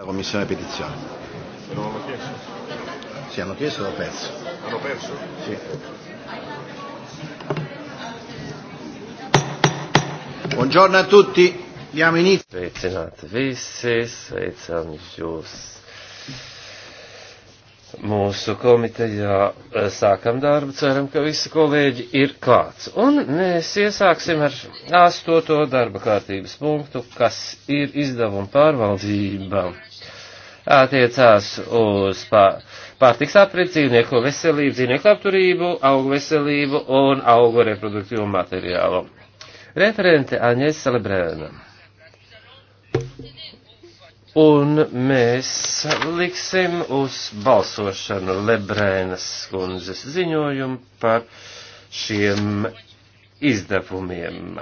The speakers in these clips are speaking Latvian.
La commissione petizione. E non hanno chiesto? Sì, hanno chiesto e l'ho perso. Hanno perso? Sì. Buongiorno a tutti, diamo inizio. Sveicināti visi, sveicam jūs. Mūsu komitejā eh, sākam darbu, ceram, ka visi kolēģi ir klāts. Un mēs iesāksim ar astoto darba kārtības punktu, kas ir izdevuma pārvaldība attiecās uz pārtiks aprits, dzīvnieku veselību, dzīvnieku apturību, augu veselību un augu reproduktīvu materiālu. Referente Aņēs Celebrēna. Un mēs liksim uz balsošanu Lebrēnas kundzes ziņojumu par šiem izdevumiem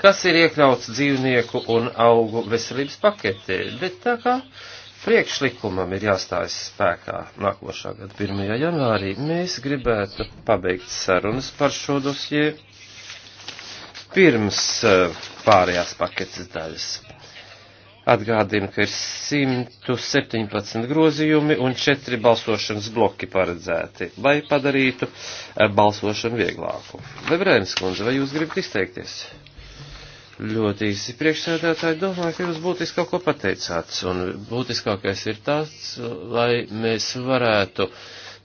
kas ir iekļauts dzīvnieku un augu veselības paketē, bet tā kā priekšlikumam ir jāstājas spēkā nākošā gada 1. janvārī, mēs gribētu pabeigt sarunas par šo dosie pirms eh, pārējās paketes daļas. Atgādinu, ka ir 117 grozījumi un 4 balsošanas bloki paredzēti, lai padarītu eh, balsošanu vieglāku. Lebrēns kundze, vai jūs gribat izteikties? Ļoti īsi priekšsēdētāji domāju, ka jūs būtiski kaut ko pateicāt, un būtiskākais ir tas, lai mēs varētu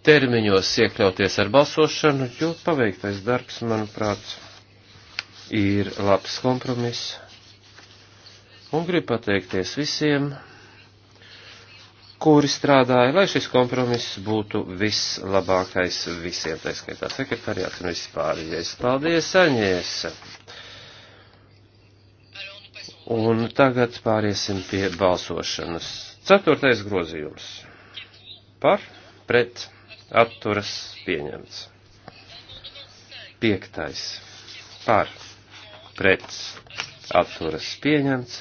termiņos iekļauties ar balsošanu, jo paveiktais darbs, manuprāt, ir labs kompromiss. Un gribu pateikties visiem, kuri strādāja, lai šis kompromiss būtu vislabākais visiem, tā skaitā sekretariāts un vispārējais. Paldies, Aņiesa! Un tagad pāriesim pie balsošanas. Ceturtais grozījums. Par, pret, atturas, pieņemts. Piektais. Par, pret, atturas, pieņemts.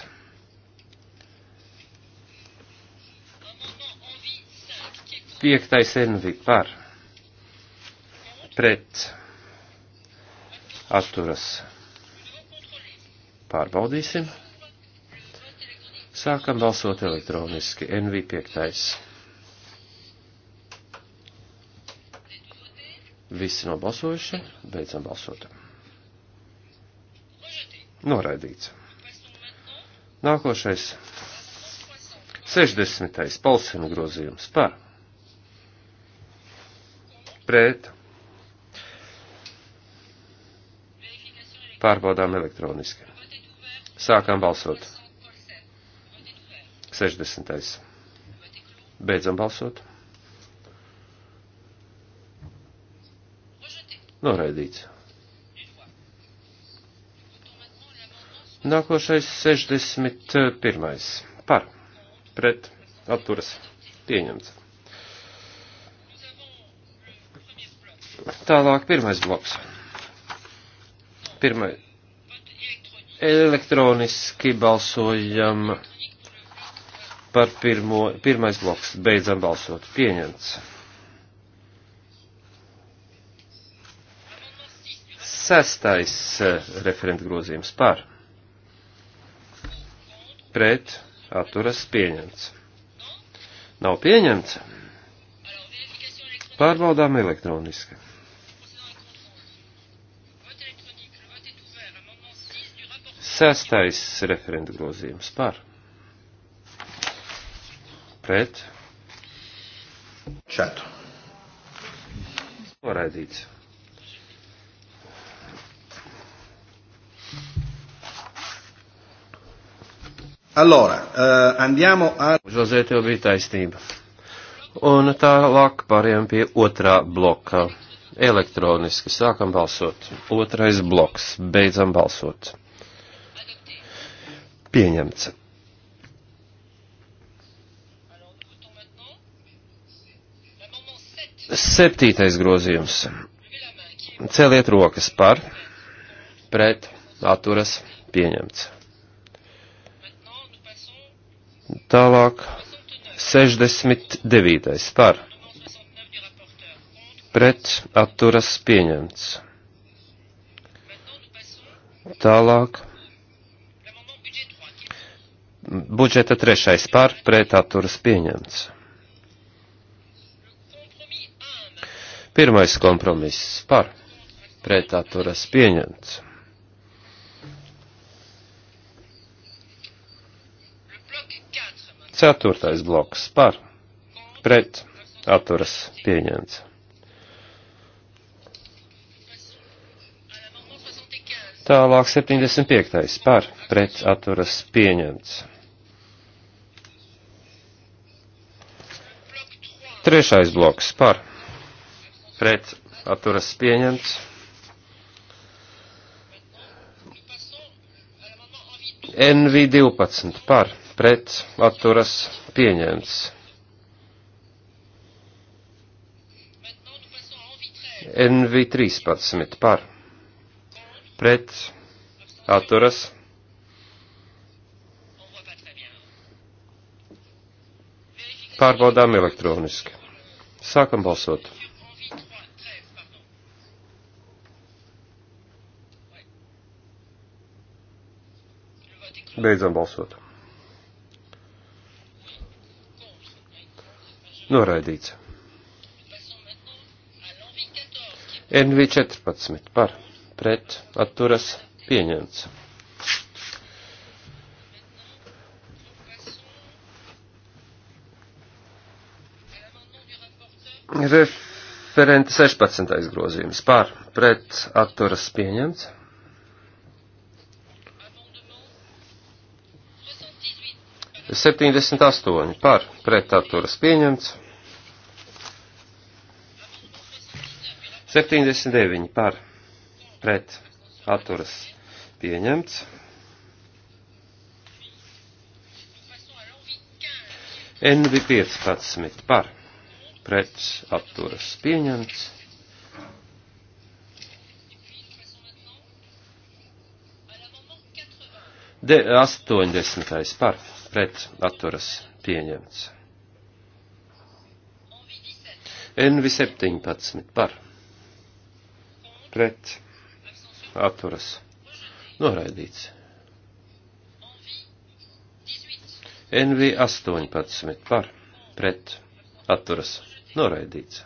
Piektais envi par, pret, atturas, pārbaudīsim. Sākam balsot elektroniski. NV5. Visi nobalsojuši, beidzam balsot. Noraidīts. Nākošais. 60. palsenu grozījums par. Pret. Pārbaudām elektroniski. Sākam balsot. 60. Beidzam balsot. Noraidīts. Nākošais 61. Par. Pret. Atturas. Pieņemts. Tālāk pirmais bloks. Pirmai. Elektroniski balsojam par pirmo, pirmais bloks. Beidzam balsot. Pieņemts. Sestais eh, referenta grozījums par. Pret. Atturas pieņemts. Nav pieņemts. Pārbaudām elektroniski. Sestais referenta grozījums par pret. Četru. Noraidīts. Allora, uh, andiamo a... Žozē, tev bija taisnība. Un tālāk pāriem pie otrā bloka. Elektroniski sākam balsot. Otrais bloks. Beidzam balsot. Pieņemts. Septītais grozījums. Celiet rokas par, pret, atturas, pieņemts. Tālāk 69. par, pret, atturas, pieņemts. Tālāk budžeta trešais par, pret, atturas, pieņemts. Pirmais kompromiss par pretāturas pieņemts. Ceturtais bloks par pret atturas pieņemts. Tālāk 75. par pret atturas pieņemts. Trešais bloks par pret atturas pieņemts. NV12 par pret atturas pieņemts. NV13 par pret atturas pieņemts. Pārbaudām elektroniski. Sākam balsot. Beidzam balsot. Noraidīts. NV14 par pret atturas pieņemts. Referenta 16. grozījums par pret atturas pieņemts. 78 par pretaturas pieņemts. 79 par pretaturas pieņemts. NV15 par pretaturas pieņemts. De, 80. par pret atturas pieņemts. NV17 par pret atturas noraidīts. NV18 par pret atturas noraidīts.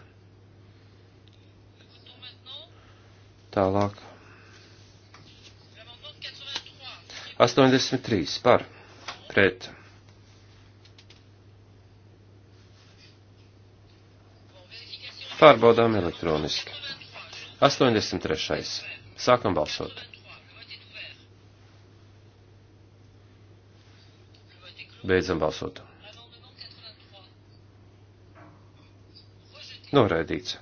Tālāk. 83 par pret Pārbaudām elektroniski. 83. Sākam balsot. Beidzam balsot. Noraidīts.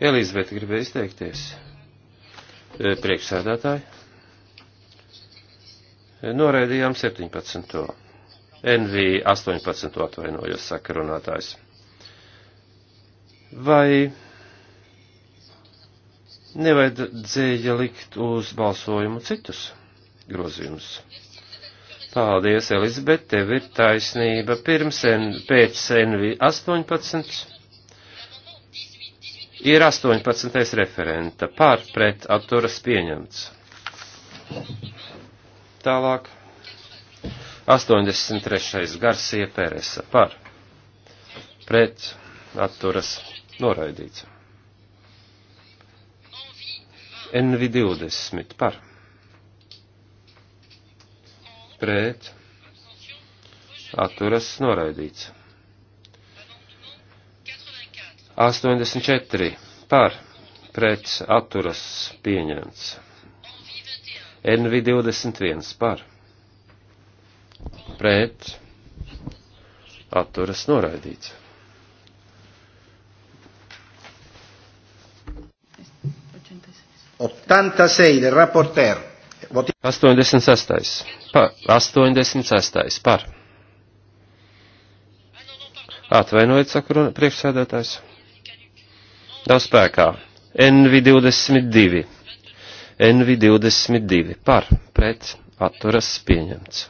Elizabete gribēja izteikties. E, priekšsēdētāji. E, noraidījām 17. NV 18 atvainojos, saka runātājs. Vai nevajadzēja likt uz balsojumu citus grozījumus? Paldies, Elizabet, tev ir taisnība. Pirms en, pēc NV 18 ir 18. referenta pārpret atturas pieņemts. Tālāk. 83. Garsie Peresa par pret atturas noraidīts. NV20 par pret atturas noraidīts. 84 par pret atturas pieņemts. NV21 par pret atturas noraidīts. del rapporteur. 86. Pa, 86. par. Atvainojiet, saka priekšsēdētājs. Nav spēkā. NV22. NV22 par pret atturas pieņemts.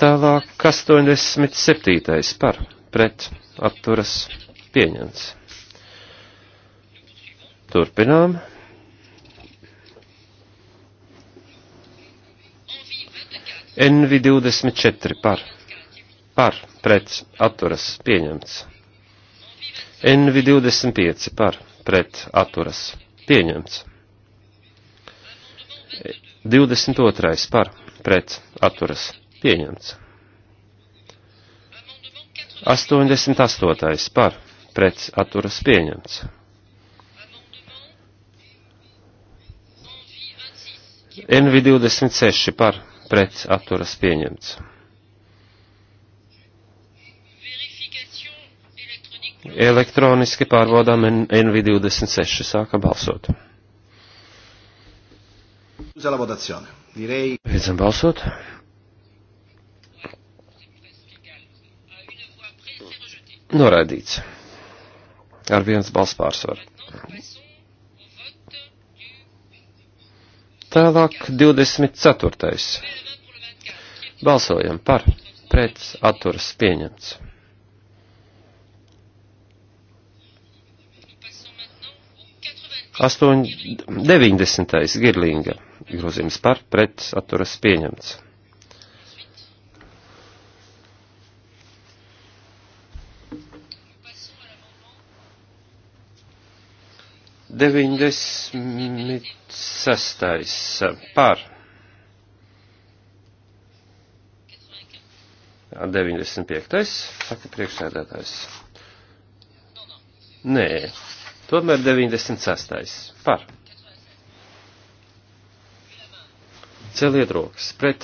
Tālāk 87. par pret atturas pieņemts. Turpinām. NV24 par, par, pret, atturas, pieņemts. NV25 par, pret, atturas, pieņemts. 22 par, pret, atturas, pieņemts. Pieņemts. 88. par pret atturas pieņemts. NV26 par pret atturas pieņemts. Elektroniski pārbaudām NV26. Sākam balsot. Beidzam balsot. Noraidīts. Ar viens balss pārsvaru. Tālāk 24. Balsojam par, pret, atturas pieņemts. Astoņ, 90. girlinga grozījums par, pret, atturas pieņemts. 96. par 95. saka priekšsēdētājs. Nē, tomēr 96. par. Celiet rokas pret.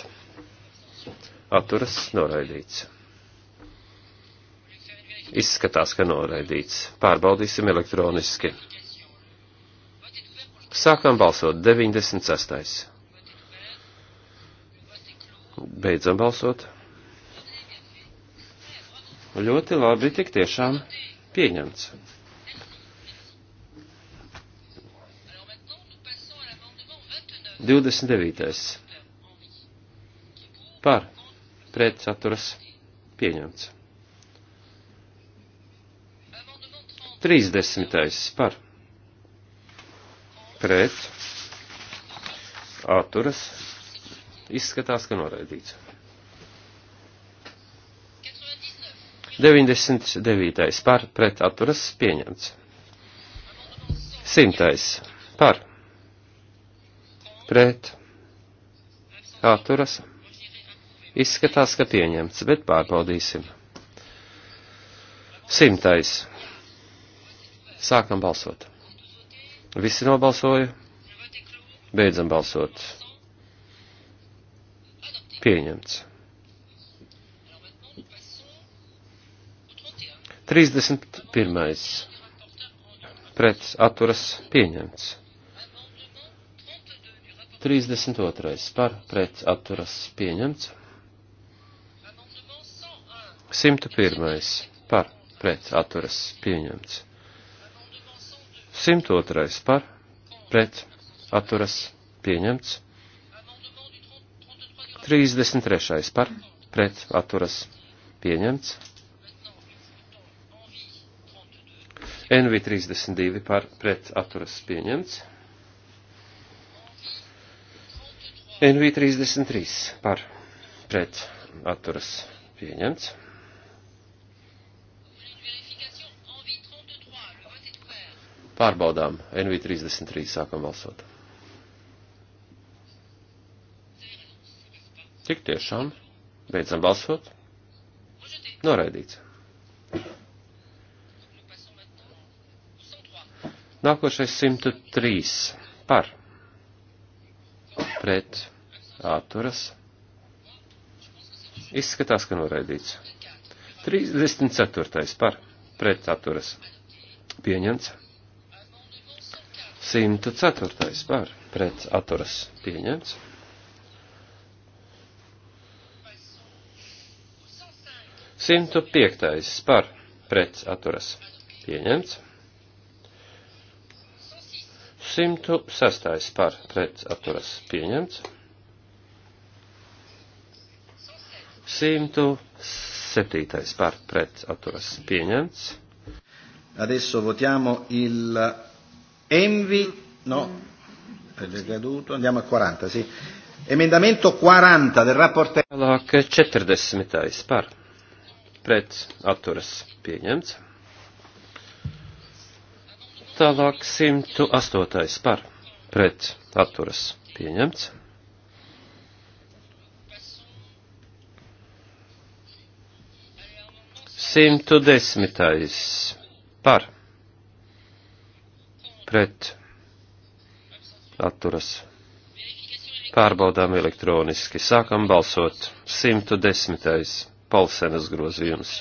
Atturas noraidīts. Izskatās, ka noraidīts. Pārbaudīsim elektroniski. Sākam balsot 96. Beidzam balsot. Ļoti labi, tik tiešām pieņemts. Divdesmit devītais. Par. Pret saturas pieņemts. Trīsdesmitais. Par pret, atturas, izskatās, ka noraidīts. 99. par, pret, atturas, pieņemts. 100. par, pret, atturas, izskatās, ka pieņemts, bet pārbaudīsim. 100. Sākam balsot. Visi nobalsoja. Beidzam balsot. Pieņemts. 31. Pret atturas pieņemts. 32. Par pret atturas pieņemts. 101. Par pret atturas pieņemts. 102. par, pret, atturas, pieņemts. 33. par, pret, atturas, pieņemts. NV 32 par, pret, atturas, pieņemts. NV 33 par, pret, atturas, pieņemts. Pārbaudām. NV33 sākam balsot. Tik tiešām. Beidzam balsot. Noraidīts. Nākošais 103 par pret atturas. Izskatās, ka noraidīts. 34. par pret atturas. Pieņemts. 104. par pret atturas pieņemts. 105. par pret atturas pieņemts. 106. par pret atturas pieņemts. 107. par pret atturas pieņemts. Adesso votiamo il Envi, no, è decaduto, andiamo a 40, sì. Emendamento 40 del rapporto. Tālāk 40. Eh, par. Pret atturas pieņemts. Tālāk 108. par. Pret atturas pieņemts. Simtu desmitais par pret atturas. Pārbaudām elektroniski. Sākam balsot. 110. Palsenas grozījums.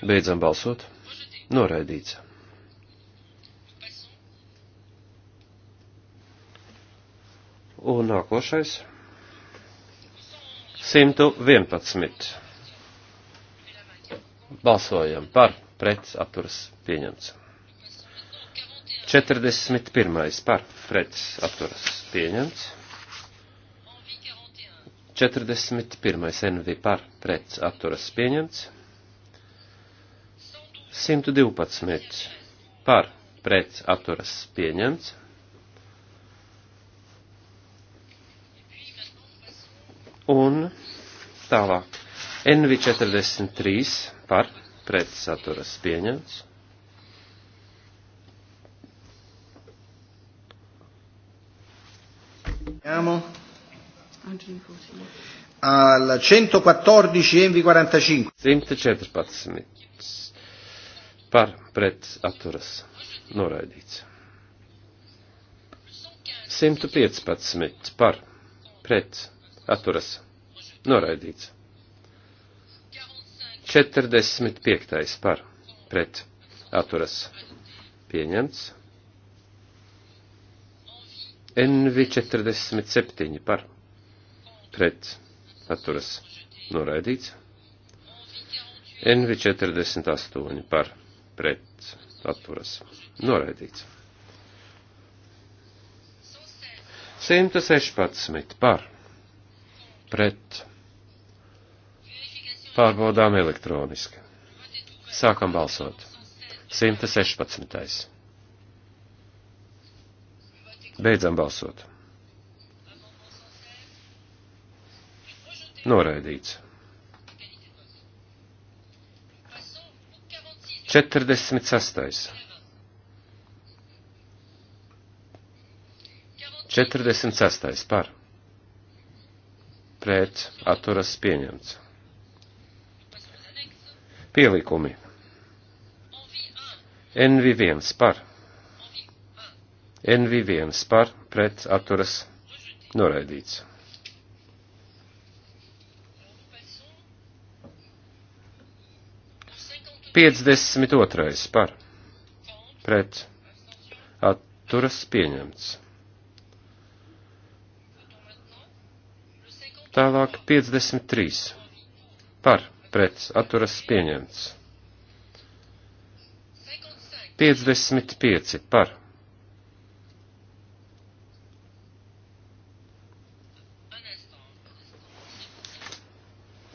Beidzam balsot. Noraidīts. Un nākošais. 111. Balsojam par, pret, atturas, pieņemts. 41. par, pret, atturas, pieņemts. 41. NV par, pret, atturas, pieņemts. 112. par, pret, atturas, pieņemts. Un tālāk. NV43 par pretsaturas pieņemts. Siamo al 114 NV45. 114 par pretsaturas noraidīts. 115 par pret atturas noraidīts. 45. par pret atturas pieņemts. NV 47 par pret atturas noraidīts. NV 48 par pret atturas noraidīts. 116 par pret Pārbaudām elektroniski. Sākam balsot. 116. Beidzam balsot. Noraidīts. 46. 46. par. Pret atturas pieņemts. Pielikumi. NV1 par. NV1 par pret atturas noraidīts. Piecdesmit otrais par pret atturas pieņemts. Tālāk 53 par pret atturas pieņemts. 55 par.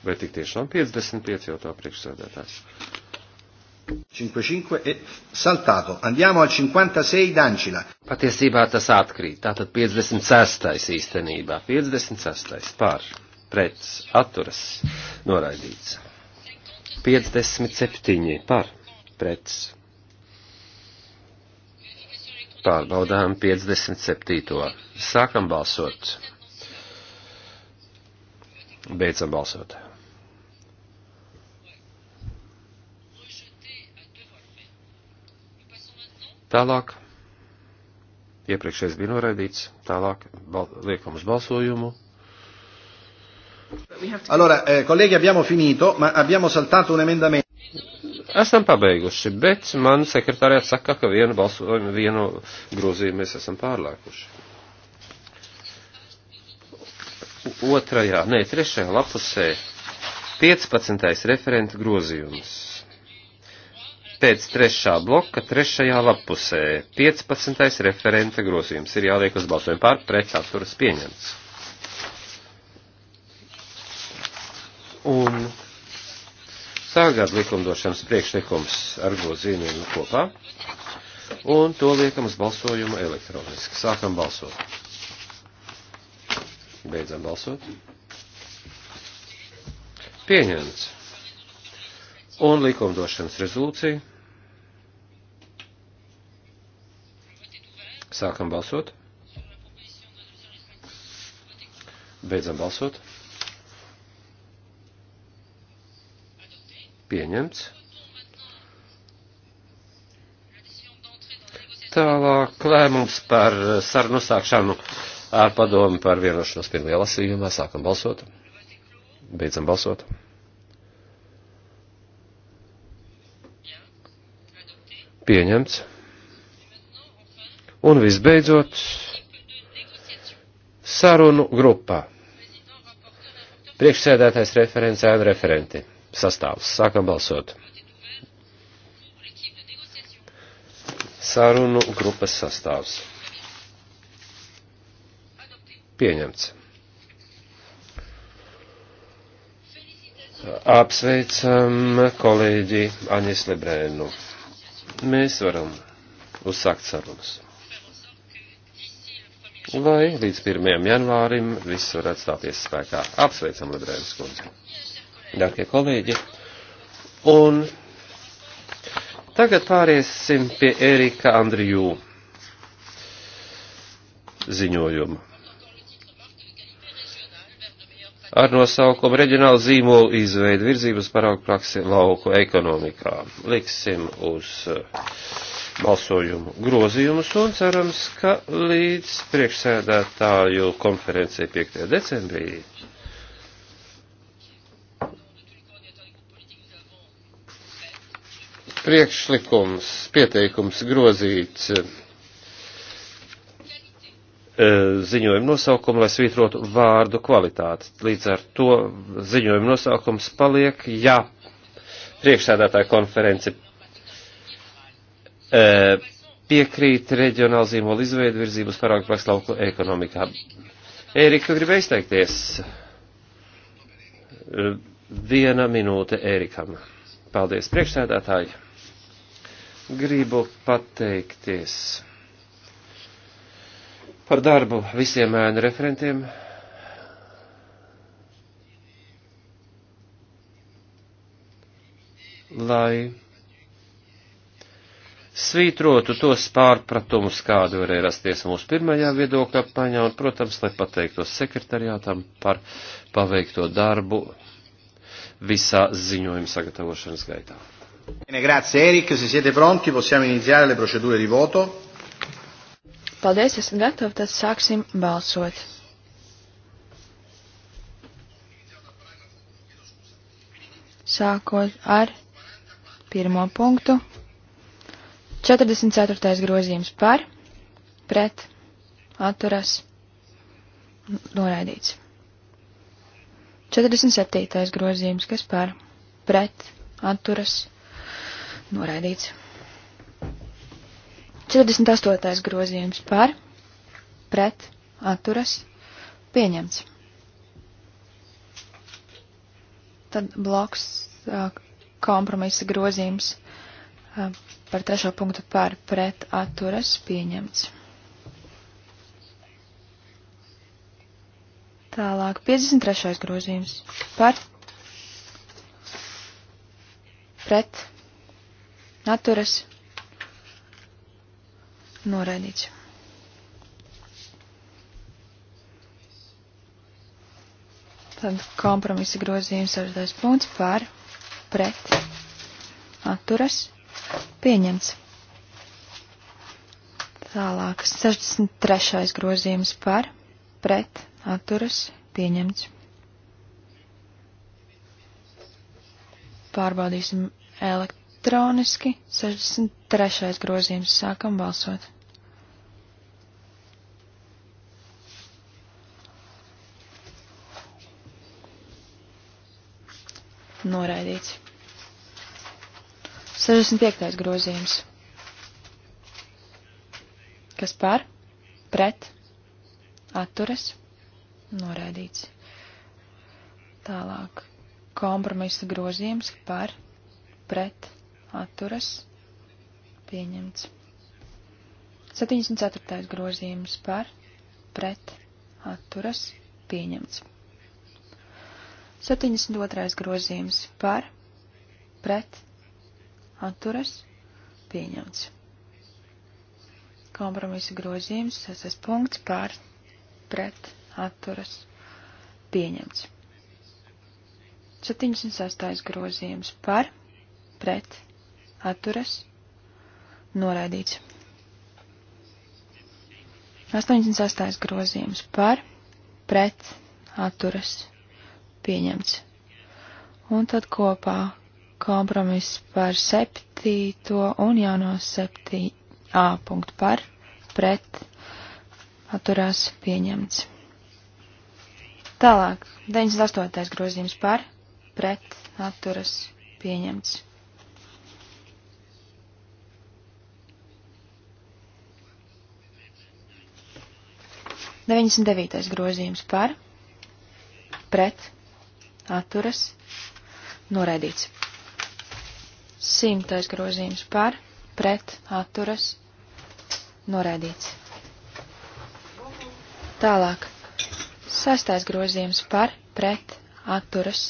Vai tik tiešām 55 jautā priekšsēdētājs? 55 e saltato. Andiamo al 56 Dancila. Patiesībā tas atkrīt. Tātad 56. īstenībā. 56. pār. Pret. Atturas. Noraidīts. 57 par pret. Pārbaudām 57. Sākam balsot. Beidzam balsot. Tālāk. Iepriekšējais bija noraidīts. Tālāk bal liekam uz balsojumu. Allora, eh, colleghi, abbiamo finito, ma abbiamo saltato un emendamento. Esam pabeiguši, bet man sekretārijas saka, ka vienu balsojumu, vienu grozījumu mēs esam pārlēkuši. Otrajā, nē, trešajā lapusē 15. referenta grozījums. Pēc trešā bloka, trešajā lapusē 15. referenta grozījums ir jāliek uz balsojumu pār, pret atturas pieņemts. Un tagad likumdošanas priekšlikums ar grozījumiem kopā. Un to liekam uz balsojumu elektroniski. Sākam balsot. Beidzam balsot. Pieņemts. Un likumdošanas rezolūcija. Sākam balsot. Beidzam balsot. pieņemts. Tālāk lēmums par sarunu sākšanu ar padomu par vienošanos pirmajā lasījumā. Sākam balsot. Beidzam balsot. Pieņemts. Un visbeidzot, sarunu grupā. Priekšsēdētais referents un referenti sastāvs. Sākam balsot. Sarunu grupas sastāvs. Pieņemts. Apsveicam kolēģi Aņis Lebrēnu. Mēs varam uzsākt sarunas. Lai līdz 1. janvārim viss varētu stāties spēkā. Apsveicam Lebrēnas kundzi darbie kolēģi. Un tagad pāriesim pie Erika Andriju ziņojumu. Ar nosaukumu reģionāla zīmola izveida virzības paraugu praksi lauku ekonomikā. Liksim uz eh, balsojumu grozījumus un cerams, ka līdz priekšsēdētāju konferencija 5. decembrī priekšlikums, pieteikums grozīt eh, ziņojuma nosaukumu, lai svītrotu vārdu kvalitāti. Līdz ar to ziņojuma nosaukums paliek, ja priekšsēdētāja konference eh, piekrīt reģionāla zīmola izveidu virzību uz parāgu praksa lauku ekonomikā. Ērika, tu gribi izteikties? Eh, viena minūte Ērikam. Paldies, priekšsēdētāji. Gribu pateikties par darbu visiem ēnu referentiem. Lai svītrotu tos pārpratumus, kādi varēja rasties mūsu pirmajā viedokļa apmaiņā, un, protams, lai pateiktos sekretariātam par paveikto darbu visā ziņojuma sagatavošanas gaitā. Bene, grazie Erik, se siete pronti possiamo iniziare le procedure di voto. Paldies, esam gatavi, tad sāksim balsot. Sākot ar pirmo punktu. 44. grozījums par, pret, atturas, noraidīts. 47. grozījums, kas par, pret, atturas, Noraidīts. 48. grozījums par, pret, atturas, pieņemts. Tad bloks kompromisa grozījums par trešo punktu par, pret, atturas, pieņemts. Tālāk, 53. grozījums par, pret, atturas noraidīts. Tad kompromisa grozījums ar tais punkts par pret atturas pieņemts. Tālāk 63. grozījums par pret atturas pieņemts. Pārbaudīsim elektroniski elektroniski. 63. grozījums. Sākam balsot. Noraidīts. 65. grozījums. Kas par? Pret? Atturas? Noraidīts. Tālāk. Kompromisa grozījums par? Pret? atturas pieņemts. 74. grozījums par pret atturas pieņemts. 72. grozījums par pret atturas pieņemts. Kompromisa grozījums, tas punkts par pret atturas pieņemts. 76. grozījums par pret atturas, noraidīts. 88. grozījums par, pret, atturas, pieņemts. Un tad kopā kompromiss par 7. un jauno 7. A punktu par, pret, atturās, pieņemts. Tālāk, 98. grozījums par, pret, atturas, pieņemts. 99. grozījums par, pret, atturas, noraidīts. 100. grozījums par, pret, atturas, noraidīts. Tālāk. 6. grozījums par, pret, atturas,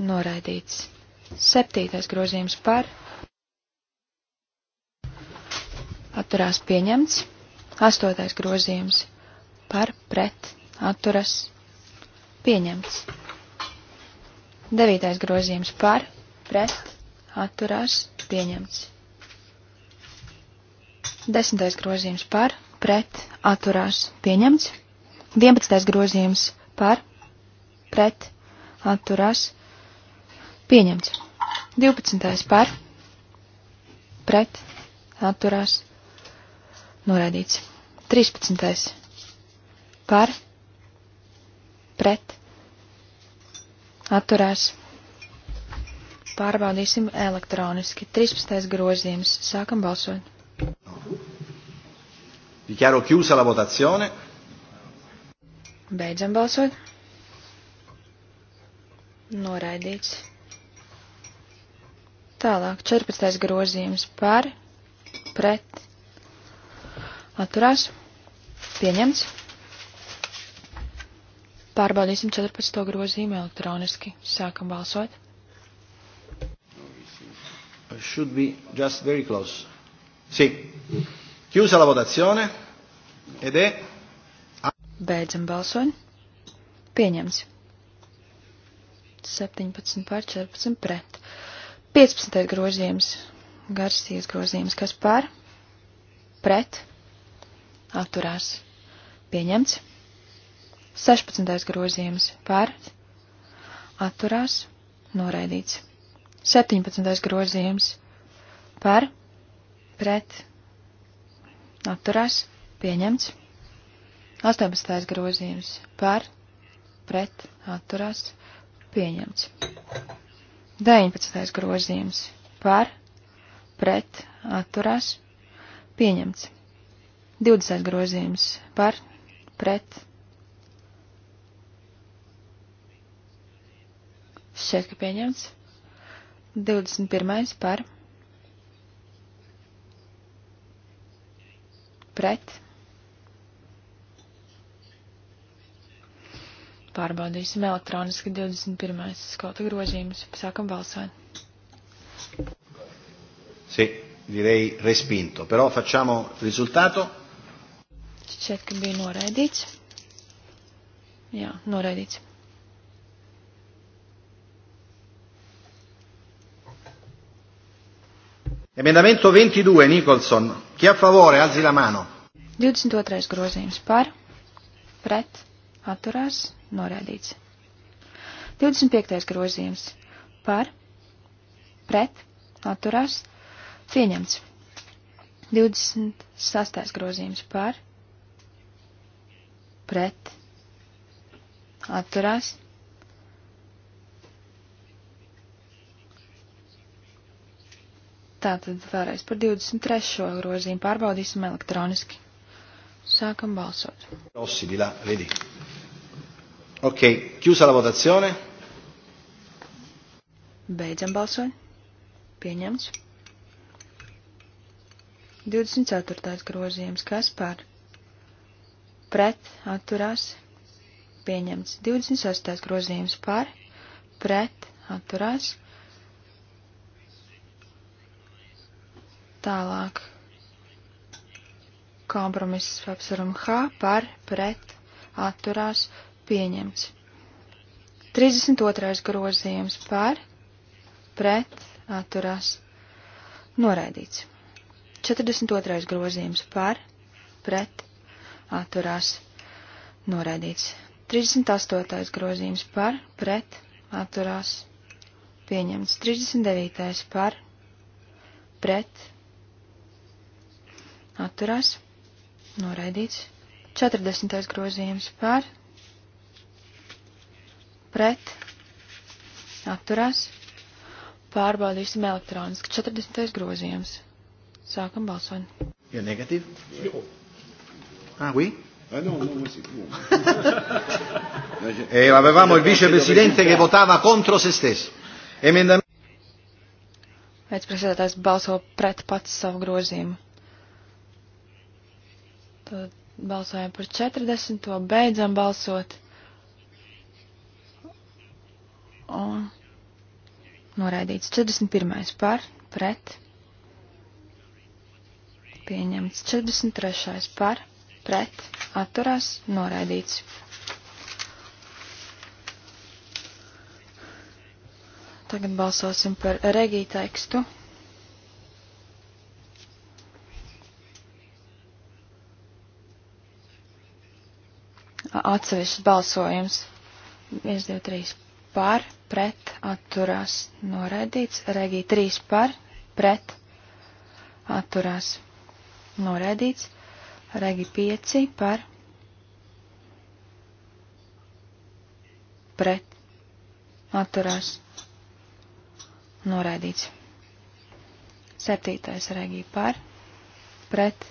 noraidīts. 7. grozījums par, atturās pieņemts. 8. grozījums par pret atturas pieņemts. Devītais grozījums par pret atturās pieņemts. Desmitais grozījums par pret atturās pieņemts. Vienpadsmitais grozījums par pret atturās pieņemts. Divpadsmitais par pret atturās noraidīts. Trīspadsmitais par, pret, atturās. Pārbaudīsim elektroniski. 13. grozījums. Sākam balsot. Dichiaro chiusa la votazione. Beidzam balsot. Noraidīts. Tālāk, 14. grozījums par, pret, atturās, pieņemts. Pārbaudīsim 14. grozījumu elektroniski. Sākam balsot. Should be just very close. Sì. Chiusa la votazione ed è... Beidzam balsot. Pieņems. 17 pār 14 pret. 15. grozījums. Garsies grozījums. Kas pār? Pret. Atturās. Pieņemts. 16. grozījums par atturās noraidīts. 17. grozījums par pret atturās pieņemts. 18. grozījums par pret atturās pieņemts. 19. grozījums par pret atturās pieņemts. 20. grozījums par pret atturās pieņemts. Šķiet, ka pieņemts. 21. par. Pret. Pārbaudīsim elektroniski 21. skota grozījumus. Sākam balsot. Sì, direi respinto, però facciamo risultato. Šķiet, ka bija noraidīts. Jā, noraidīts. Emendamento 22, Nikolson. Chi a favore, alzi la mano. 22. grozījums par, pret, atturās, norādīts. 25. grozījums par, pret, atturās, pieņemts. 26. grozījums par, pret, atturās, Tātad vēlreiz par 23. grozījumu pārbaudīsim elektroniski. Sākam balsot. Rossi di là, vedi. Ok, chiusa la votazione. Beidzam balsot. Pieņemts. 24. grozījums. Kas par? Pret, atturās. Pieņemts. 26. grozījums par, pret, atturās. Tālāk. Kompromiss apsvarumu H par pret atturās pieņemts. 32. grozījums par pret atturās noraidīts. 42. grozījums par pret atturās noraidīts. 38. grozījums par pret atturās pieņemts. 39. par pret atturās, noraidīts. 40. grozījums par, pret, atturās, pārbaudīsim elektroniski. 40. grozījums. Sākam balsot. Jo negatīvi? Ah, oui? Ah no, no, no, e avevamo il vicepresidente che votava contro se stesso. Emendamento. Pēc priekšsēdētājs balso pret pats savu grozījumu. Tad balsojam par 40. Beidzam balsot. Un noraidīts 41. par, pret. Pieņemts 43. par, pret. Atturās, noraidīts. Tagad balsosim par regiju tekstu. atsevišķs balsojums. 1, 2, 3 par, pret, atturās, noraidīts. Regī 3 par, pret, atturās, noraidīts. Regi 5 par pret atturās noraidīts. 7. regi par pret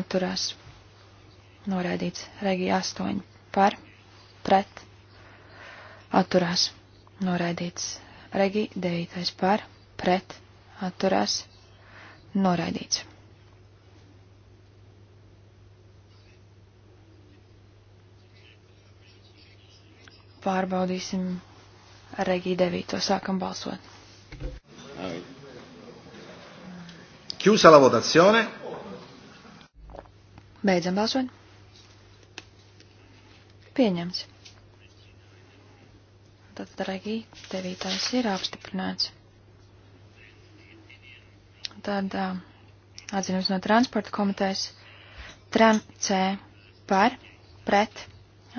atturās noraidīts. Regija 8 par, pret, atturās, noraidīts. Regija 9 par, pret, atturās, noraidīts. Pārbaudīsim Regija 9. Sākam balsot. Chiusa la votazione. Beidzam balsot. Pieņemts. Tātad, darīgi, devītais ir apstiprināts. Tad atzinums no transporta komitejas. Tran C par, pret,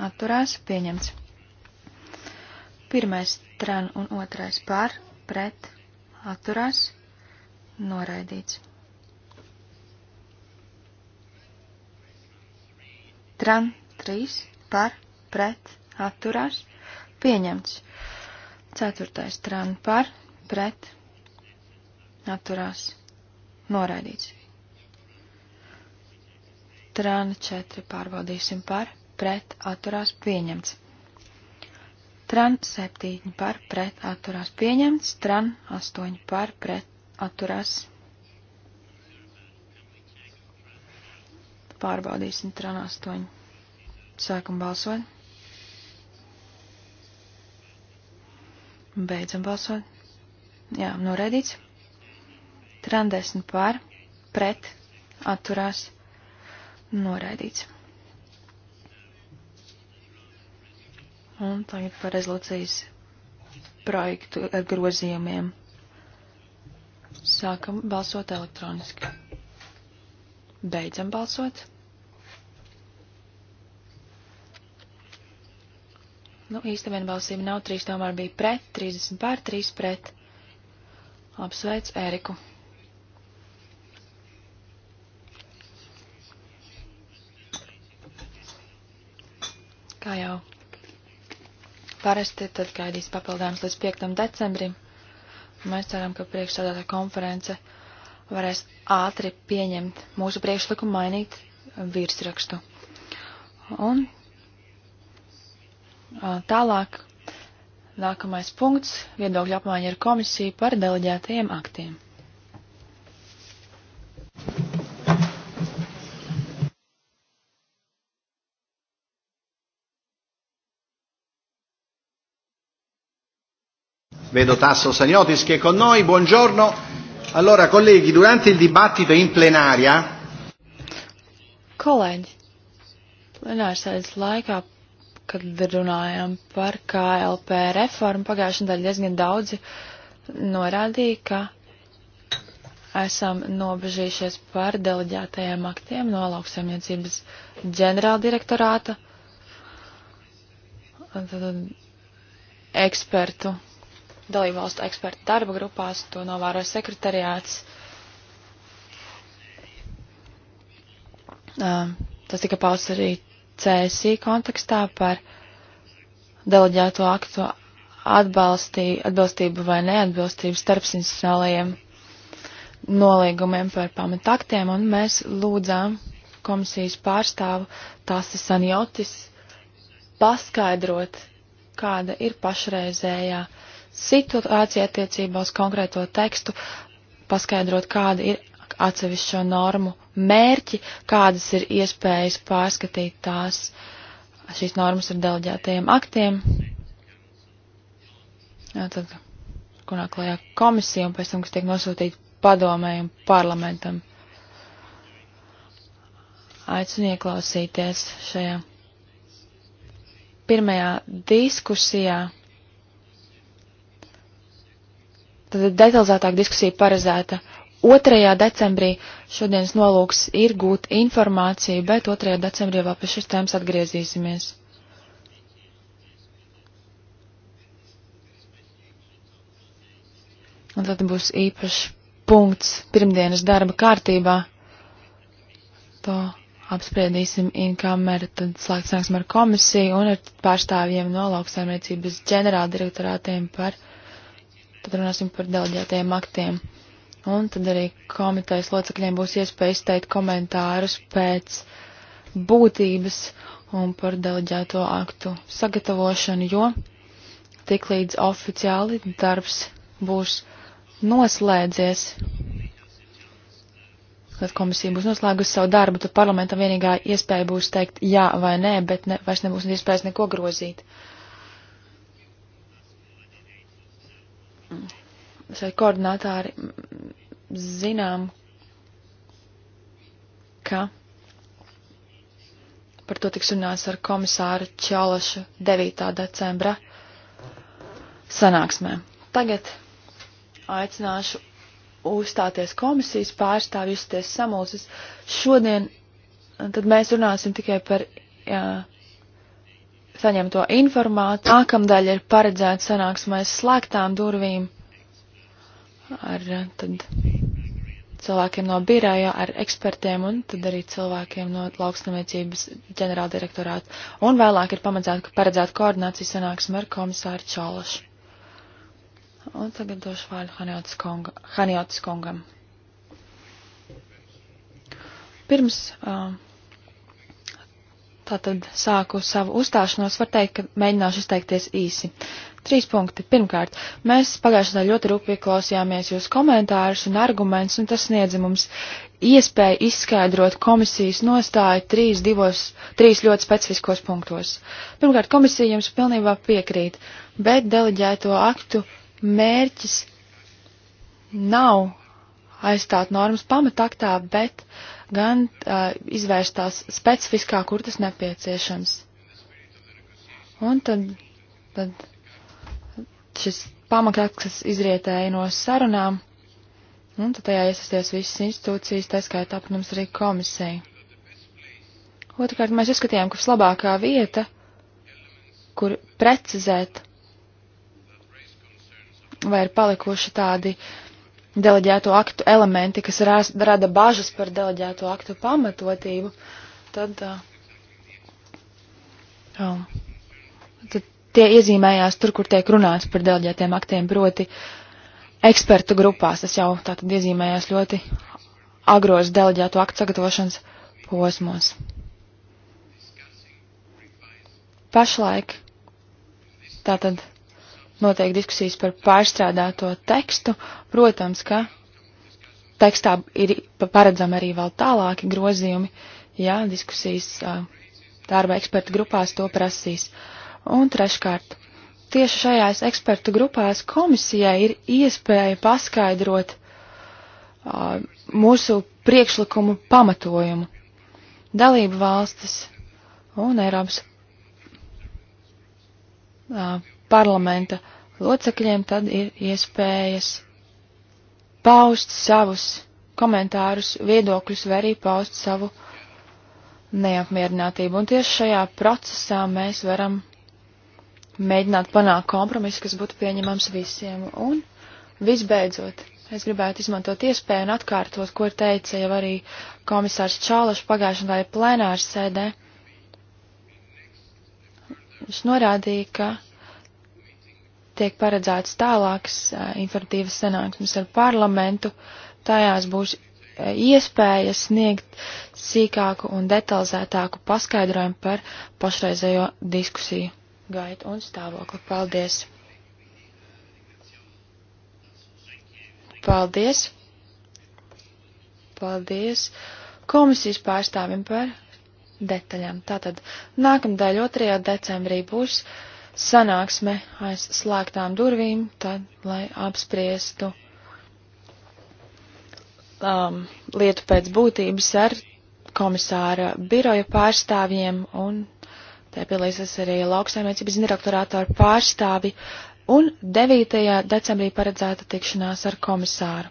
atturās, pieņemts. Pirmais tran un otrais par, pret, atturās, noraidīts. Tran 3 par, pret, atturās, pieņemts. Ceturtais tran par, pret, atturās, noraidīts. Tran 4 pārbaudīsim par, pret, atturās, pieņemts. Tran 7 par, pret, atturās, pieņemts. Tran 8 par, pret, atturās. Pārbaudīsim tran 8. Sākam balsot. Beidzam balsot. Jā, noraidīts. Tran 10 pār, pret, atturās, noraidīts. Un tagad par rezolūcijas projektu ar grozījumiem. Sākam balsot elektroniski. Beidzam balsot. Nu, īsta vienbalsība nav, trīs tomēr bija pret, 30 pār, 3 pret. Apsveic Eriku. Kā jau parasti, tad gaidīs papildinājums līdz 5. decembrim. Mēs ceram, ka priekšsādātā konference varēs ātri pieņemt mūsu priekšlikumu mainīt virsrakstu. Un Tālāk, nākamais punkts - viedokļu apmaiņa ar komisiju par deleģētajiem aktiem. Vedo Tasso Sagnotis che è con noi, buongiorno. Allora colleghi, durante il dibattito in plenaria. Colleghi, plenārsēdes laikā kad runājām par KLP reformu, pagājušajā nedēļā diezgan daudzi norādīja, ka esam nobežījušies par deleģētajiem aktiem no lauksaimniecības ģenerāldirektorāta ekspertu, dalībvalstu ekspertu darba grupās, to novēroja sekretariāts. Tas tika pausts arī CSI kontekstā par deleģēto aktu atbalstī, atbilstību vai neatbilstību starpsinstitucionālajiem nolīgumiem par pamataktiem, un mēs lūdzām komisijas pārstāvu Tāsi Sanjotis paskaidrot, kāda ir pašreizējā situācija attiecībā uz konkrēto tekstu, paskaidrot, kāda ir atsevišķo normu mērķi, kādas ir iespējas pārskatīt tās šīs normas ar delģētajiem aktiem. Jā, tad, kurā klajā komisija un pēc tam, kas tiek nosūtīta padomēji un parlamentam. Aicinu ieklausīties šajā pirmajā diskusijā. Tad detalizētāk diskusija paredzēta 2. decembrī šodienas nolūks ir gūt informāciju, bet 2. decembrī vēl pie šīs tēmas atgriezīsimies. Un tad būs īpašs punkts pirmdienas darba kārtībā. To apspriedīsim inkameru, tad slēgt sanāksim ar komisiju un ar pārstāvjiem no lauksaimniecības ģenerāldirektorātiem par, tad runāsim par delģētajiem aktiem. Un tad arī komitejas locekļiem būs iespēja izteikt komentārus pēc būtības un par deleģēto aktu sagatavošanu, jo tiklīdz oficiāli darbs būs noslēdzies, kad komisija būs noslēgusi savu darbu, tad parlamentam vienīgā iespēja būs teikt jā vai nē, bet ne, vairs nebūs iespējas neko grozīt. Šai koordinātāri zinām, ka par to tiks runāts ar komisāru Čalašu 9. decembra sanāksmē. Tagad aicināšu uzstāties komisijas pārstāvju, uzsties samulsis. Šodien tad mēs runāsim tikai par jā, saņemto informāciju. Nākamdaļa ir paredzēta sanāksmēs slēgtām durvīm ar tad cilvēkiem no birāja ar ekspertiem un tad arī cilvēkiem no lauksnamniecības ģenerāla direktorāta. Un vēlāk ir pamedzēt, paredzēt koordināciju sanāksmi ar komisāru Čološu. Un tagad došu vārdu Haniotas, konga, Haniotas kongam. Pirms uh, Tātad sāku savu uzstāšanos, var teikt, ka mēģināšu izteikties īsi. Trīs punkti. Pirmkārt, mēs pagājušajā gadā ļoti rūpīgi klausījāmies jūsu komentārus un argumentus, un tas sniedza mums iespēju izskaidrot komisijas nostāju trīs, divos, trīs ļoti specifiskos punktos. Pirmkārt, komisija jums pilnībā piekrīt, bet deleģēto aktu mērķis nav aizstāt normas pamataktā, bet gan uh, izvērst tās specifiskā, kur tas nepieciešams. Un tad, tad šis pamatakts, kas izrietēja no sarunām, un tad tajā iesaisties visas institūcijas, tā skaitā, protams, arī komisija. Otrakārt, mēs uzskatījām, ka vislabākā vieta, kur precizēt, vai ir palikuši tādi uh, deleģēto aktu elementi, kas rās, rada bažas par deleģēto aktu pamatotību, tad, uh, tad tie iezīmējās tur, kur tiek runāts par deleģētiem aktiem, proti ekspertu grupās. Tas jau tātad iezīmējās ļoti agros deleģēto aktu sagatavošanas posmos. Pašlaik tātad notiek diskusijas par pārstrādāto tekstu. Protams, ka tekstā ir paredzami arī vēl tālāki grozījumi, ja diskusijas darba ekspertu grupās to prasīs. Un treškārt, tieši šajās ekspertu grupās komisijai ir iespēja paskaidrot uh, mūsu priekšlikumu pamatojumu. Dalību valstis un Eiropas uh, parlamenta locekļiem tad ir iespējas paust savus komentārus, viedokļus, vai arī paust savu neapmierinātību. Un tieši šajā procesā mēs varam mēģināt panākt kompromisu, kas būtu pieņemams visiem. Un visbeidzot, es gribētu izmantot iespēju un atkārtot, ko teica jau arī komisārs Čālašs pagājušajā vai plenārs sēdē. Viņš norādīja, ka tiek paredzēts tālāks informatīvas sanāksmes ar parlamentu. Tajās būs iespēja sniegt sīkāku un detalizētāku paskaidrojumu par pašreizējo diskusiju gaitu un stāvokli. Paldies! Paldies! Paldies komisijas pārstāvim par detaļām. Tātad nākamdēļ 2. decembrī būs sanāksme aiz slēgtām durvīm, tad, lai apspriestu um, lietu pēc būtības ar komisāra biroja pārstāvjiem, un te pielīdzas arī lauksaimniecības direktorātora pārstāvi, un 9. decembrī paredzēta tikšanās ar komisāru.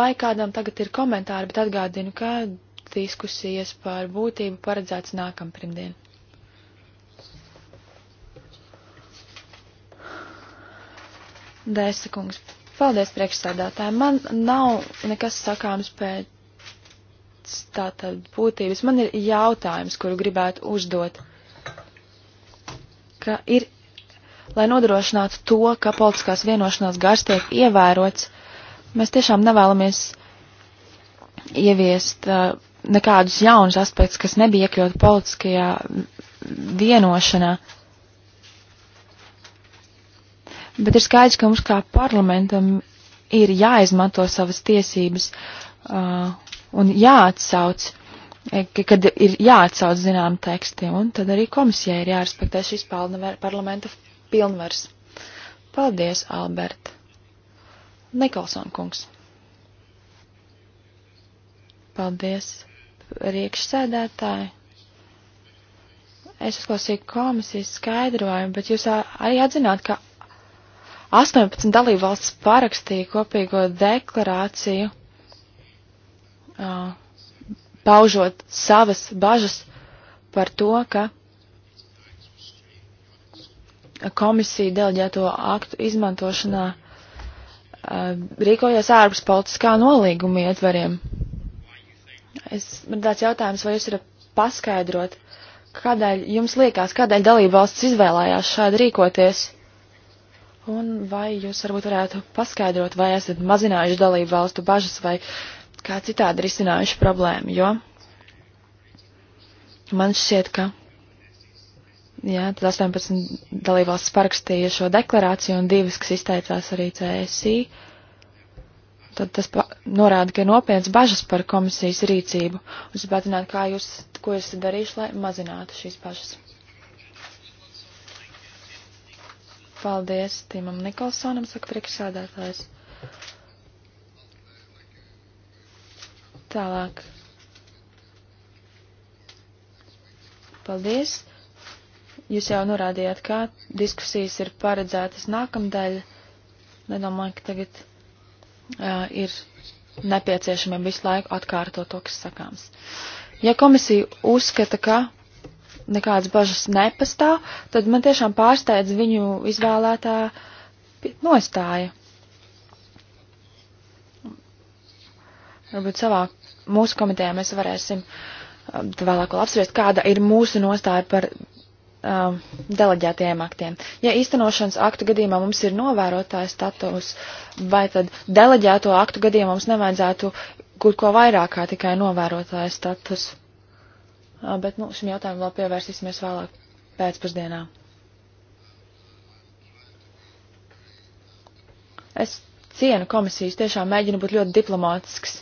Vai kādam tagad ir komentāri, bet atgādinu, ka diskusijas par būtību paredzēts nākamprimdien. Dēsa kungs. Paldies priekšsēdētāji. Man nav nekas sakāms pēc tātad būtības. Man ir jautājums, kuru gribētu uzdot. Ka ir, lai nodrošinātu to, ka politiskās vienošanās gars tiek ievērots, mēs tiešām nevēlamies ieviest uh, nekādus jaunus aspektus, kas nebija iekļaut politiskajā vienošanā. Uh, bet ir skaidrs, ka mums kā parlamentam ir jāizmanto savas tiesības uh, un jāatsauc, e, kad ir jāatsauc zinām teksti, un tad arī komisijai ir jārespektē šis parlamenta pilnvars. Paldies, Albert. Nikolson kungs. Paldies, priekšsēdētāji. Es uzklausīju komisijas skaidrojumu, bet jūs arī atzināt, ka 18 dalībvalsts pārakstīja kopīgo deklarāciju, paužot savas bažas par to, ka komisija deleģēto aktu izmantošanā rīkojas ārpus politiskā nolīguma ietvariem. Es, man tāds jautājums, vai jūs varat paskaidrot, kādēļ jums liekas, kādēļ dalībvalsts izvēlējās šādi rīkoties? Un vai jūs varbūt varētu paskaidrot, vai esat mazinājuši dalību valstu bažas vai kā citādi risinājuši problēmu, jo man šķiet, ka jā, tad 18 dalību valsts parakstīja šo deklarāciju un divas, kas izteicās arī CSI, tad tas norāda, ka ir nopietnas bažas par komisijas rīcību. Un es gribētu zināt, kā jūs, ko jūs darījuši, lai mazinātu šīs bažas. Paldies Timam Nikolsonam, saka priekšsādātājs. Tālāk. Paldies. Jūs jau norādījāt, kā diskusijas ir paredzētas nākamdaļ. Nedomāju, ka tagad uh, ir nepieciešami visu laiku atkārtot to, kas sakāms. Ja komisija uzskata, ka nekādas bažas nepastāv, tad man tiešām pārsteidz viņu izvēlētā nostāja. Varbūt savā mūsu komitejā mēs varēsim um, vēlāk apspriest, kāda ir mūsu nostāja par um, deleģētajiem aktiem. Ja īstenošanas aktu gadījumā mums ir novērotāja status, vai tad deleģēto aktu gadījumā mums nevajadzētu kaut ko vairāk kā tikai novērotāja status? bet nu, šim jautājumam vēl pievērsīsimies vēlāk pēcpusdienā. Es cienu komisijas, tiešām mēģinu būt ļoti diplomātisks.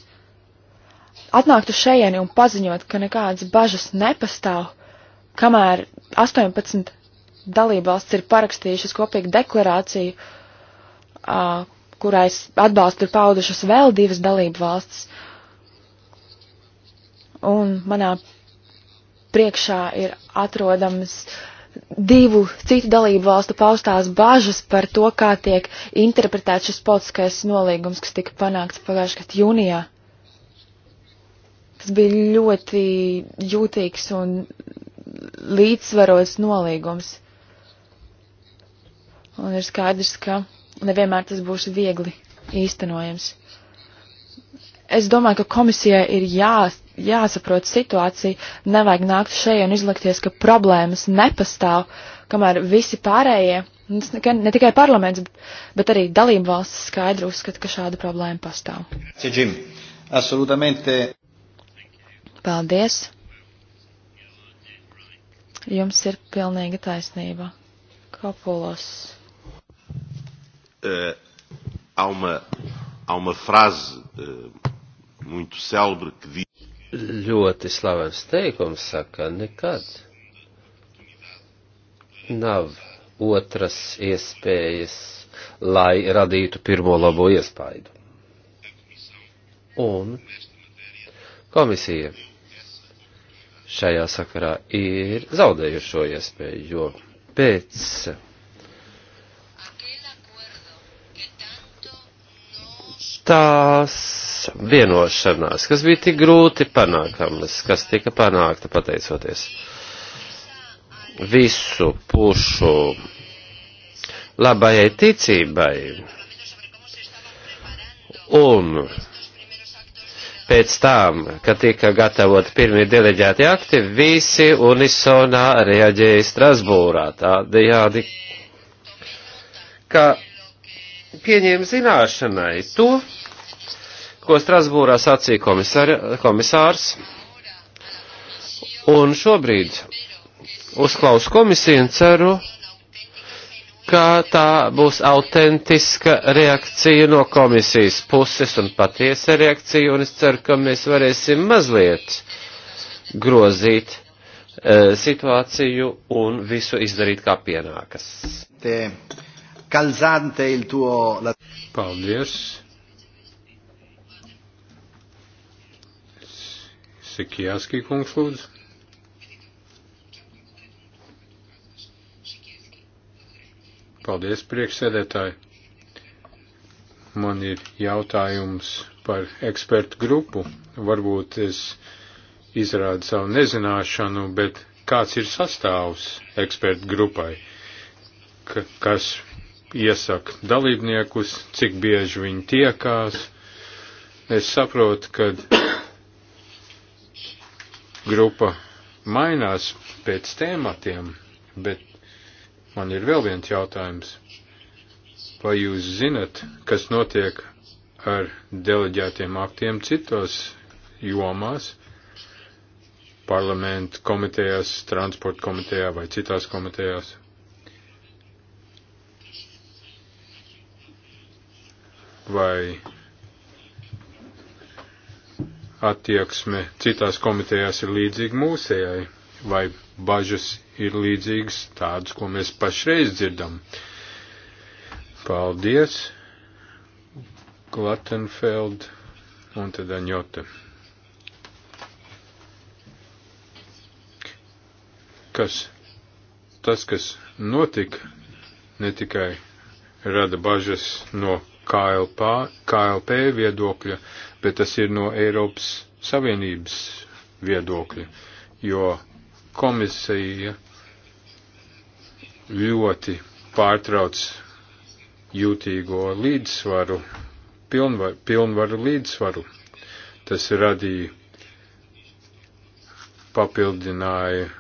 Atnākt uz šejieni un paziņot, ka nekādas bažas nepastāv, kamēr 18 dalībvalsts ir parakstījušas kopīgu deklarāciju, uh, kurai atbalstu ir paudušas vēl divas dalībvalstis. Un manā priekšā ir atrodams divu citu dalību valstu paustās bažas par to, kā tiek interpretēts šis politiskais nolīgums, kas tika panākts pagājušajā gadā jūnijā. Tas bija ļoti jūtīgs un līdzsvarots nolīgums. Un ir skaidrs, ka nevienmēr tas būs viegli īstenojams. Es domāju, ka komisijai ir jās, jāsaprot situācija, nevajag nākt šeit un izlikties, ka problēmas nepastāv, kamēr visi pārējie, ne tikai parlaments, bet arī dalību valsts skaidri uzskata, ka šāda problēma pastāv. Cijim, absolutamente. Paldies. Jums ir pilnīga taisnība. Kopulos. Uh, há, uma, há uma frase uh, muito célebre que diz ļoti slavens teikums saka, nekad nav otras iespējas, lai radītu pirmo labo iespaidu. Un komisija šajā sakarā ir zaudējuši šo iespēju, jo pēc tās vienošanās, kas bija tik grūti panākamas, kas tika panākta pateicoties visu pušu labajai ticībai. Un pēc tam, kad tika gatavot pirmie deleģēti akti, visi unisonā reaģēja Strasbūrā. Tādējādi, ka pieņēma zināšanai to, ko Strasbūrā sacīja komisāri, komisārs. Un šobrīd uzklausu komisiju un ceru, ka tā būs autentiska reakcija no komisijas puses un patiesa reakcija, un es ceru, ka mēs varēsim mazliet grozīt e, situāciju un visu izdarīt kā pienākas. Te, calzante il tuo... Paldies! Sikijāskī kungs lūdzu. Paldies, priekšsēdētāji. Man ir jautājums par ekspertu grupu. Varbūt es izrādu savu nezināšanu, bet kāds ir sastāvs ekspertu grupai, ka, kas iesaka dalībniekus, cik bieži viņi tiekās. Es saprotu, ka grupa mainās pēc tēmatiem, bet man ir vēl viens jautājums. Vai jūs zinat, kas notiek ar deleģētiem aktiem citos jomās, parlamentu komitejās, transporta komitejā vai citās komitejās? Vai attieksme citās komitejās ir līdzīga mūsējai, vai bažas ir līdzīgas tādas, ko mēs pašreiz dzirdam. Paldies, Glatenfeld un tad Aņote. Kas, tas, kas notika, ne tikai rada bažas no KLP, KLP viedokļa, bet tas ir no Eiropas Savienības viedokļa, jo komisija ļoti pārtrauc jūtīgo līdzsvaru, pilnvar, pilnvaru līdzsvaru. Tas radīja papildināja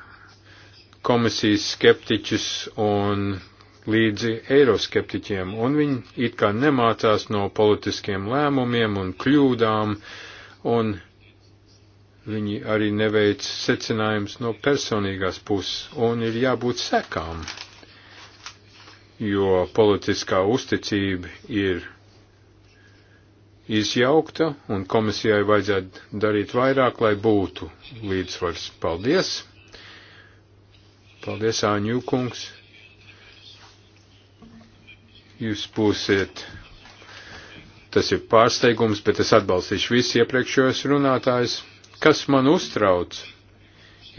komisijas skeptiķus un līdzi eiroskeptiķiem, un viņi it kā nemācās no politiskiem lēmumiem un kļūdām, un viņi arī neveic secinājums no personīgās puses, un ir jābūt sekām, jo politiskā uzticība ir izjaukta, un komisijai vajadzētu darīt vairāk, lai būtu līdzsvars. Paldies! Paldies, Āņu kungs! jūs būsiet. Tas ir pārsteigums, bet es atbalstīšu visus iepriekšējos runātājus. Kas man uztrauc,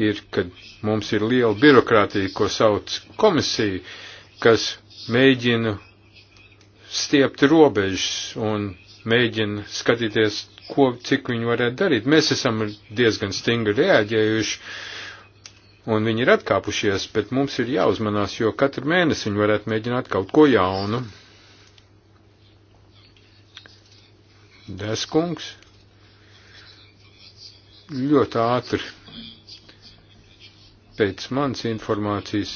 ir, ka mums ir liela birokrātija, ko sauc komisija, kas mēģina stiept robežas un mēģina skatīties, ko, cik viņi varētu darīt. Mēs esam diezgan stingri reaģējuši, un viņi ir atkāpušies, bet mums ir jāuzmanās, jo katru mēnesi viņi varētu mēģināt kaut ko jaunu. Deskungs ļoti ātri pēc manas informācijas.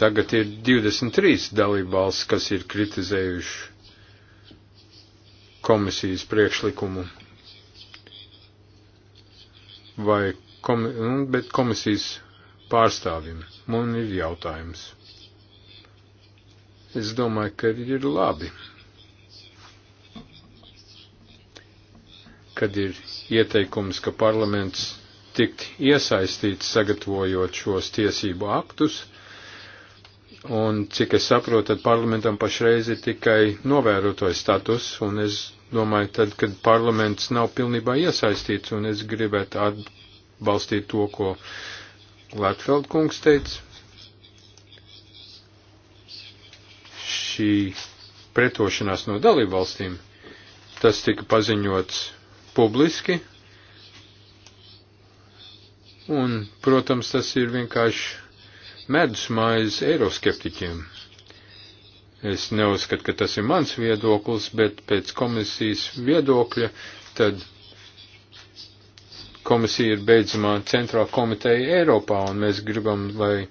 Tagad ir 23 dalībvalsts, kas ir kritizējuši komisijas priekšlikumu. Vai komi un, nu, bet komisijas pārstāvjiem. Man ir jautājums. Es domāju, ka ir labi, kad ir ieteikums, ka parlaments tikt iesaistīts sagatavojot šos tiesību aktus, un cik es saprotu, tad parlamentam pašreiz ir tikai novērotoja status, un es domāju, tad, kad parlaments nav pilnībā iesaistīts, un es gribētu atbalstīt to, ko Latfeld kungs teica. Šī pretošanās no dalību valstīm, tas tika paziņots publiski, un, protams, tas ir vienkārši medus maize eiroskeptiķiem. Es neuzskatu, ka tas ir mans viedoklis, bet pēc komisijas viedokļa tad komisija ir beidzamā centrāla komiteja Eiropā, un mēs gribam, lai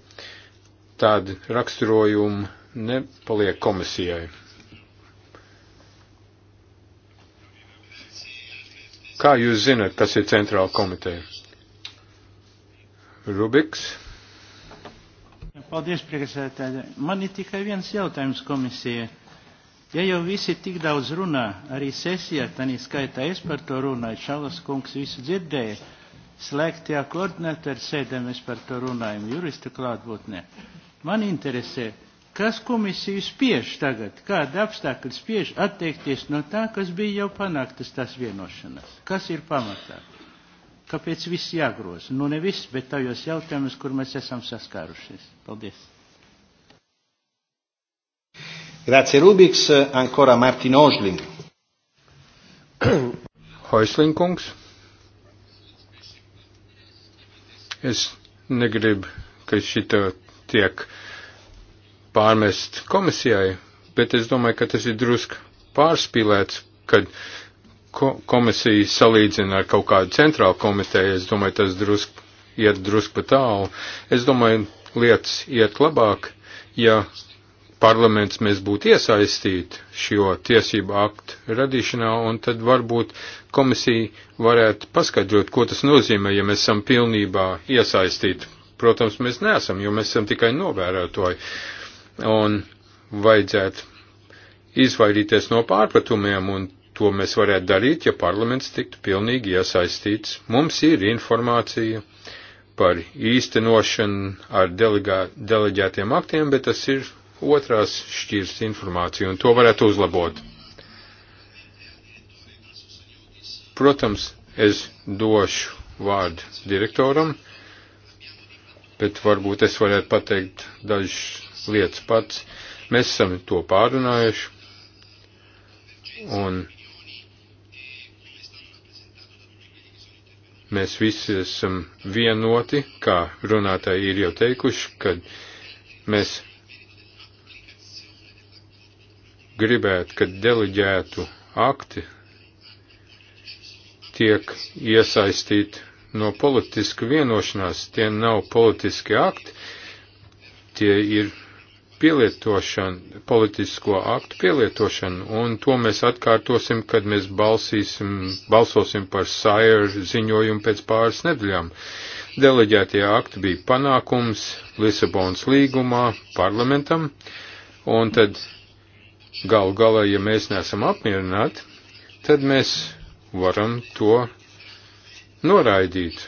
tādi raksturojumi nepaliek komisijai. Kā jūs zinat, kas ir centrāla komiteja? Rubiks. Paldies, priekšsēdētāji. Man ir tikai viens jautājums komisijai. Ja jau visi tik daudz runā, arī sesijā, tā skaitā es par to runāju, Šalas kungs visu dzirdēja, slēgtajā koordinatoru sēdē mēs par to runājam, juristu klātbūtnē. Man interesē, kas komisiju spiež tagad, kāda apstākļa spiež atteikties no tā, kas bija jau panāktas tās vienošanas. Kas ir pamatā? Kāpēc viss jāgroza? Nu, ne viss, bet tajos jautājumus, kur mēs esam saskārušies. Paldies! Grazie Rubiks, ancora Martin Ožling. Hoislinkungs. Es negribu, ka šito tiek pārmest komisijai, bet es domāju, ka tas ir drusk pārspīlēts, kad ko komisija salīdzina ar kaut kādu centrālu komiteju. Es domāju, tas drusk iet drusk pa tālu. Es domāju, lietas iet labāk, ja parlaments mēs būtu iesaistīti šo tiesību aktu radīšanā, un tad varbūt komisija varētu paskaidrot, ko tas nozīmē, ja mēs esam pilnībā iesaistīti. Protams, mēs neesam, jo mēs esam tikai novērotāji. Un vajadzētu izvairīties no pārpratumiem, un to mēs varētu darīt, ja parlaments tiktu pilnīgi iesaistīts. Mums ir informācija par īstenošanu ar delegā, deleģētiem aktiem, bet tas ir otrās šķirs informāciju, un to varētu uzlabot. Protams, es došu vārdu direktoram, bet varbūt es varētu pateikt dažas lietas pats. Mēs esam to pārunājuši, un mēs visi esam vienoti, kā runātāji ir jau teikuši, kad mēs gribētu, ka deleģētu akti tiek iesaistīti no politiska vienošanās. Tie nav politiski akti, tie ir pielietošana, politisko aktu pielietošana, un to mēs atkārtosim, kad mēs balsīsim, balsosim par sairu ziņojumu pēc pāris nedēļām. Deleģētie akti bija panākums Lisabonas līgumā parlamentam, un tad Galu galā, ja mēs neesam apmierināti, tad mēs varam to noraidīt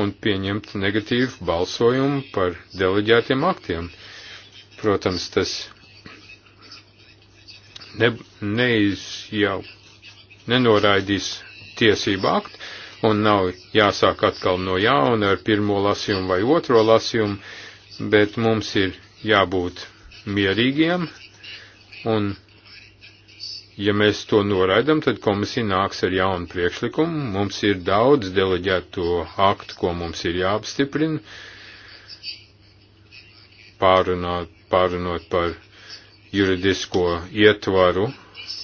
un pieņemt negatīvu balsojumu par deleģētiem aktiem. Protams, tas ne, neizjau, nenoraidīs tiesību aktu un nav jāsāk atkal no jauna ar pirmo lasījumu vai otro lasījumu, bet mums ir jābūt mierīgiem un Ja mēs to noraidam, tad komisija nāks ar jaunu priekšlikumu. Mums ir daudz deleģēto aktu, ko mums ir jāapstiprina, pārunāt, pārunot par juridisko ietvaru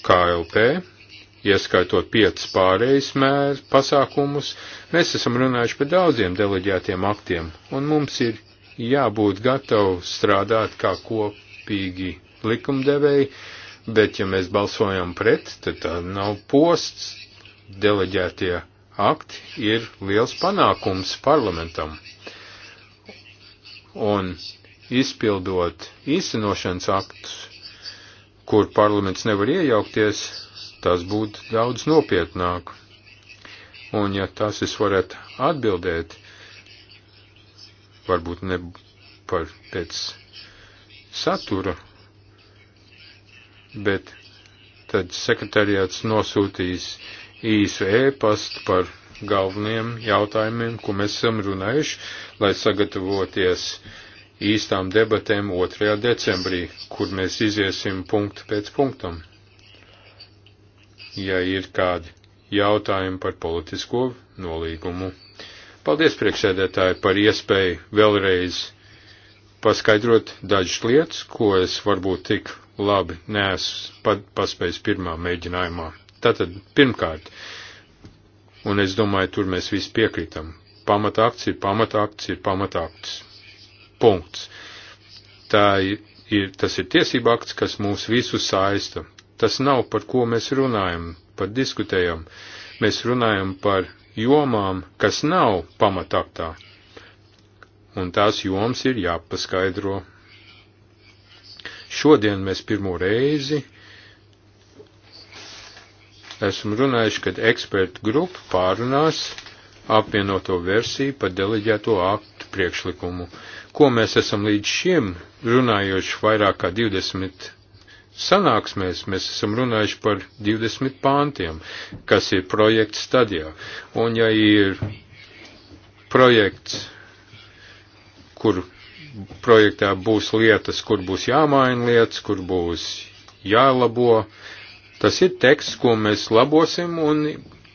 KLP, ieskaitot piecas pārējais mērs pasākumus. Mēs esam runājuši par daudziem deleģētiem aktiem, un mums ir jābūt gatavi strādāt kā kopīgi likumdevēji bet ja mēs balsojam pret, tad tā nav posts. Deleģētie akti ir liels panākums parlamentam. Un izpildot īstenošanas aktus, kur parlaments nevar iejaukties, tas būtu daudz nopietnāk. Un ja tas es varētu atbildēt, varbūt ne par pēc satura bet tad sekretariāts nosūtīs īsu ēpastu par galveniem jautājumiem, ko mēs esam runājuši, lai sagatavoties īstām debatēm 2. decembrī, kur mēs iziesim punktu pēc punktam. Ja ir kādi jautājumi par politisko nolīgumu. Paldies priekšsēdētāji par iespēju vēlreiz paskaidrot dažas lietas, ko es varbūt tik labi, neesmu pat paspējis pirmā mēģinājumā. Tātad, pirmkārt, un es domāju, tur mēs visi piekrītam, pamatakts ir pamatakts ir pamatakts. Punkts. Tā ir, tas ir tiesība akts, kas mūs visus saista. Tas nav par ko mēs runājam, par diskutējam. Mēs runājam par jomām, kas nav pamataktā. Un tās joms ir jāpaskaidro Šodien mēs pirmo reizi esam runājuši, kad ekspertu grupa pārunās apvienoto versiju par deleģēto aktu priekšlikumu, ko mēs esam līdz šiem runājuši vairāk kā 20 sanāksmēs, mēs esam runājuši par 20 pāntiem, kas ir projekta stadijā. Un ja ir projekts, kur projektā būs lietas, kur būs jāmaina lietas, kur būs jālabo. Tas ir teksts, ko mēs labosim, un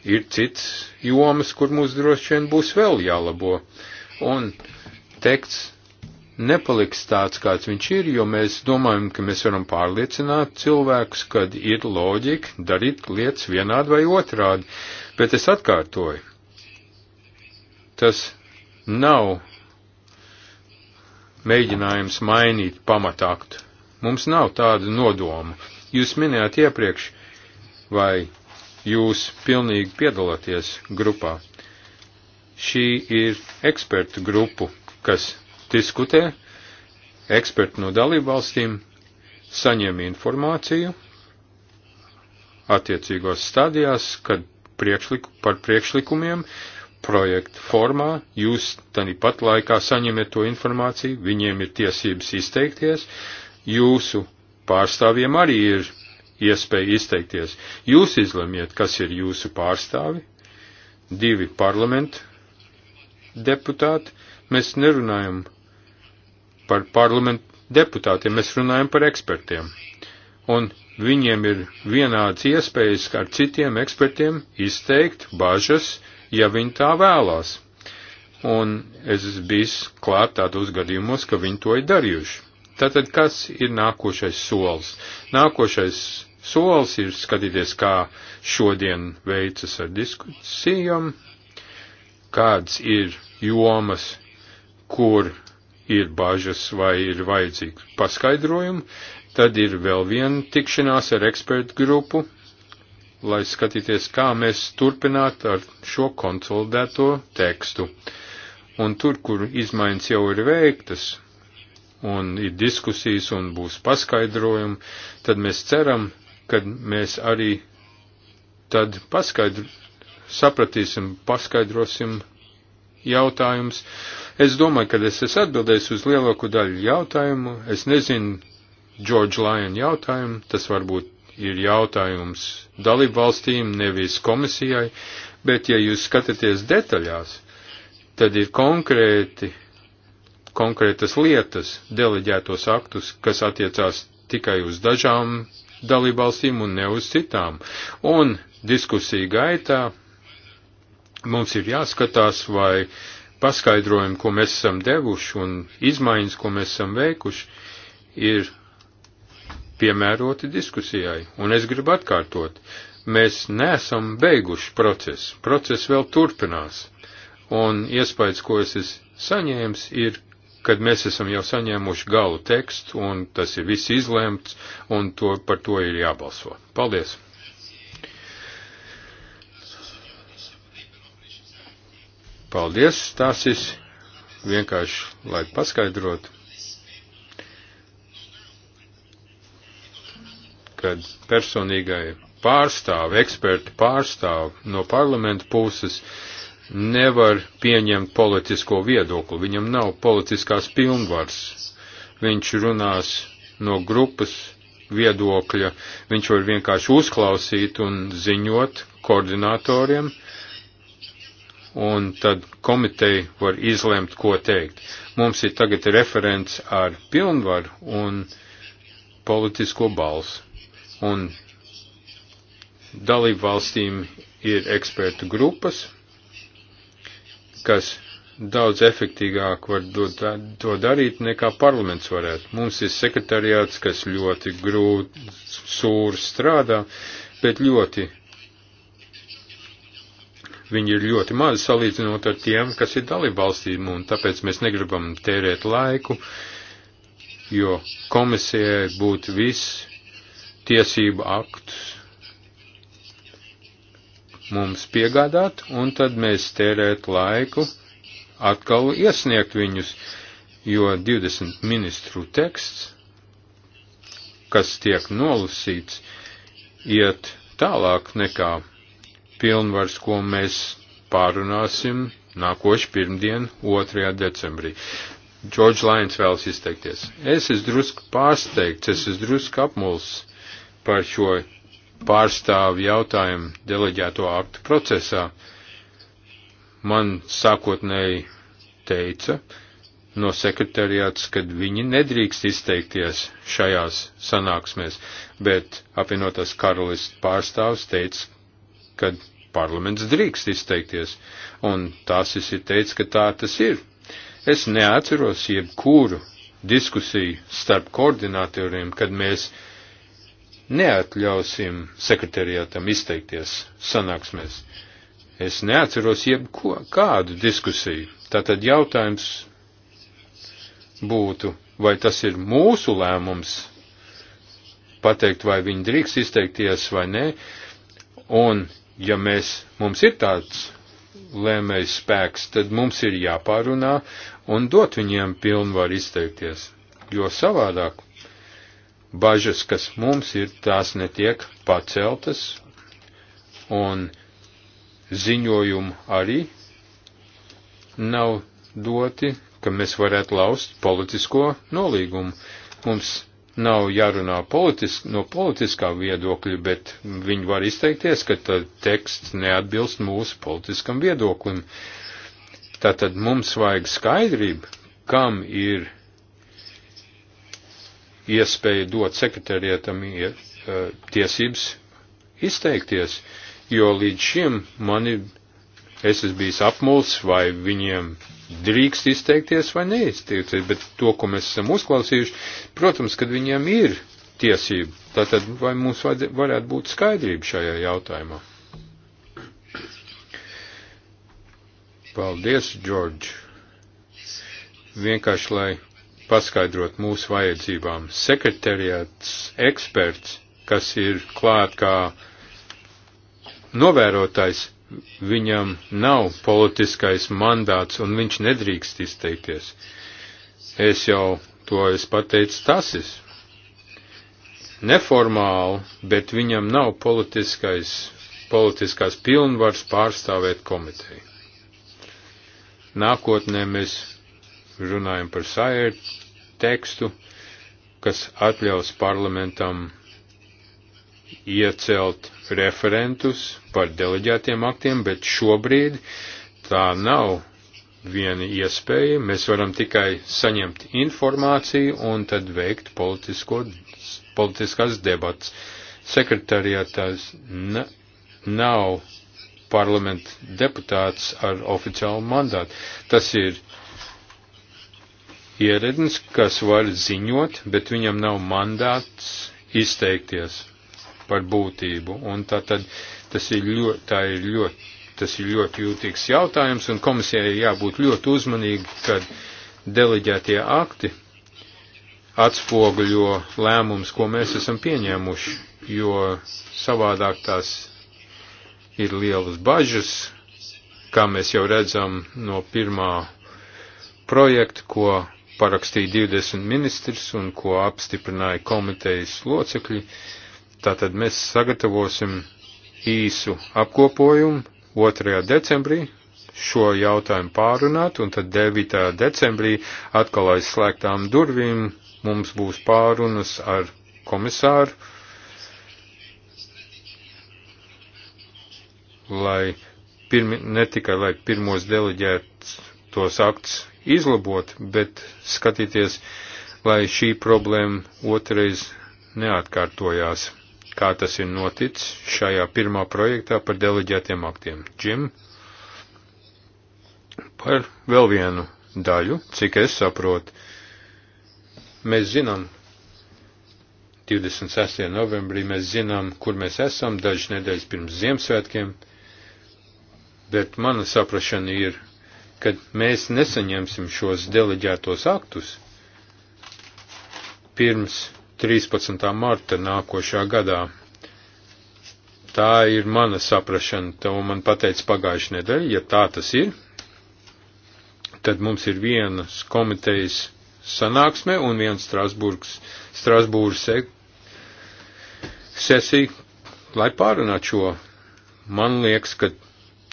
ir cits jomas, kur mums droši vien būs vēl jālabo. Un teksts nepaliks tāds, kāds viņš ir, jo mēs domājam, ka mēs varam pārliecināt cilvēkus, kad ir loģika darīt lietas vienādi vai otrādi. Bet es atkārtoju, tas nav mēģinājums mainīt pamataktu. Mums nav tādu nodomu. Jūs minējāt iepriekš, vai jūs pilnīgi piedalāties grupā. Šī ir ekspertu grupu, kas diskutē, eksperti no dalībvalstīm saņem informāciju attiecīgos stadijās, kad priekšliku, par priekšlikumiem, uh, projektu formā, jūs tani pat laikā saņemiet to informāciju, viņiem ir tiesības izteikties, jūsu pārstāvjiem arī ir iespēja izteikties. Jūs izlemiet, kas ir jūsu pārstāvi, divi parlamentu deputāti, mēs nerunājam par parlamentu deputātiem, mēs runājam par ekspertiem. Un viņiem ir vienāds iespējas ar citiem ekspertiem izteikt bažas, ja viņi tā vēlās. Un es esmu bijis klāt tādos gadījumos, ka viņi to ir darījuši. Tātad, kas ir nākošais solis? Nākošais solis ir skatīties, kā šodien veicas ar diskusijām, kāds ir jomas, kur ir bažas vai ir vajadzīgi paskaidrojumi, tad ir vēl viena tikšanās ar ekspertu grupu, lai skatīties, kā mēs turpināt ar šo konsolidēto tekstu. Un tur, kur izmaiņas jau ir veiktas, un ir diskusijas un būs paskaidrojumi, tad mēs ceram, ka mēs arī tad paskaidr sapratīsim, paskaidrosim jautājumus. Es domāju, ka es esmu atbildējis uz lielāko daļu jautājumu. Es nezinu, George Lyon jautājumu, tas varbūt ir jautājums dalību valstīm, nevis komisijai, bet ja jūs skatāties detaļās, tad ir konkrēti, konkrētas lietas, deleģētos aktus, kas attiecās tikai uz dažām dalību valstīm un ne uz citām. Un diskusija gaitā mums ir jāskatās, vai paskaidrojumi, ko mēs esam devuši un izmaiņas, ko mēs esam veikuši, ir piemēroti diskusijai. Un es gribu atkārtot, mēs nesam beiguši procesu. Process vēl turpinās. Un iespējas, ko es esmu saņēmis, ir, kad mēs esam jau saņēmuši galu tekstu, un tas ir viss izlēmts, un to, par to ir jābalso. Paldies! Paldies, Stāsis, vienkārši, lai paskaidrotu kad personīgai pārstāvi, eksperti pārstāvi no parlamenta puses nevar pieņemt politisko viedokli. Viņam nav politiskās pilnvars. Viņš runās no grupas viedokļa. Viņš var vienkārši uzklausīt un ziņot koordinatoriem, un tad komiteja var izlemt, ko teikt. Mums ir tagad referents ar pilnvaru un politisko balsu. Un dalību valstīm ir ekspertu grupas, kas daudz efektīgāk var dot, to darīt nekā parlaments varētu. Mums ir sekretariāts, kas ļoti grūti, sūri strādā, bet ļoti. Viņi ir ļoti mazi salīdzinot ar tiem, kas ir dalībvalstīm, un tāpēc mēs negribam tērēt laiku, jo komisijai būtu viss tiesību aktus mums piegādāt, un tad mēs tērēt laiku atkal iesniegt viņus, jo 20 ministru teksts, kas tiek nolasīts, iet tālāk nekā pilnvars, ko mēs pārunāsim nākošu pirmdienu, 2. decembrī. Džordžs Lains vēlas izteikties. Es esmu drusku pārsteigts, es esmu drusku apmuls par šo pārstāvu jautājumu deleģēto aktu procesā, man sākotnēji teica no sekretariāts, kad viņi nedrīkst izteikties šajās sanāksmēs, bet apvienotās karalists pārstāvs teica, ka parlaments drīkst izteikties, un tās es ir teicis, ka tā tas ir. Es neatceros jebkuru diskusiju starp koordinatoriem, kad mēs neatļausim sekretariātam izteikties sanāksmēs. Es neatceros jebko, kādu diskusiju. Tātad jautājums būtu, vai tas ir mūsu lēmums pateikt, vai viņi drīkst izteikties vai nē. Un, ja mēs, mums ir tāds lēmējs spēks, tad mums ir jāpārunā un dot viņiem pilnvaru izteikties. Jo savādāk bažas, kas mums ir, tās netiek paceltas, un ziņojumu arī nav doti, ka mēs varētu laust politisko nolīgumu. Mums nav jārunā politis, no politiskā viedokļa, bet viņi var izteikties, ka teksts neatbilst mūsu politiskam viedoklim. Tātad mums vajag skaidrību, kam ir iespēju dot sekretarietam e, tiesības izteikties, jo līdz šim mani es esmu bijis apmuls, vai viņiem drīkst izteikties vai neizteikties, bet to, ko mēs esam uzklausījuši, protams, kad viņiem ir tiesība, tātad vai mums varētu būt skaidrība šajā jautājumā. Paldies, Džordž. Vienkārši, lai paskaidrot mūsu vajadzībām. Sekretariāts eksperts, kas ir klāt kā novērotais, viņam nav politiskais mandāts un viņš nedrīkst izteikties. Es jau to es pateicu Tasis. Neformāli, bet viņam nav politiskais, politiskās pilnvars pārstāvēt komiteju. Nākotnē mēs runājam par saēru tekstu, kas atļaus parlamentam iecelt referentus par deleģētiem aktiem, bet šobrīd tā nav viena iespēja. Mēs varam tikai saņemt informāciju un tad veikt politisko, politiskās debats. Sekretariātās nav parlamenta deputāts ar oficiālu mandātu. Tas ir ierednis, kas var ziņot, bet viņam nav mandāts izteikties par būtību. Un tā tad tas ir ļoti, tā ir ļoti, tas ir ļoti jūtīgs jautājums, un komisijai jābūt ļoti uzmanīgi, kad deleģētie akti atspoguļo lēmums, ko mēs esam pieņēmuši, jo savādāk tās ir lielas bažas, kā mēs jau redzam no pirmā projekta, ko parakstīja 20 ministrs un ko apstiprināja komitejas locekļi. Tātad mēs sagatavosim īsu apkopojumu 2. decembrī šo jautājumu pārunāt, un tad 9. decembrī atkal aiz slēgtām durvīm mums būs pārunas ar komisāru, lai pirmi, ne tikai lai pirmos deleģētos akts izlabot, bet skatīties, lai šī problēma otrais neatkārtojās, kā tas ir noticis šajā pirmā projektā par deleģētiem aktiem. Džim, par vēl vienu daļu, cik es saprotu, mēs zinām, 26. novembrī mēs zinām, kur mēs esam, dažas nedēļas pirms Ziemassvētkiem, bet mana saprašana ir, kad mēs nesaņemsim šos deleģētos aktus pirms 13. marta nākošā gadā. Tā ir mana saprašana, to man pateica pagājušajā nedēļā, ja tā tas ir, tad mums ir vienas komitejas sanāksme un viens Strasburgs, Strasbūras se, sesija, lai pārunātu šo. Man liekas, ka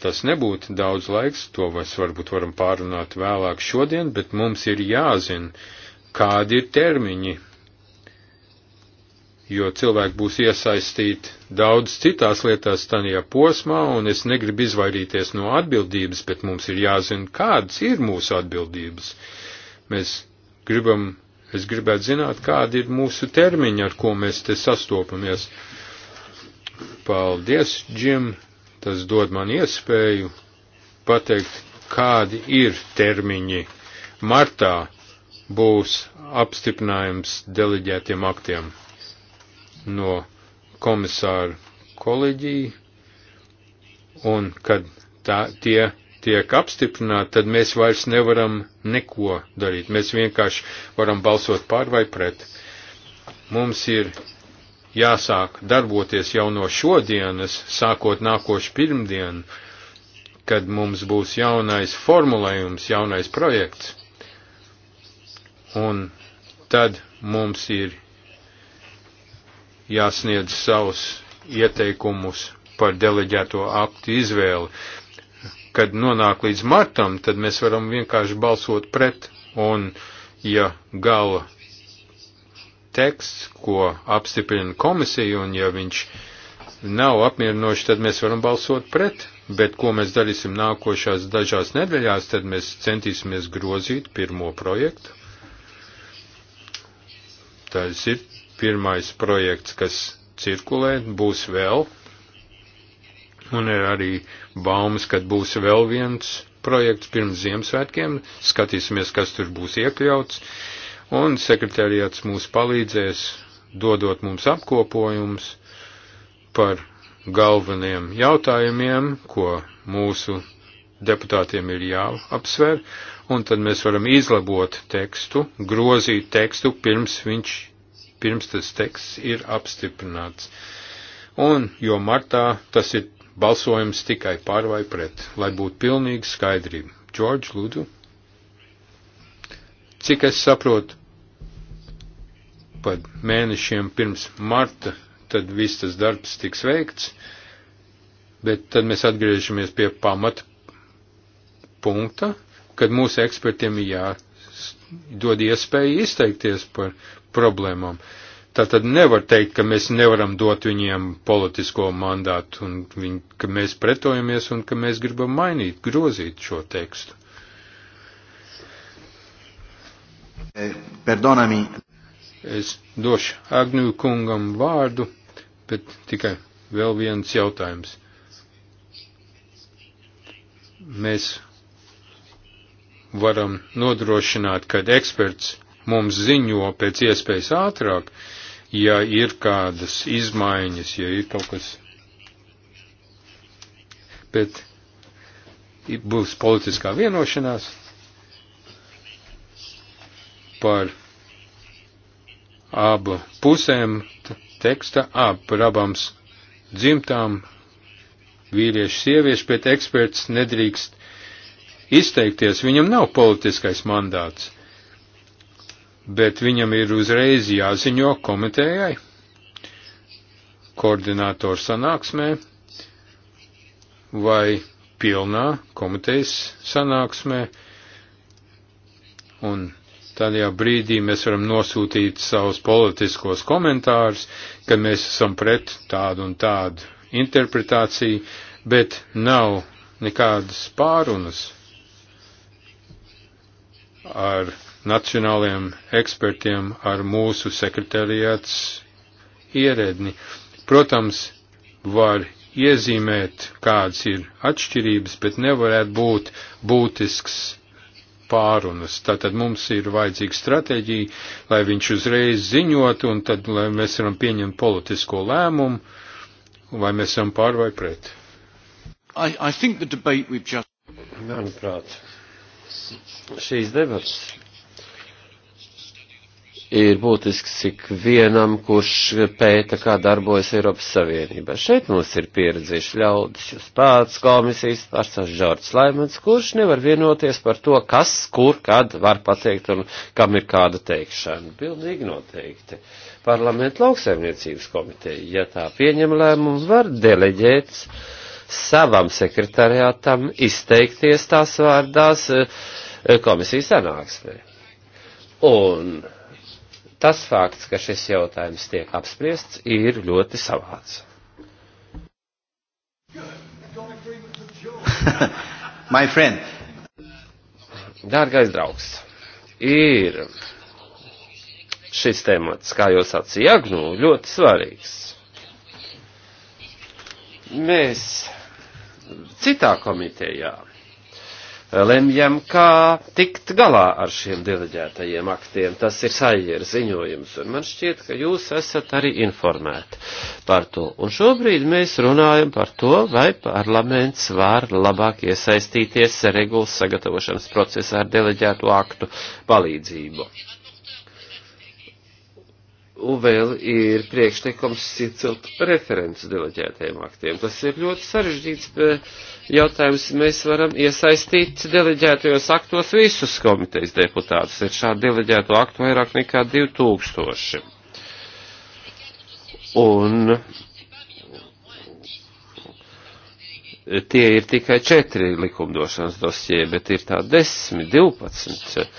Tas nebūtu daudz laiks, to mēs varbūt varam pārunāt vēlāk šodien, bet mums ir jāzina, kādi ir termiņi, jo cilvēki būs iesaistīti daudz citās lietās tajā posmā, un es negribu izvairīties no atbildības, bet mums ir jāzina, kādas ir mūsu atbildības. Mēs gribam, es gribētu zināt, kādi ir mūsu termiņi, ar ko mēs te sastopamies. Paldies, Džim! Tas dod man iespēju pateikt, kādi ir termiņi. Martā būs apstiprinājums deleģētiem aktiem no komisāra koleģija, un kad tā, tie tiek apstiprināti, tad mēs vairs nevaram neko darīt. Mēs vienkārši varam balsot pār vai pret. Mums ir jāsāk darboties jau no šodienas, sākot nākošu pirmdienu, kad mums būs jaunais formulējums, jaunais projekts. Un tad mums ir jāsniedz savus ieteikumus par deleģēto aktu izvēli. Kad nonāk līdz martam, tad mēs varam vienkārši balsot pret, un ja gala teksts, ko apstiprina komisija, un ja viņš nav apmierinošs, tad mēs varam balsot pret, bet ko mēs darīsim nākošās dažās nedēļās, tad mēs centīsimies grozīt pirmo projektu. Tas ir pirmais projekts, kas cirkulē, būs vēl, un ir arī baumas, kad būs vēl viens projekts pirms Ziemassvētkiem, skatīsimies, kas tur būs iekļauts. Uh, un sekretariats mūs palīdzēs, dodot mums apkopojums par galveniem jautājumiem, ko mūsu deputātiem ir jāapsver, un tad mēs varam izlabot tekstu, grozīt tekstu, pirms viņš, pirms tas teksts ir apstiprināts. Un, jo martā tas ir balsojums tikai par vai pret, lai būtu pilnīga skaidrība. Džordž, lūdzu. Cik es saprotu, pat mēnešiem pirms marta, tad viss tas darbs tiks veikts, bet tad mēs atgriežamies pie pamata punkta, kad mūsu ekspertiem jādod iespēju izteikties par problēmām. Tātad nevar teikt, ka mēs nevaram dot viņiem politisko mandātu un viņ, ka mēs pretojamies un ka mēs gribam mainīt, grozīt šo tekstu. Eh, perdonami. Es došu Agņu kungam vārdu, bet tikai vēl viens jautājums. Mēs varam nodrošināt, kad eksperts mums ziņo pēc iespējas ātrāk, ja ir kādas izmaiņas, ja ir kaut kas. Bet būs politiskā vienošanās par ab pusēm teksta, ab par abām dzimtām vīriešu sieviešu, bet eksperts nedrīkst izteikties, viņam nav politiskais mandāts, bet viņam ir uzreiz jāziņo komitējai, koordinātoru sanāksmē vai pilnā komitejas sanāksmē, un Tajā brīdī mēs varam nosūtīt savus politiskos komentārus, ka mēs esam pret tādu un tādu interpretāciju, bet nav nekādas pārunas ar nacionāliem ekspertiem, ar mūsu sekretariāts ierēdni. Protams, var iezīmēt, kādas ir atšķirības, bet nevarētu būt būtisks pārunas. Tātad mums ir vajadzīga stratēģija, lai viņš uzreiz ziņotu, un tad, lai mēs varam pieņemt politisko lēmumu, vai mēs esam pār vai pret. I, I just... Manuprāt, šīs debats ir būtisks ik vienam, kurš pēta, kā darbojas Eiropas Savienība. Šeit mums ir pieredzējuši ļaudis, jūs pats komisijas pārstāvs Žārds Laimans, kurš nevar vienoties par to, kas, kur, kad var pateikt un kam ir kāda teikšana. Pilnīgi noteikti. Parlamenta lauksaimniecības komiteja, ja tā pieņem lēmumu, var deleģēt savam sekretariātam izteikties tās vārdās eh, komisijas sanāksmē. Un Tas fakts, ka šis jautājums tiek apspriests, ir ļoti savāds. My friend. Dārgais draugs, ir šis temats, kā jau sacīja Agnu, ļoti svarīgs. Mēs citā komitejā lemjam, kā tikt galā ar šiem deleģētajiem aktiem. Tas ir saieru ziņojums, un man šķiet, ka jūs esat arī informēti par to. Un šobrīd mēs runājam par to, vai parlaments var labāk iesaistīties regulas sagatavošanas procesā ar deleģēto aktu palīdzību. Un vēl ir priekšlikums iecelt referents deleģētajiem aktiem. Tas ir ļoti sarežģīts jautājums. Mēs varam iesaistīt deleģētajos aktos visus komitejas deputātus. Ir šādi deleģēto aktu vairāk nekā 2000. Un tie ir tikai četri likumdošanas dosjē, bet ir tā desmit, divpadsmit,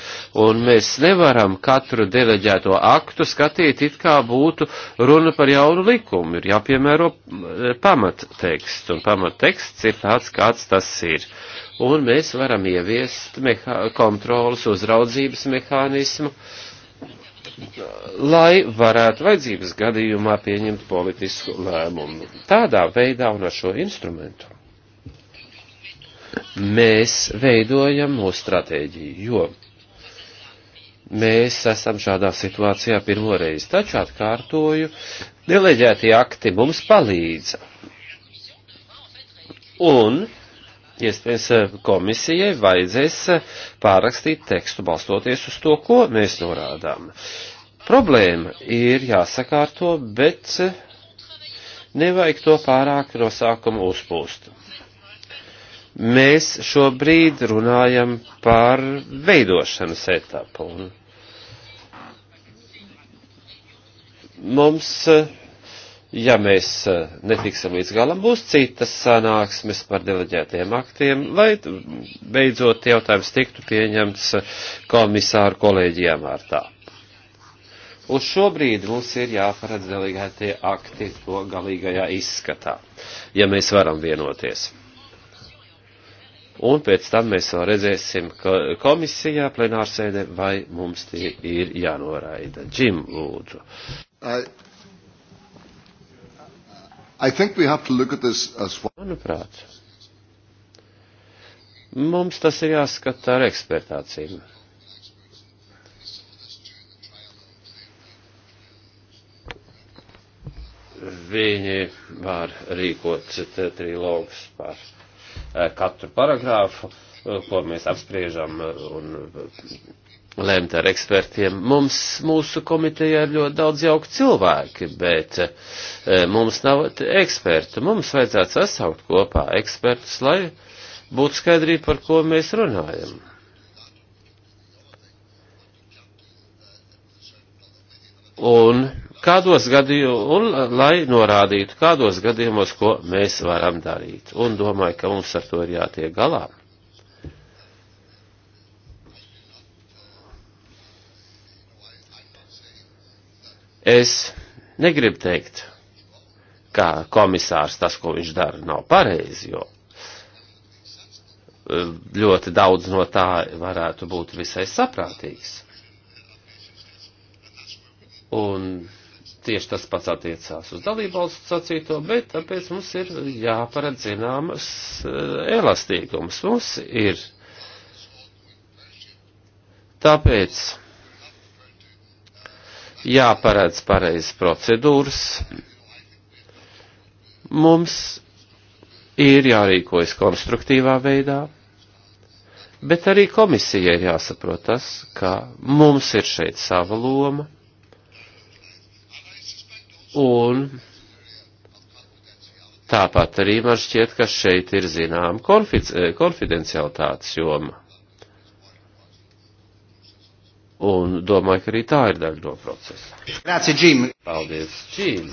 un mēs nevaram katru deleģēto aktu skatīt, it kā būtu runa par jaunu likumu, ir jāpiemēro eh, pamatteksts, un pamatteksts ir tāds, kāds tas ir. Un mēs varam ieviest mehā, kontrolas uzraudzības mehānismu, lai varētu vajadzības gadījumā pieņemt politisku lēmumu. Tādā veidā un ar šo instrumentu mēs veidojam mūsu stratēģiju, jo mēs esam šādā situācijā pirmoreiz. Taču atkārtoju, deleģētie akti mums palīdza. Un, iespējams, komisijai vajadzēs pārrakstīt tekstu balstoties uz to, ko mēs norādām. Problēma ir jāsakārto, bet nevajag to pārāk no sākuma uzpūst mēs šobrīd runājam par veidošanas etapu. Un mums, ja mēs netiksim līdz galam, būs citas sanāksmes par deleģētiem aktiem, lai beidzot jautājums tiktu pieņemts komisāru kolēģijā mārtā. Uz šo brīdi mums ir jāparedz delegētie akti to galīgajā izskatā, ja mēs varam vienoties un pēc tam mēs vēl redzēsim komisijā plenārsēdē, vai mums tie ir jānoraida. Džim, lūdzu. I, I think we have to look at this as well. Manuprāt, mums tas ir jāskata ar ekspertācijām. Viņi var rīkot trilogus par Eh, katru paragrāfu, eh, ko mēs apspriežam eh, un lemt ar ekspertiem. Mums, mūsu komitejā ir ļoti daudz jauku cilvēki, bet mums nav ekspertu. Mums vajadzētu sasaukt kopā ekspertus, lai būtu skaidrība, par ko mēs runājam. Un kādos gadījumos, lai norādītu, kādos gadījumos, ko mēs varam darīt. Un domāju, ka mums ar to ir jātiek galā. Es negribu teikt, ka komisārs tas, ko viņš dara, nav pareizi, jo eh, ļoti daudz no tā varētu būt visai saprātīgs. Un tieši tas pats attiecās uz dalībvalstu sacīto, bet tāpēc mums ir jāparedz zināmas eh, elastīgums. Mums ir tāpēc jāparedz pareizas procedūras. Mums ir jārīkojas konstruktīvā veidā, bet arī komisija ir jāsaprot tas, ka mums ir šeit sava loma Un tāpat arī man šķiet, ka šeit ir zinām eh, konfidencialitātes joma. Un domāju, ka arī tā ir daļa no procesa. Grāci, Džim. Paldies, Džim.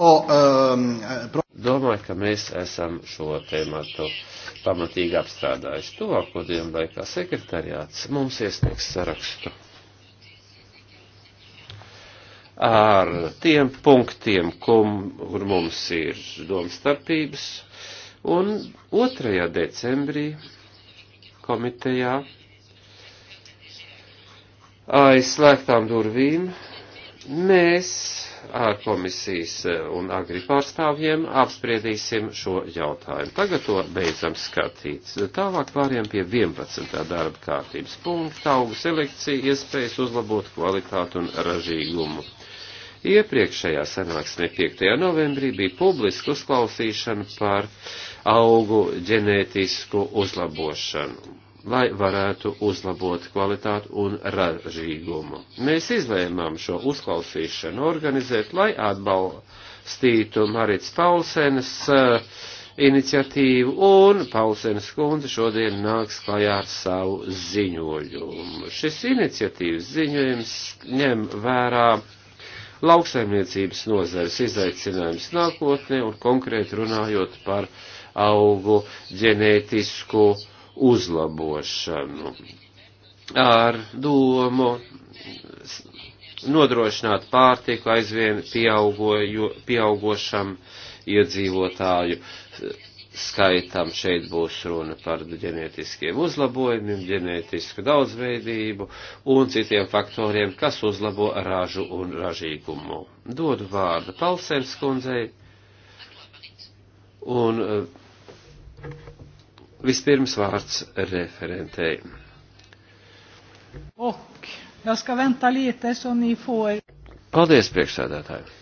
O, um, pro... Domāju, ka mēs esam šo tēmatu pamatīgi apstrādājuši. Tuvāko dienu laikā sekretariāts mums iesniegs sarakstu ar tiem punktiem, kur mums ir domstarpības, un 2. decembrī komitejā aizslēgtām durvīm mēs ar komisijas e, un agri pārstāvjiem apspriedīsim šo jautājumu. Tagad to beidzam skatīt. Tālāk pāriem pie 11. darba kārtības punkta - augu selekcija, iespējas uzlabot kvalitātu un ražīgumu. Iepriekšējā sanāksmē 5. novembrī bija publiska uzklausīšana par augu ģenētisku uzlabošanu, lai varētu uzlabot kvalitātu un ražīgumu. Mēs izlēmām šo uzklausīšanu organizēt, lai atbalstītu Marits Paulsenes uh, iniciatīvu, un Paulsenes kundze šodien nāks klajā ar savu ziņojumu. Šis iniciatīvas ziņojums ņem vērā lauksaimniecības nozares izaicinājums nākotnē un konkrēti runājot par augu ģenētisku uzlabošanu. Ar domu nodrošināt pārtiku aizvien pieaugošam iedzīvotāju skaitam šeit būs runa par ģenētiskiem uzlabojumiem, ģenētisku daudzveidību un citiem faktoriem, kas uzlabo ražu un ražīgumu. Dodu vārdu Palsens kundzei un eh, vispirms vārds referentei. Ok, jag ska vänta lite så ni får. Paldies, priekšsēdētāji.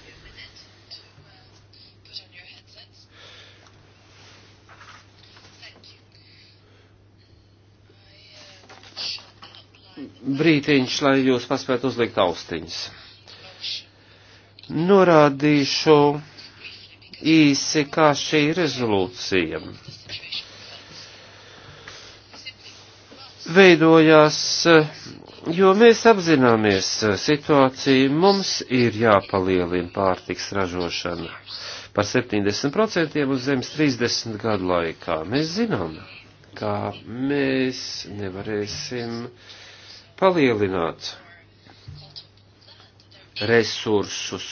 brītiņš, lai jūs paspētu uzlikt austiņas. Norādīšu īsi, kā šī rezolūcija veidojās, jo mēs apzināmies situāciju, mums ir jāpalielina pārtiks ražošana par 70% uz zemes 30 gadu laikā. Mēs zinām, ka mēs nevarēsim uh, palielināt resursus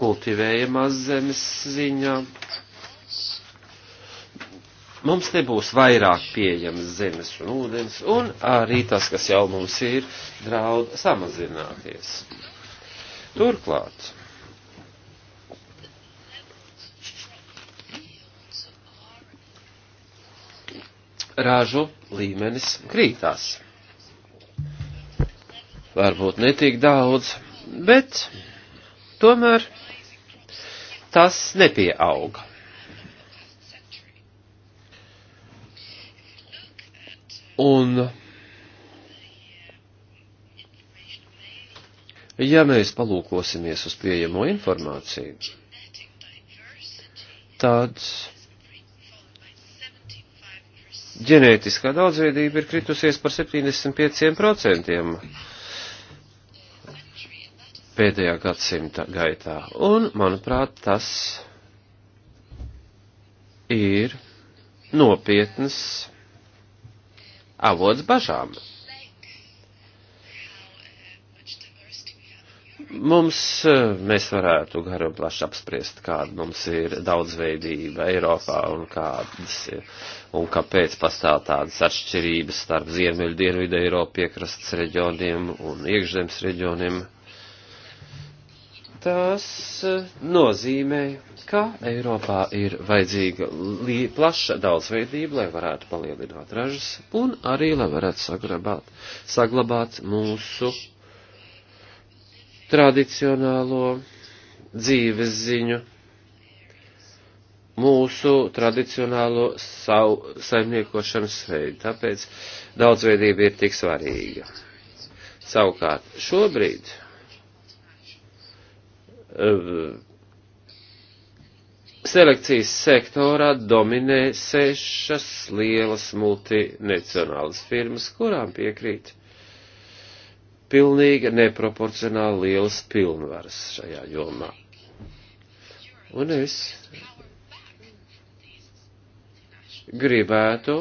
kultivējamās zemes ziņā. Mums nebūs vairāk pieejamas zemes un ūdens, un arī tas, kas jau mums ir, draud samazināties. Turklāt, ražu līmenis krītās. Varbūt netik daudz, bet tomēr tas nepieauga. Un, ja mēs palūkosimies uz pieejamo informāciju, tad ģenētiskā daudzveidība ir kritusies par 75% pēdējā gadsimta gaitā. Un, manuprāt, tas ir nopietns avots bažām. Mums, eh, mēs varētu garu un plaši apspriest, kāda mums ir daudzveidība Eiropā un kādas ir, un kāpēc pastāv tādas atšķirības starp Ziemeļu Dienvidu Eiropu piekrastas reģioniem un iekšzemes reģioniem. Tas eh, nozīmē, ka Eiropā ir vajadzīga plaša daudzveidība, lai varētu palielināt ražas un arī, lai varētu saglabāt, saglabāt mūsu tradicionālo dzīves ziņu, mūsu tradicionālo savu saimniekošanas veidu. Tāpēc daudzveidība ir tik svarīga. Savukārt, šobrīd eh, selekcijas sektorā dominē sešas lielas multinacionālas firmas, kurām piekrīt pilnīgi neproporcionāli lielas pilnvaras šajā jomā. Un es gribētu,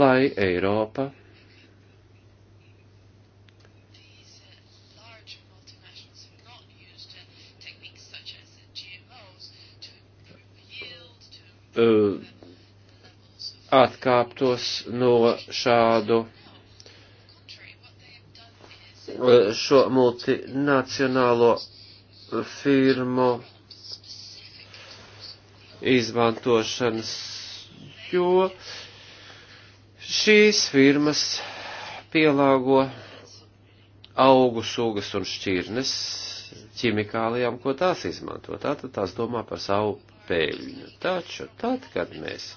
lai Eiropa uh, atkāptos no šādu šo multinacionālo firmu izmantošanas, jo šīs firmas pielāgo augu sugas un šķirnes ķimikālijām, ko tās izmanto. Tātad tās domā par savu pēļņu. Taču tad, kad mēs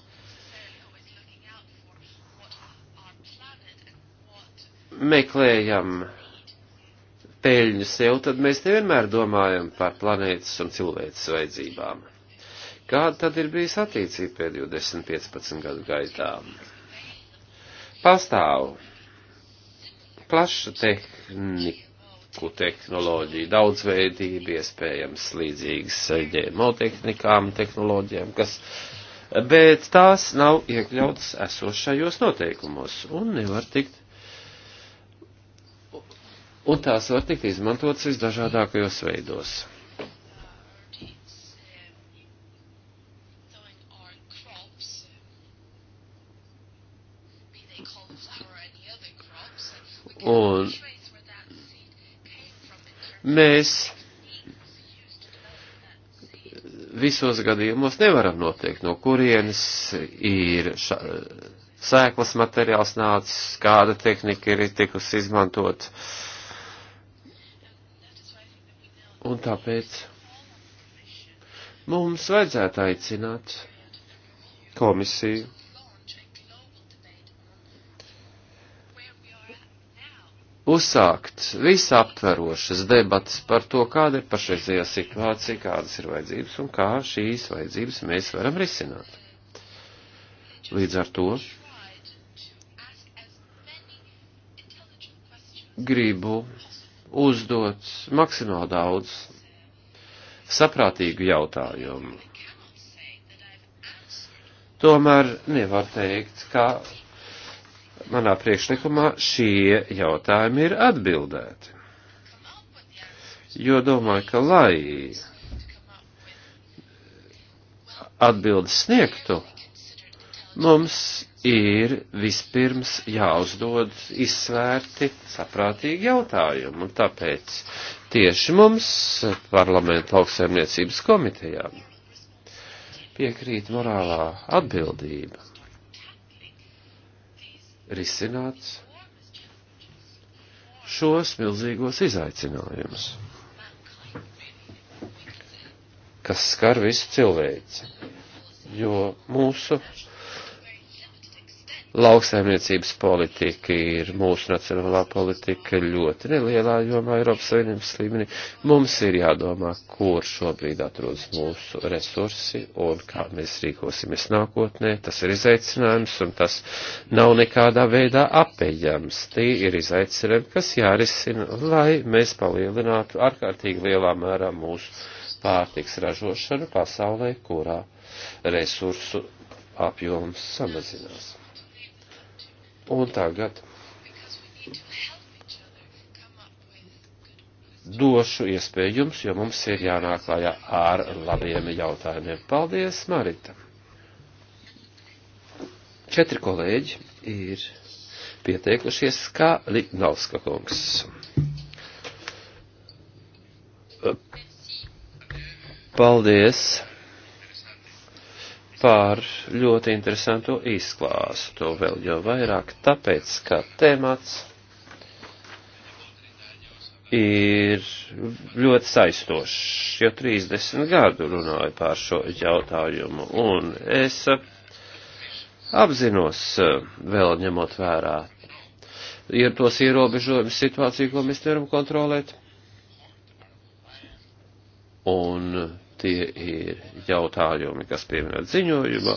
meklējam peļņu sev, tad mēs nevienmēr domājam par planētas un cilvēces vajadzībām. Kāda tad ir bijis attīcība pēdējo 10-15 gadu gaitā? Pastāv plaša tehniku tehnoloģija, daudzveidība, iespējams līdzīgas ģēmo tehnikām, tehnoloģijām, kas, bet tās nav iekļautas esošajos noteikumos un nevar tikt un tās var tikt izmantotas visdažādākajos veidos. Un mēs visos gadījumos nevaram noteikt, no kurienes ir ša, sēklas materiāls nācis, kāda tehnika ir tikusi izmantot. Uh, Un tāpēc mums vajadzētu aicināt komisiju uzsākt visaptverošas debatas par to, kāda ir pašreizējā situācija, kādas ir vajadzības un kā šīs vajadzības mēs varam risināt. Līdz ar to gribu uzdot maksimāli daudz saprātīgu jautājumu. Tomēr nevar teikt, ka manā priekšlikumā šie jautājumi ir atbildēti. Jo domāju, ka lai atbildes sniegtu, Mums ir vispirms jāuzdod izsvērti saprātīgi jautājumi, un tāpēc tieši mums, parlamenta lauksaimniecības komitejā, piekrīt morālā atbildība risināt šos milzīgos izaicinājumus, kas skar visu cilvēci, jo mūsu lauksaimniecības politika ir mūsu nacionālā politika ļoti nelielā jomā Eiropas Savienības līmenī. Mums ir jādomā, kur šobrīd atrodas mūsu resursi un kā mēs rīkosimies nākotnē. Tas ir izaicinājums un tas nav nekādā veidā apējams. Tie ir izaicinājumi, kas jārisina, lai mēs palielinātu ārkārtīgi lielā mērā mūsu pārtiks ražošanu pasaulē, kurā resursu apjoms samazinās. Un tagad došu iespēju jums, jo mums ir jānāk klājā ar labiem jautājumiem. Paldies, Marita! Četri kolēģi ir pieteikušies, kā Lignovska kungs. Paldies! par ļoti interesantu izklāstu, vēl jau vairāk tāpēc, ka temats ir ļoti saistošs, jau 30 gadu runāju pār šo jautājumu, un es uh, apzinos uh, vēl ņemot vērā ir tos ierobežojumi situāciju, ko mēs nevaram kontrolēt. Un uh, Tie ir jautājumi, kas pieminēt ziņojumā.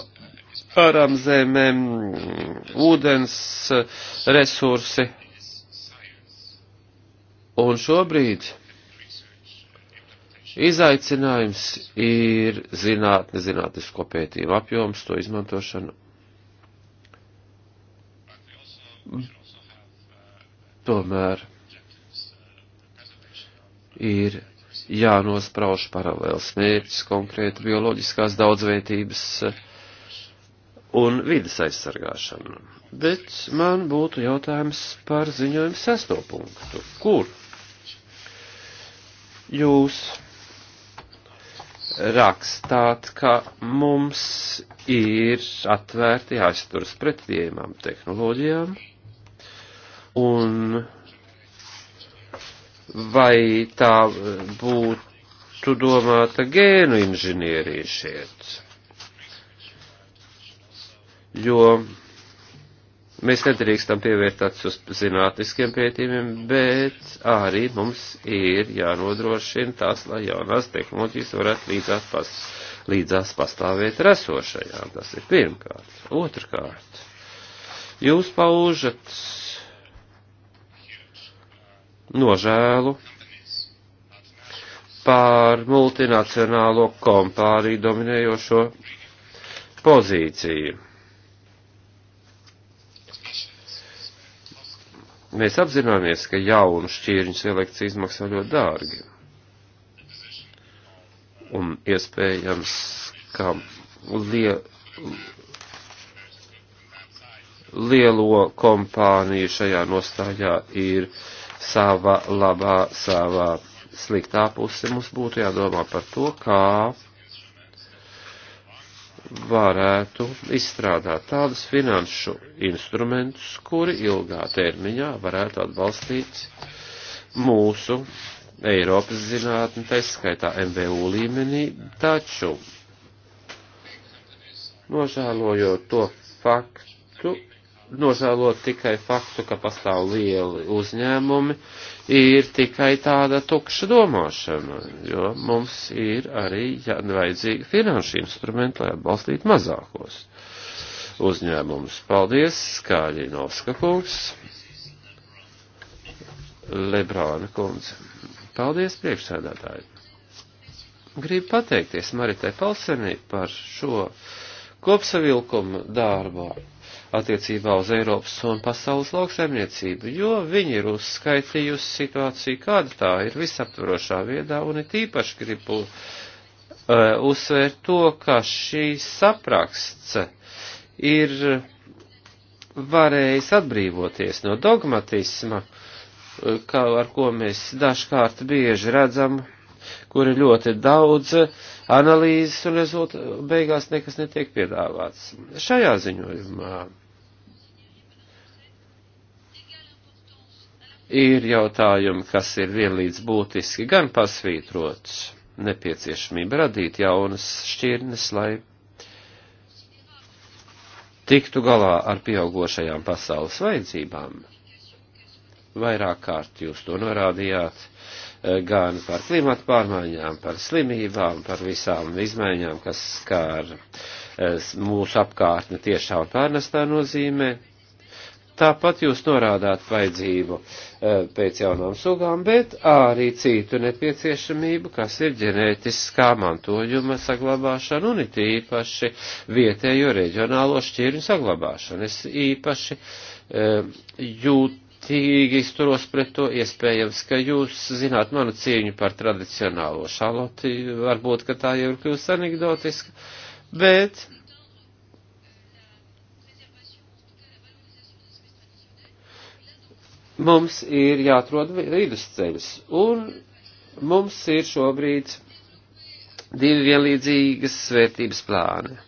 Ārām zemēm, ūdens resursi. Un šobrīd izaicinājums ir zinātne, zinātnisko pētījumu apjoms, to izmantošana. Tomēr ir jānosprauž paralēls mērķis konkrēti bioloģiskās daudzveidības un vidas aizsargāšana. Bet man būtu jautājums par ziņojumu sesto punktu. Kur jūs rakstāt, ka mums ir atvērti jāizturas pret pieejamām tehnoloģijām un vai tā būtu domāta gēnu inženierija šeit. Jo mēs nedrīkstam pievērtāts uz zinātniskiem pētījumiem, bet arī mums ir jānodrošina tās, lai jaunās tehnoloģijas varētu līdzās, pas, līdzās pastāvēt rasošajām. Tas ir pirmkārt. Otrkārt, jūs paužat nožēlu pār multinacionālo kompāniju dominējošo pozīciju. Mēs apzināmies, ka jaunu šķīriņu selekcija izmaksā ļoti dārgi. Un iespējams, ka lie, lielo kompāniju šajā nostājā ir uh, savā labā, savā sliktā puse. Mums būtu jādomā par to, kā varētu izstrādāt tādus finanšu instrumentus, kuri ilgā termiņā varētu atbalstīt mūsu Eiropas zinātni, tā skaitā MVU līmenī, taču nožēlojot to faktu, nožēlot tikai faktu, ka pastāv lieli uzņēmumi, ir tikai tāda tukša domāšana, jo mums ir arī ja, vajadzīgi finanšu instrumenti, lai atbalstītu mazākos uzņēmumus. Paldies, Kāļinovska kungs, Lebrāna kundze. Paldies, priekšsēdētāji. Gribu pateikties Maritai Palsenī par šo kopsavilkumu dārbu attiecībā uz Eiropas un pasaules lauksaimniecību, jo viņi ir uzskaitījusi situāciju, kāda tā ir visaptvarošā viedā, un it īpaši gribu uh, uzsvērt to, ka šī sapraksts ir varējis atbrīvoties no dogmatisma, eh, kā, ar ko mēs dažkārt bieži redzam kur ir ļoti daudz analīzes un rezultā, beigās nekas netiek piedāvāts. Šajā ziņojumā ir jautājumi, kas ir vienlīdz būtiski gan pasvītrots nepieciešamība radīt jaunas šķirnes, lai tiktu galā ar pieaugošajām pasaules vajadzībām. Vairāk kārt jūs to norādījāt, Eh, gan par klimatu pārmaiņām, par slimībām, par visām izmaiņām, kas skār eh, mūsu apkārtni tiešā un pārnestā nozīmē. Tāpat jūs norādāt vajadzību eh, pēc jaunām sugām, bet arī citu nepieciešamību, kas ir ģenētiskā mantojuma saglabāšana un it īpaši vietējo reģionālo šķirņu saglabāšana. Es īpaši jūt piesardzīgi izturos pret to, iespējams, ka jūs zināt manu cīņu par tradicionālo šaloti, varbūt, ka tā jau ir kļūst anegdotiska, bet mums ir jāatrod vidusceļus, un mums ir šobrīd divi vienlīdzīgas svērtības plāni.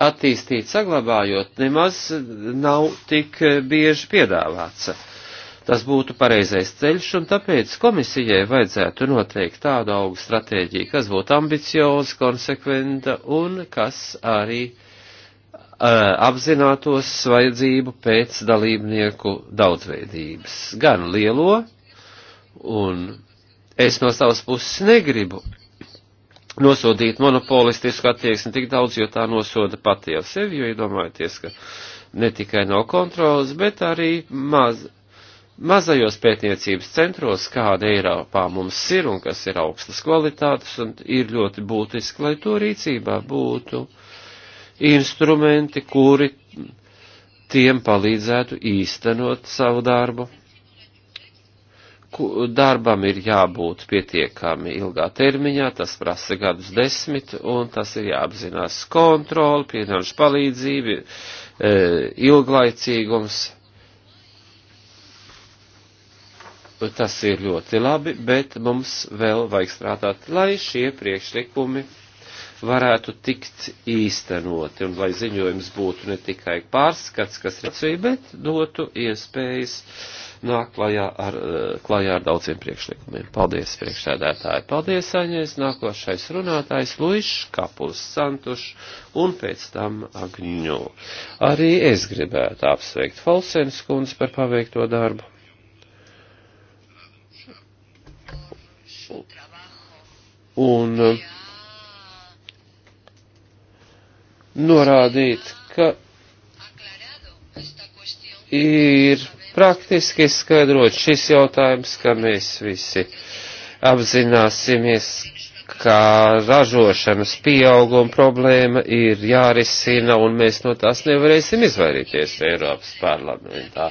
attīstīt, saglabājot, nemaz nav tik eh, bieži piedāvāts. Tas būtu pareizais ceļš, un tāpēc komisijai vajadzētu noteikt tādu augu stratēģiju, kas būtu ambicioza, konsekventa un kas arī uh, apzinātos vajadzību pēc dalībnieku daudzveidības. Gan lielo, un es no savas puses negribu nosodīt monopolistisku attieksmi tik daudz, jo tā nosoda pati jau sevi, jo iedomājieties, ka ne tikai nav kontrolas, bet arī maz, mazajos pētniecības centros, kāda Eiropā mums ir un kas ir augstas kvalitātes, un ir ļoti būtiski, lai to rīcībā būtu instrumenti, kuri tiem palīdzētu īstenot savu darbu darbam ir jābūt pietiekami ilgā termiņā, tas prasa gadus desmit, un tas ir jāapzinās kontroli, finanšu palīdzība, e, ilglaicīgums. Tas ir ļoti labi, bet mums vēl vajag strādāt, lai šie priekšlikumi varētu tikt īstenoti, un lai ziņojums būtu ne tikai pārskats, kas ir atsvī, bet dotu iespējas uh, nāk klajā ar, eh, klajā ar daudziem priekšlikumiem. Paldies, priekšsēdētāji. Paldies, Aņēs. Nākošais runātājs Luišs, Kapuls, Santušs un pēc tam Agņu. Arī es gribētu apsveikt Falsens kundzi par paveikto darbu. Un eh, norādīt, ka ir praktiski izskaidrot šis jautājums, ka mēs visi apzināsimies, ka ražošanas pieauguma problēma ir jārisina un mēs no tās nevarēsim izvairīties Eiropas parlamentā.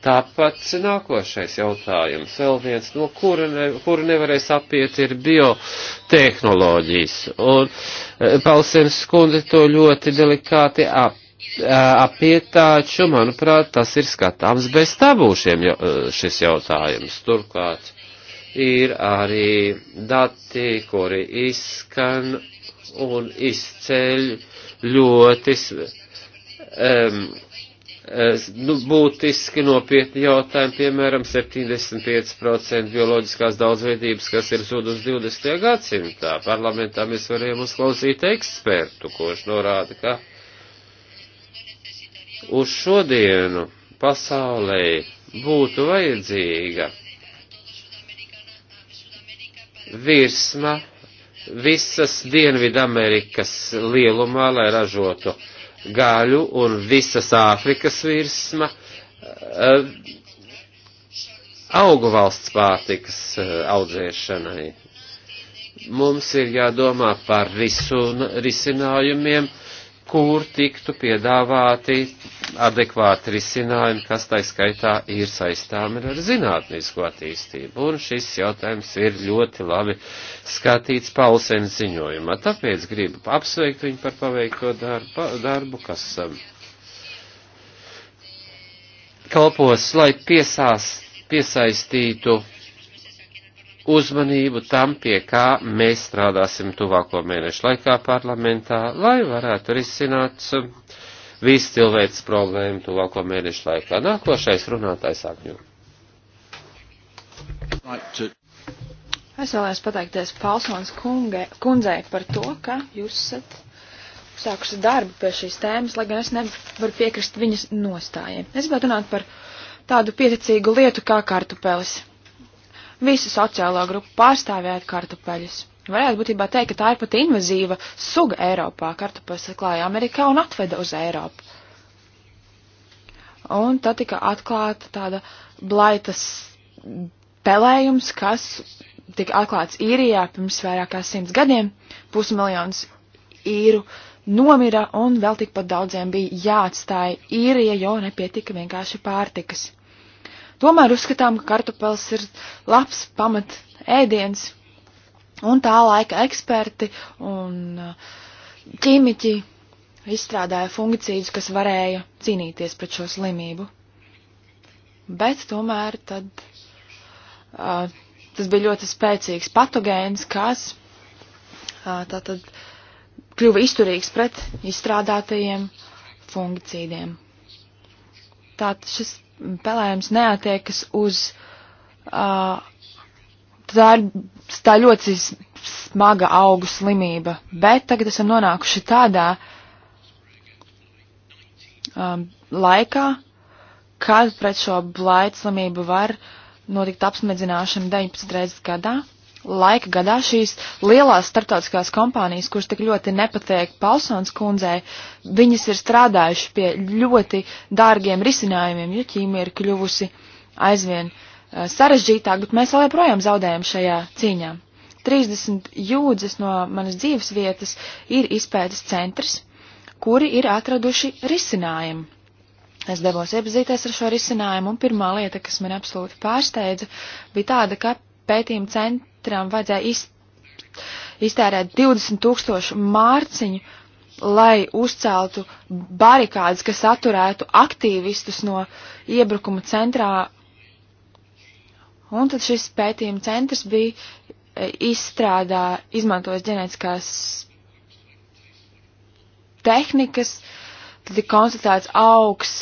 Tāpat nākošais jautājums, vēl viens, no kura, ne, kura nevarēs apiet, ir biotehnoloģijas. Un eh, Palsens skundze to ļoti delikāti ap apiet, taču, manuprāt, tas ir skatāms bez tabūšiem šis jautājums. Turklāt ir arī dati, kuri izskan un izceļ ļoti um, nu, būtiski nopietni jautājumi, piemēram, 75% bioloģiskās daudzveidības, kas ir zudus 20. gadsimtā. Parlamentā mēs varējām uzklausīt ekspertu, kurš norāda, ka uz šodienu pasaulē būtu vajadzīga virsma visas Dienvidamerikas lielumā, lai ražotu gaļu, un visas Āfrikas virsma eh, augu valsts pārtikas eh, audzēšanai. Mums ir jādomā par risu, risinājumiem, kur tiktu piedāvāti adekvāti risinājumi, kas tā skaitā ir saistāmi ar zinātnisko attīstību. Un šis jautājums ir ļoti labi skatīts Paulsēna ziņojumā. Tāpēc gribu apsveikt viņu par paveikto darbu, darbu kas um, kalpos, lai piesās, piesaistītu uzmanību tam, pie kā mēs strādāsim tuvāko mēnešu laikā parlamentā, lai varētu risināt visu cilvēks problēmu tuvāko mēnešu laikā. Nākošais runātājs Agņu. Es vēlējos pateikties Palsons kunge, kundzei par to, ka jūs esat sākusi darbu pie šīs tēmas, lai gan es nevaru piekrist viņas nostājiem. Es gribētu runāt par tādu pieticīgu lietu kā kartupelis visu sociālo grupu pārstāvjāt kartupeļus. Varētu būtībā teikt, ka tā ir pat invazīva suga Eiropā. Kartupeļs atklāja Amerikā un atveda uz Eiropu. Un tad tika atklāta tāda blaitas pelējums, kas tika atklāts īrijā pirms vairāk kā simts gadiem. Pusmiljons īru nomira un vēl tikpat daudziem bija jāatstāja īrija, jo nepietika vienkārši pārtikas. Tomēr uzskatām, ka kartupels ir labs pamat ēdiens, un tā laika eksperti un uh, ķīmiķi izstrādāja fungicīdus, kas varēja cīnīties pret šo slimību. Bet tomēr tad uh, tas bija ļoti spēcīgs patogēns, kas uh, tātad kļuva izturīgs pret izstrādātajiem fungicīdiem. Tātad šis pelējums neatiekas uz. Uh, tā ir tā ļoti smaga augu slimība, bet tagad esam nonākuši tādā um, laikā, kad pret šo blaidslimību var notikt apsmedzināšana 19 reizes gadā laika gadā šīs lielās starptautiskās kompānijas, kuras tik ļoti nepateik Palsons kundzei, viņas ir strādājuši pie ļoti dārgiem risinājumiem, jo ķīmija ir kļuvusi aizvien uh, sarežģītāk, bet mēs vēl joprojām zaudējam šajā cīņā. 30 jūdzes no manas dzīves vietas ir izpētes centrs, kuri ir atraduši risinājumu. Es devos iepazīties ar šo risinājumu, un pirmā lieta, kas man absolūti pārsteidza, bija tāda, ka pētījuma cent katram vajadzēja iz, iztērēt 20 tūkstošu mārciņu, lai uzceltu barikādes, kas atturētu aktīvistus no iebrukuma centrā. Un tad šis pētījuma centrs bija e, izstrādā, izmantojis ģenētiskās tehnikas, tad ir konstatēts augs,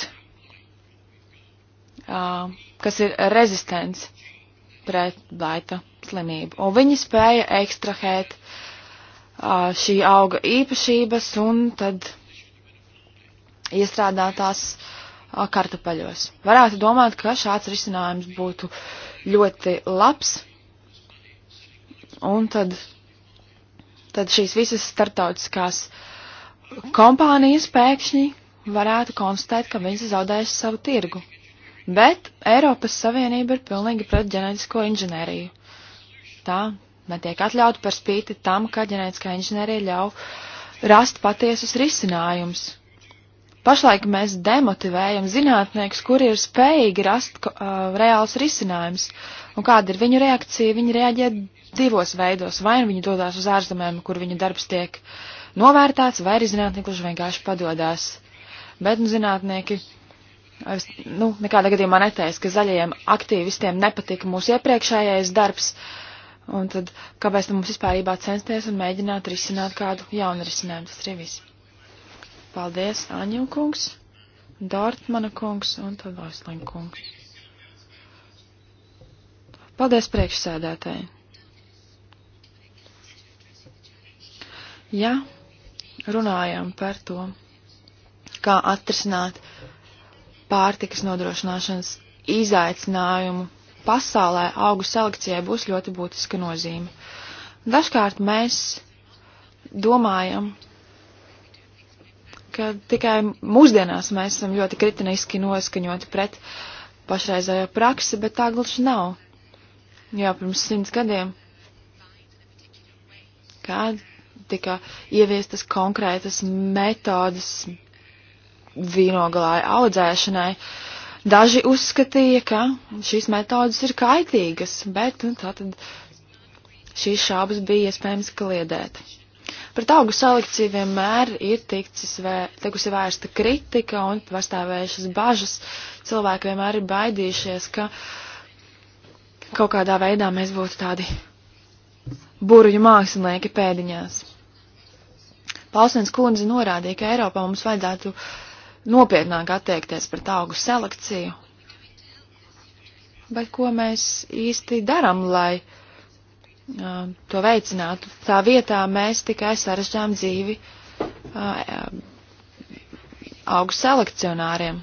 uh, kas ir rezistents pret baita slimību. Un viņi spēja ekstrahēt uh, šī auga īpašības un tad iestrādātās uh, kartupeļos. Varētu domāt, ka šāds risinājums būtu ļoti labs. Un tad, tad šīs visas startautiskās kompānijas pēkšņi varētu konstatēt, ka viņas zaudējuši savu tirgu. Bet Eiropas Savienība ir pilnīgi pret ģenētisko inženēriju. Tā netiek atļauta par spīti tam, ka ģenētiskā inženērija ļauj rast patiesus risinājumus. Pašlaik mēs demotivējam zinātniekus, kuri ir spējīgi rast uh, reāls risinājums. Un kāda ir viņu reakcija? Viņi reaģē divos veidos. Vai nu viņi dodas uz ārzemēm, kur viņu darbs tiek novērtēts, vai arī zinātnieki vienkārši padodas. Bet nu, zinātnieki Es, nu, nekādā gadījumā neteicu, ka zaļajiem aktīvistiem nepatika mūsu iepriekšējais darbs, un tad kāpēc mums vispārībā censties un mēģināt risināt kādu jaunu risinājumu. Tas ir viss. Paldies, Aņu kungs, Dārtmana kungs un tad Vaislin kungs. Paldies priekšsēdētāji. Ja runājam par to, kā atrisināt pārtikas nodrošināšanas izaicinājumu pasaulē augu selekcijai būs ļoti būtiska nozīme. Dažkārt mēs domājam, ka tikai mūsdienās mēs esam ļoti kritiniski noskaņoti pret pašreizējo praksi, bet tā gluži nav. Jā, pirms simts gadiem, kad tika ieviestas konkrētas metodas, vīnogalāju audzēšanai. Daži uzskatīja, ka šīs metodas ir kaitīgas, bet nu, tātad šīs šābas bija iespējams kliedēt. Pret augu selekciju vienmēr ir vē, tikusi vērsta kritika un pastāvējušas bažas. Cilvēki vienmēr ir baidījušies, ka kaut kādā veidā mēs būtu tādi burvju mākslinieki pēdiņās. Pausens kundze norādīja, ka Eiropā mums vajadzētu uh, nopietnāk attiekties pret augu selekciju. Bet ko mēs īsti daram, lai uh, to veicinātu? Tā vietā mēs tikai sarežģām dzīvi uh, augu selekcionāriem.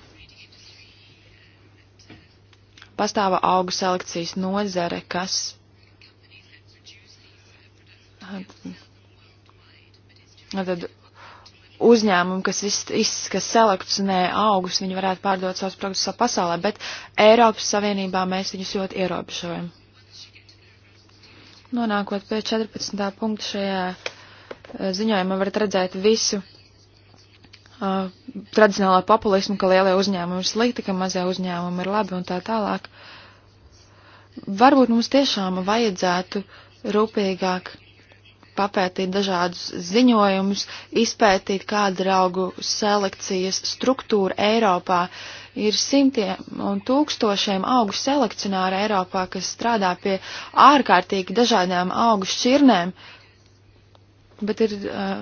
Pastāva augu selekcijas nozare, kas uh, tad uzņēmumi, kas, iz, kas selekcionē augus, viņi varētu pārdot savus produktus savā pasaulē, bet Eiropas Savienībā mēs viņus ļoti ierobežojam. Nonākot pie 14. punkta šajā eh, ziņojumā varat redzēt visu uh, eh, tradicionālā populismu, ka lielie uzņēmumi ir slikti, ka mazie uzņēmumi ir labi un tā tālāk. Varbūt mums tiešām vajadzētu rūpīgāk papētīt dažādus ziņojumus, izpētīt, kāda ir augu selekcijas struktūra Eiropā. Ir simtiem un tūkstošiem augu selekcionāru Eiropā, kas strādā pie ārkārtīgi dažādām augu šķirnēm, bet ir, eh,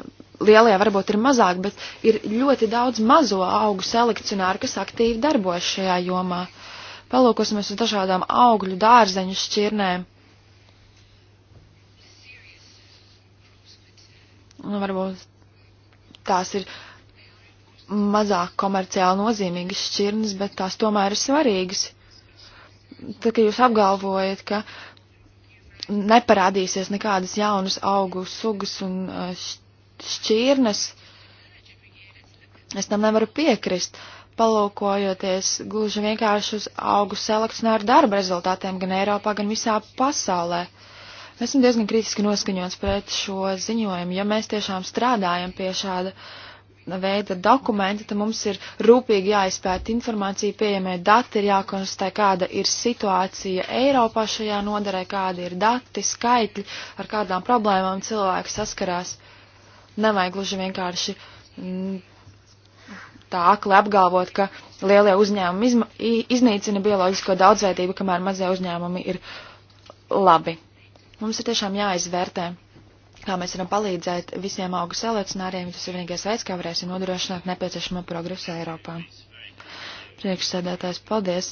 lielie varbūt ir mazāk, bet ir ļoti daudz mazo augu selekcionāru, kas aktīvi darbojas šajā jomā. Palūkosimies uz dažādām augļu dārzeņu šķirnēm Nu, varbūt tās ir mazāk komerciāli nozīmīgas šķirnes, bet tās tomēr ir svarīgas. Tā kā jūs apgalvojat, ka neparādīsies nekādas jaunas augu sugas un uh, šķirnes, es tam nevaru piekrist. Palūkojoties gluži vienkārši uz augu selekcionāru darba rezultātiem gan Eiropā, gan visā pasaulē. Uh, Esmu diezgan kritiski noskaņots pret šo ziņojumu. Ja mēs tiešām strādājam pie šāda veida dokumenta, tad mums ir rūpīgi jāizpēta informācija, pieejamie dati, ir jākonstatē, kāda ir situācija Eiropā šajā nodarē, kādi ir dati, skaitļi, ar kādām problēmām cilvēki saskarās. Nevajag gluži vienkārši mm, tā akli apgalvot, ka lielie uzņēmumi iznīcina bioloģisko daudzveidību, kamēr mazie uzņēmumi ir labi. Mums ir tiešām jāizvērtē, kā mēs varam palīdzēt visiem augu selekcionāriem, tas ir vienīgais veids, kā varēsim nodrošināt nepieciešamo progresu Eiropā. Priekšsēdētājs, paldies!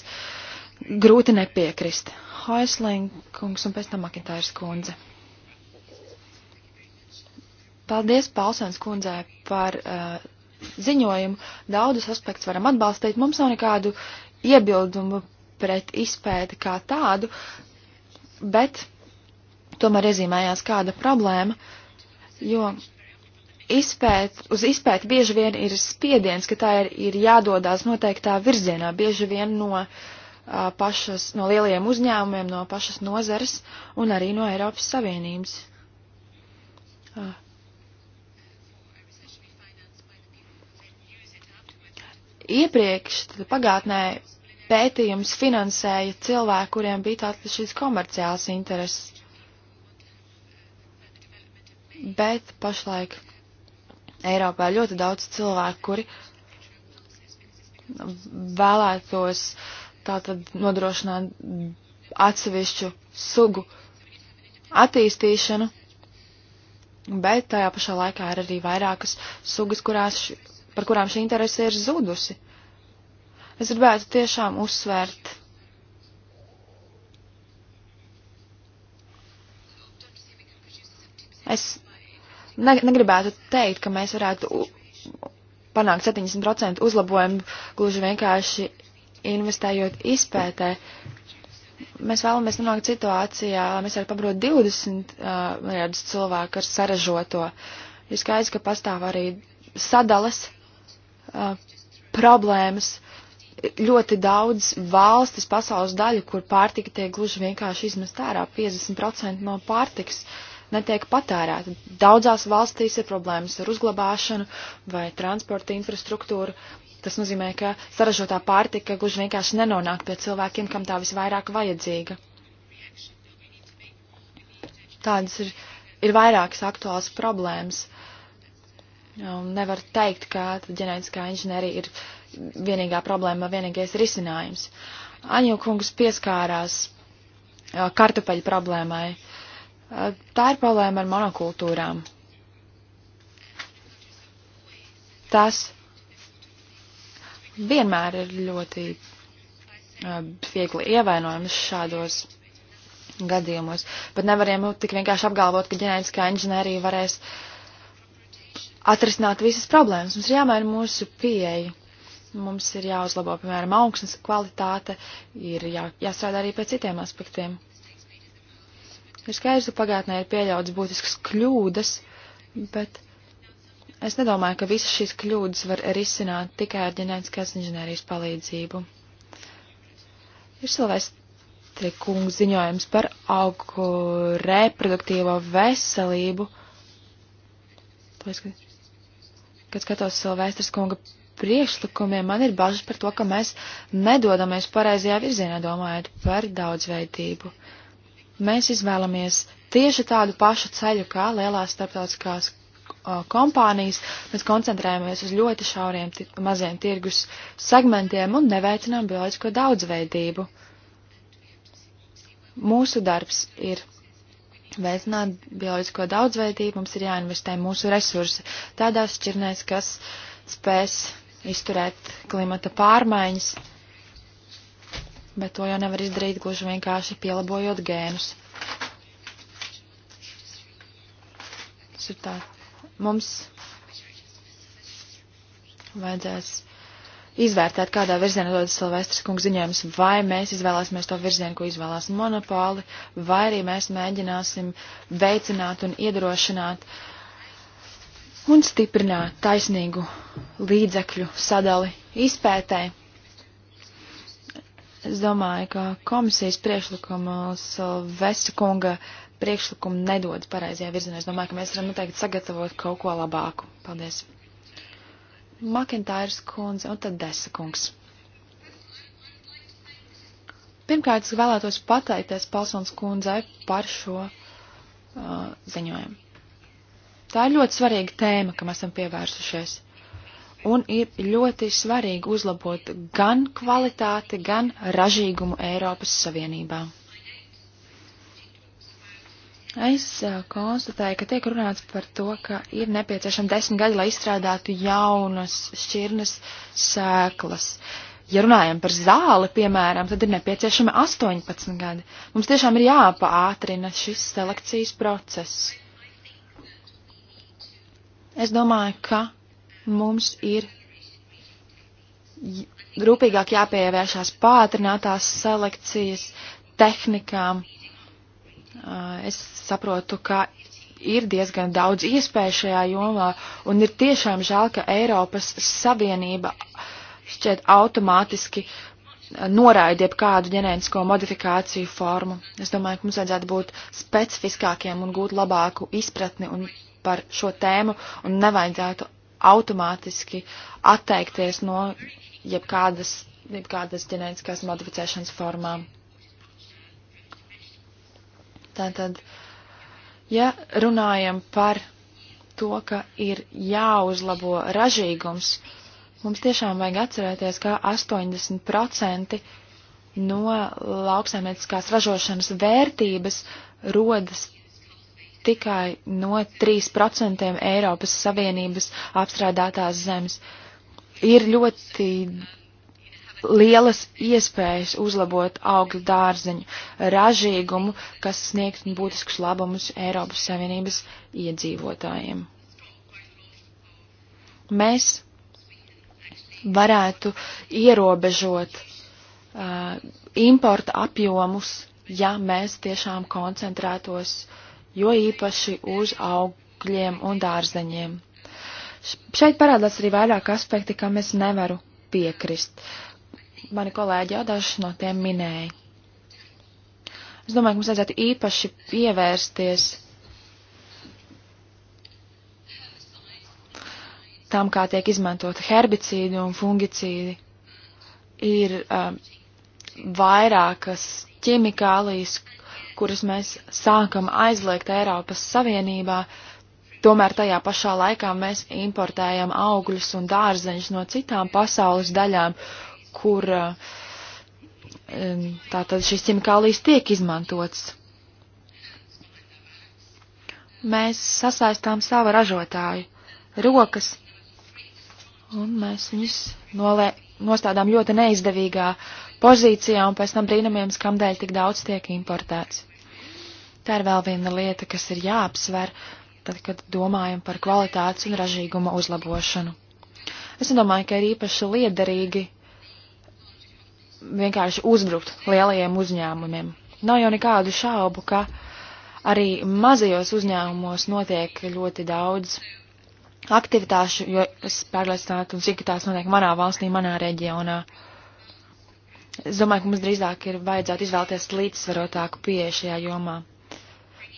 Grūti nepiekrist. Hoislinkungs un pēc tam Makintājas kundze. Paldies Palsens kundzē par uh, ziņojumu. Daudzus aspektus varam atbalstīt. Mums nav nekādu iebildumu pret izpēti kā tādu, bet tomēr iezīmējās kāda problēma, jo izpēt, uz izpēti bieži vien ir spiediens, ka tā ir, ir jādodās noteiktā virzienā, bieži vien no uh, pašas, no lielajiem uzņēmumiem, no pašas nozares un arī no Eiropas Savienības. Uh. Iepriekš, tad pagātnē, pētījums finansēja cilvēku, kuriem bija tāds šīs komerciāls intereses bet pašlaik Eiropā ir ļoti daudz cilvēku, kuri vēlētos tātad nodrošināt atsevišķu sugu attīstīšanu, bet tajā pašā laikā ir arī vairākas sugas, kurās, par kurām šī interese ir zudusi. Es gribētu tiešām uzsvērt. Es ne, negribētu teikt, ka mēs varētu panākt 70% uzlabojumu gluži vienkārši investējot izpētē. Mēs vēlamies nonākt situācijā, lai mēs varētu pabrot 20 uh, miljardus cilvēku ar sarežoto. Ir skaidrs, ka pastāv arī sadales uh, problēmas. Ļoti daudz valstis pasaules daļu, kur pārtika tiek gluži vienkārši izmest ārā 50% no pārtikas. Uh, netiek patērēta. Daudzās valstīs ir problēmas ar uzglabāšanu vai transporta infrastruktūru. Tas nozīmē, ka saražotā pārtika gluži vienkārši nenonāk pie cilvēkiem, kam tā visvairāk vajadzīga. Tādas ir, ir vairākas aktuālas problēmas. Un um, nevar teikt, ka ģenētiskā inženierija ir vienīgā problēma, vienīgais risinājums. Aņu kungs pieskārās uh, kartupeļu problēmai. Uh, Tā ir problēma ar monokultūrām. Tas vienmēr ir ļoti viegli ievainojams šādos gadījumos, bet nevariem tik vienkārši apgalvot, ka ģenētiskā inženērija varēs atrisināt visas problēmas. Mums ir jāmaina mūsu pieeja. Mums ir jāuzlabo, piemēram, augsnes kvalitāte, ir jā, jāstrādā arī pie citiem aspektiem. Ir skaidrs, ka pagātnē ir pieļauts būtisks kļūdas, bet es nedomāju, ka visas šīs kļūdas var risināt tikai ar ģenētiskās inženērijas palīdzību. Ir Silvestri kungs ziņojums par augu reproduktīvo veselību. To es, kad skatos Silvestris kunga priekšlikumiem, man ir bažas par to, ka mēs nedodamies pareizajā virzienā domājot par daudzveidību. Uh, mēs izvēlamies tieši tādu pašu ceļu kā lielās starptautiskās kompānijas, mēs koncentrējamies uz ļoti šauriem maziem tirgus segmentiem un neveicinām bioloģisko daudzveidību. Mūsu darbs ir veicināt bioloģisko daudzveidību, mums ir jāinvestē mūsu resursi tādās šķirnēs, kas spēs izturēt klimata pārmaiņas bet to jau nevar izdarīt gluži vienkārši pielabojot gēnus. Tas ir tā. Mums vajadzēs izvērtēt, kādā virzienā dodas Silvestris kungs ziņojums, vai mēs izvēlēsimies to virzienu, ko izvēlās monopoli, vai arī mēs mēģināsim veicināt un iedrošināt un stiprināt taisnīgu līdzekļu sadali izpētē. Es domāju, ka komisijas priekšlikums uh, Vesakunga priekšlikumu nedod pareizajā virzienā. Es domāju, ka mēs varam noteikti sagatavot kaut ko labāku. Paldies. Makintārs kundze un tad Desakungs. Pirmkārt, es vēlētos pateikties Palsons kundzei par šo uh, ziņojumu. Tā ir ļoti svarīga tēma, kam esam pievērsušies un ir ļoti svarīgi uzlabot gan kvalitāti, gan ražīgumu Eiropas Savienībā. Es uh, konstatēju, ka tiek runāts par to, ka ir nepieciešama desmit gadi, lai izstrādātu jaunas šķirnes sēklas. Ja runājam par zāli, piemēram, tad ir nepieciešama 18 gadi. Mums tiešām ir jāpaātrina šis selekcijas process. Es domāju, ka mums ir rūpīgāk jāpievēršās pātrinātās selekcijas tehnikām. Es saprotu, ka ir diezgan daudz iespēju šajā jomā, un ir tiešām žēl, ka Eiropas Savienība šķiet automātiski noraida jebkādu ģenētisko modifikāciju formu. Es domāju, ka mums vajadzētu būt specifiskākiem un gūt labāku izpratni un par šo tēmu, un nevajadzētu automātiski atteikties no jebkādas, jebkādas ģenētiskās modificēšanas formām. Tātad, ja runājam par to, ka ir jāuzlabo ražīgums, mums tiešām vajag atcerēties, ka 80% no lauksaimnieciskās ražošanas vērtības rodas tikai no 3% Eiropas Savienības apstrādātās zemes. Ir ļoti lielas iespējas uzlabot augļu dārzeņu ražīgumu, kas sniegt būtiskus labumus Eiropas Savienības iedzīvotājiem. Mēs varētu ierobežot uh, importa apjomus, ja mēs tiešām koncentrētos uh, jo īpaši uz augļiem un dārzeņiem. Šeit parādās arī vairāk aspekti, kam es nevaru piekrist. Mani kolēģi jau dažus no tiem minēja. Es domāju, ka mums vajadzētu īpaši pievērsties tam, kā tiek izmantota herbicīdi un fungicīdi. Ir um, vairākas ķimikālijas, kurus mēs sākam aizliegt Eiropas Savienībā, tomēr tajā pašā laikā mēs importējam augļus un dārzeņus no citām pasaules daļām, kur eh, tātad šis ķimikālijs tiek izmantots. Mēs sasaistām savu ražotāju rokas, un mēs viņus nolē, nostādām ļoti neizdevīgā pozīcijā, un pēc tam brīnamies, kamdēļ tik daudz tiek importēts. Tā ir vēl viena lieta, kas ir jāapsver, tad, kad domājam par kvalitātes un ražīguma uzlabošanu. Es domāju, ka ir īpaši liederīgi vienkārši uzbrukt lielajiem uzņēmumiem. Nav jau nekādu šaubu, ka arī mazajos uzņēmumos notiek ļoti daudz aktivitāšu, jo es pārliecinātu, un cik tās notiek manā valstī, manā reģionā. Es domāju, ka mums drīzāk ir vajadzētu izvēlēties līdzsvarotāku pieeja šajā jomā.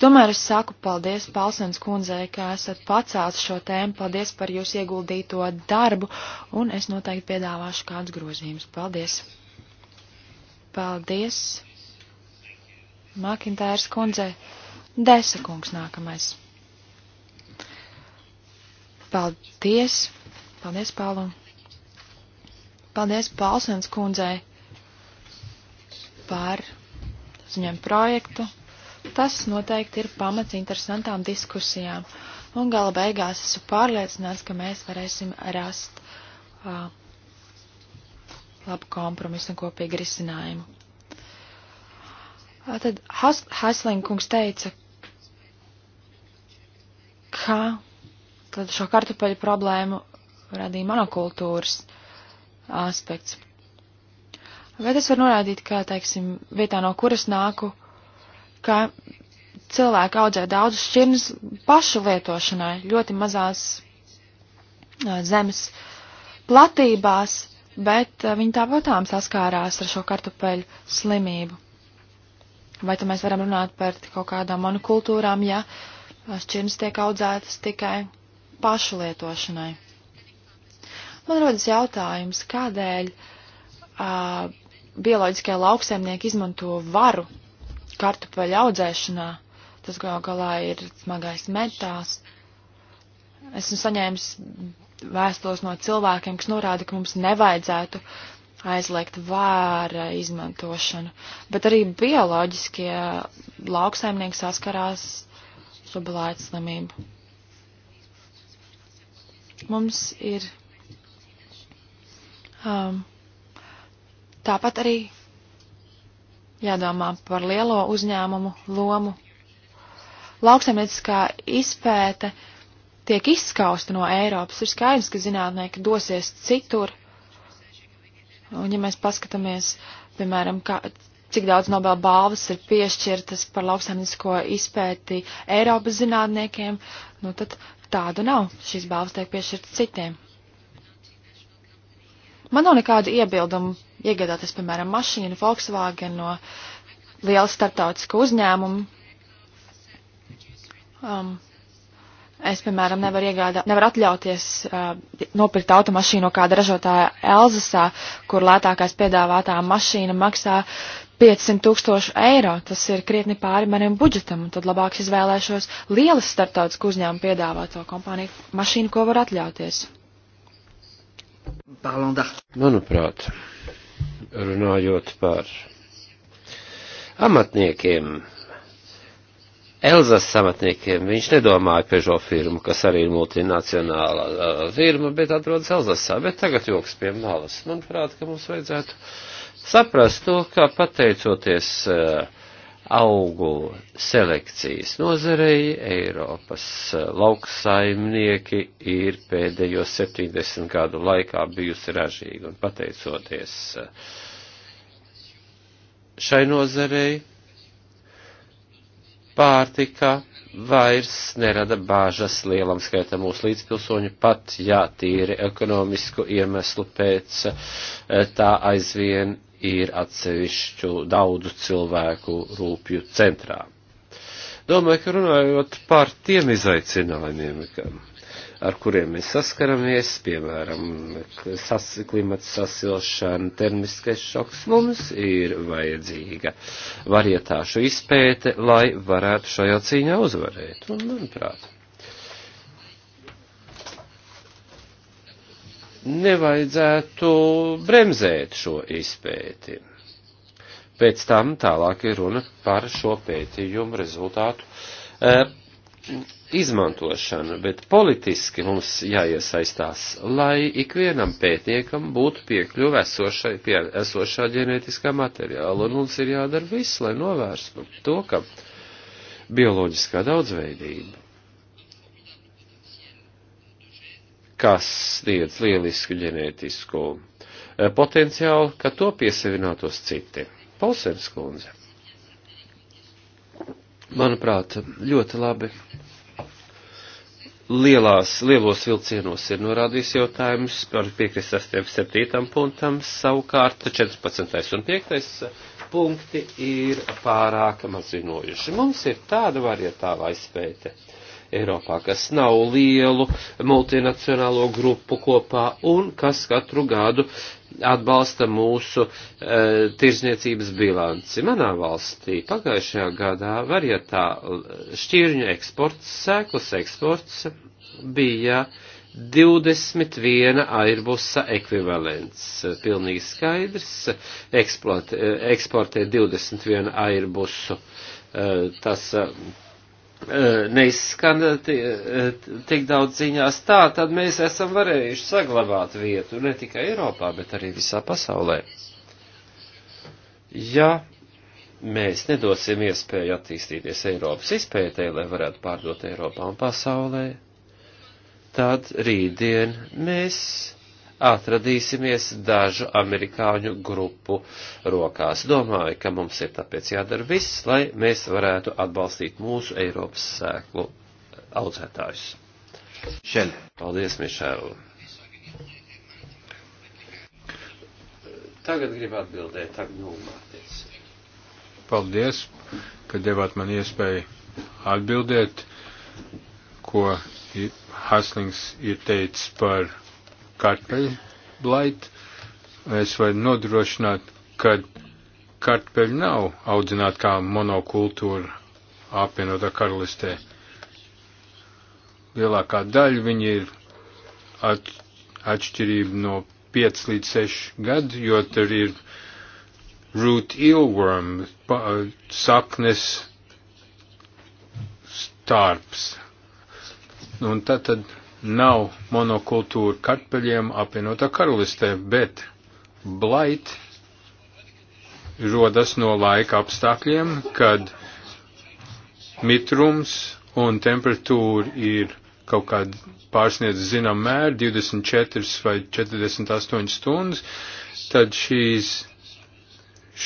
Tomēr es saku paldies Palsens kundzei, ka esat pacēlis šo tēmu, paldies par jūsu ieguldīto darbu, un es noteikti piedāvāšu kādus grozījumus. Paldies! Paldies! Mākintērs kundzei! Desa kungs nākamais. Paldies! Paldies, Pālu! Paldies Pālsens kundzei par ziņojumu projektu. Tas noteikti ir pamats interesantām diskusijām. Un gala beigās esmu pārliecināts, ka mēs varēsim rast uh, labu kompromisu un kopīgu risinājumu. Uh, tad Has Haslingkungs teica, ka tad šo kartupeļu problēmu radīja monokultūras aspekts. Vai tas var norādīt, ka, teiksim, vietā, no kuras nāku, ka cilvēki audzē daudzus šķirnes pašu lietošanai ļoti mazās zemes platībās, bet viņi tāpatām saskārās ar šo kartupeļu slimību. Vai tad mēs varam runāt par kaut kādām monokultūrām, ja šķirnes tiek audzētas tikai pašu lietošanai? Man rodas jautājums, kādēļ uh, bioloģiskie lauksaimnieki izmanto varu kartupeļu audzēšanā. Tas gal galā ir smagais metāls. Esmu saņēmis vēstules no cilvēkiem, kas norāda, ka mums nevajadzētu aizliegt vāra izmantošanu, bet arī bioloģiskie lauksaimnieki saskarās subalāts slimību. Mums ir um, tāpat arī jādomā par lielo uzņēmumu lomu. Lauksaimnieciskā izpēte tiek izskausta no Eiropas. Ir skaidrs, ka zinātnieki dosies citur. Un ja mēs paskatāmies, piemēram, kā, cik daudz Nobel balvas ir piešķirtas par lauksaimniecisko izpēti Eiropas zinātniekiem, nu tad tādu nav. Šīs balvas tiek piešķirtas citiem. Man nav nekāda iebilduma iegādāties, piemēram, mašīnu Volkswagen no liela startautiska uzņēmuma. Um, es, piemēram, nevaru iegādā, nevar atļauties uh, nopirkt automašīnu no kāda ražotāja Elzasā, kur lētākais piedāvātā mašīna maksā 500 tūkstošu eiro. Tas ir krietni pāri maniem budžetam, un tad labāk izvēlēšos lielas startautisku uzņēmumu piedāvāto kompāniju mašīnu, ko var atļauties. Manuprāt, runājot par amatniekiem, Elzas amatniekiem, viņš nedomāja Peugeot firmu, kas arī ir multinacionāla uh, firma, bet atrodas Elzasā, bet tagad joks pie malas. Manuprāt, ka mums vajadzētu saprast to, ka pateicoties uh, augu selekcijas nozarei Eiropas eh, lauksaimnieki ir pēdējo 70 gadu laikā bijusi ražīgi un pateicoties eh, šai nozarei pārtika vairs nerada bāžas lielam skaitam mūsu līdzpilsoņu, pat ja tīri ekonomisku iemeslu pēc eh, tā aizvien ir atsevišķu daudzu cilvēku rūpju centrā. Domāju, ka runājot par tiem izaicinājumiem, ka, ar kuriem mēs saskaramies, piemēram, sas, klimata sasilšana, termiskais šoks, mums ir vajadzīga varietāšu izpēte, lai varētu šajā cīņā uzvarēt. Un, manuprāt, nevajadzētu bremzēt šo izpēti. Pēc tam tālāk ir runa par šo pētījumu rezultātu e, izmantošanu, bet politiski mums jāiesaistās, lai ikvienam pētniekam būtu piekļuve esošai, pie esošā ģenētiskā materiāla, un mums ir jādara viss, lai novērstu to, ka bioloģiskā daudzveidība kas sniedz lielisku ģenētisku eh, potenciālu, ka to piesavinātos citi. Polsens kundze. Manuprāt, ļoti labi. Lielās, lielos vilcienos ir norādījis jautājums par 5.7. punktam, savukārt 14. un 5. punkti ir pārāk mazinojuši. Mums ir tāda variatāla izpēte. Uh, Eiropā, kas nav lielu multinacionālo grupu kopā un kas katru gadu atbalsta mūsu e, tirzniecības bilanci. Manā valstī pagājušajā gadā varietā šķirņu eksports, sēklas eksports bija 21 airbusa ekvivalents. Pilnīgi skaidrs, eksploat, eksportē 21 airbusu. E, tas e, E, neizskan e, e, tik daudz ziņās, tā tad mēs esam varējuši saglabāt vietu ne tikai Eiropā, bet arī visā pasaulē. Ja mēs nedosim iespēju attīstīties Eiropas izpētē, lai varētu pārdot Eiropā un pasaulē, tad rītdien mēs atradīsimies dažu amerikāņu grupu rokās. Domāju, ka mums ir tāpēc jādara viss, lai mēs varētu atbalstīt mūsu Eiropas sēklu audzētājus. Šel. Paldies, Mišēl. Tagad gribu atbildēt Agnū Mārtiņš. Paldies, ka devāt man iespēju atbildēt, ko Haslings ir teicis par kartpeļblait, es varu nodrošināt, ka kartpeļi nav audzināti kā monokultūra apvienotā karalistē. Lielākā daļa viņi ir at, atšķirība no 5 līdz 6 gadu, jo tur ir root ilworm, pa, saknes starps. Un tad, tad nav monokultūra kartupeļiem apvienotā karalistē, bet blight rodas no laika apstākļiem, kad mitrums un temperatūra ir kaut kāda pārsniedz zinām mēru, 24 vai 48 stundas, tad šīs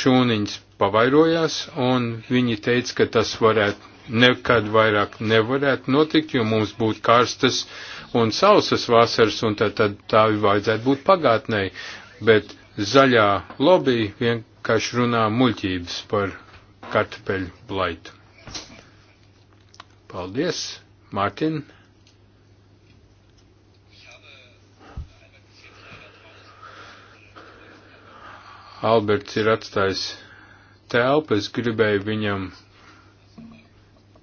šūniņas pavairojās un viņi teica, ka tas varētu nekad vairāk nevarētu notikt, jo mums būtu karstas un sausas vasaras, un tad, tad tā vajadzētu būt pagātnē. Bet zaļā lobby vienkārši runā muļķības par kartupeļu blaitu. Paldies, Mārtiņ! Alberts ir atstājis telpu, es gribēju viņam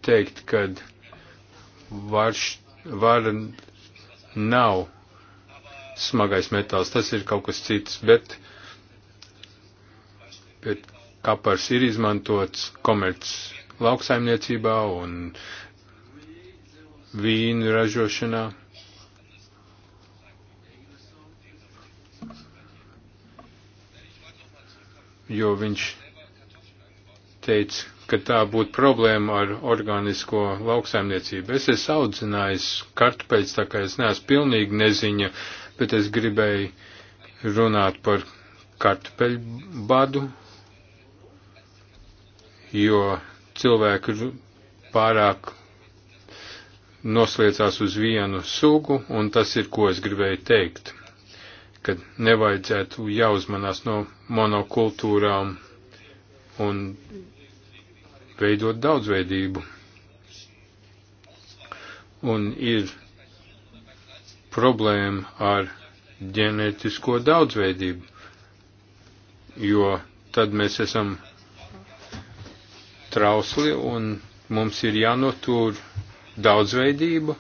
teikt, ka varš, var nav smagais metāls, tas ir kaut kas cits, bet, bet kapars ir izmantots komerc lauksaimniecībā un vīnu ražošanā. Jo viņš teica, ka tā būtu problēma ar organisko lauksaimniecību. Es esmu audzinājis kartupeļus, tā kā es neesmu pilnīgi neziņa, bet es gribēju runāt par kartupeļu badu, jo cilvēki pārāk nosliecās uz vienu sugu, un tas ir, ko es gribēju teikt, ka nevajadzētu jāuzmanās no monokultūrām un veidot daudzveidību. Un ir problēma ar ģenētisko daudzveidību, jo tad mēs esam trausli un mums ir jānotūr daudzveidība,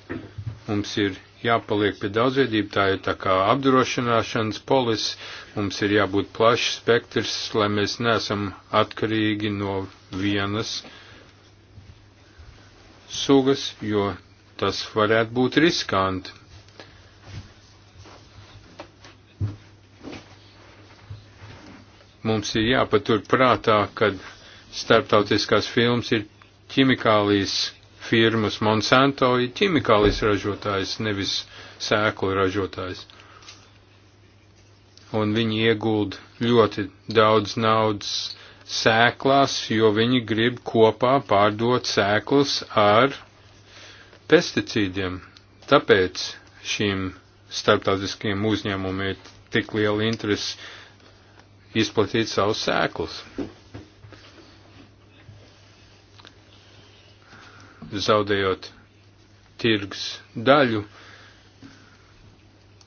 mums ir jāpaliek pie daudzveidība, tā ir tā kā apdrošināšanas polis, mums ir jābūt plašs spektrs, lai mēs neesam atkarīgi no vienas sugas, jo tas varētu būt riskanti. Mums ir jāpatur prātā, ka starptautiskās filmas ir ķimikālijas firmas. Monsanto ir ķimikālijas ražotājs, nevis sēklu ražotājs. Un viņi ieguld ļoti daudz naudas sēklās, jo viņi grib kopā pārdot sēklas ar pesticīdiem. Tāpēc šīm starptautiskiem uzņēmumiem ir tik liela interese izplatīt savus sēklus. Zaudējot tirgus daļu,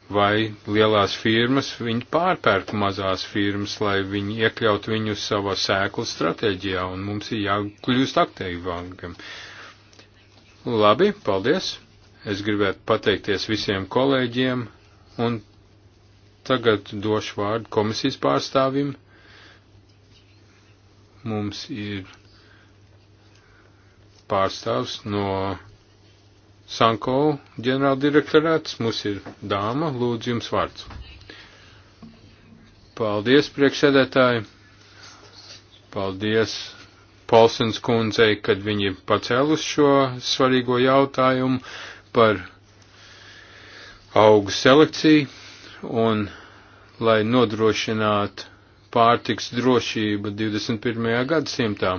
vai lielās firmas viņi pārpērk mazās firmas, lai viņi iekļaut viņu savā sēklu stratēģijā, un mums ir jākļūst aktīvākiem. Labi, paldies! Es gribētu pateikties visiem kolēģiem, un tagad došu vārdu komisijas pārstāvim. Mums ir pārstāvs no Sanko ģenerāldirektorāts, mums ir dāma, lūdzu jums vārds. Paldies, priekšsēdētāji. Paldies Polsens kundzei, kad viņi pacēlus šo svarīgo jautājumu par augu selekciju un lai nodrošinātu pārtiks drošību 21. gadsimtā.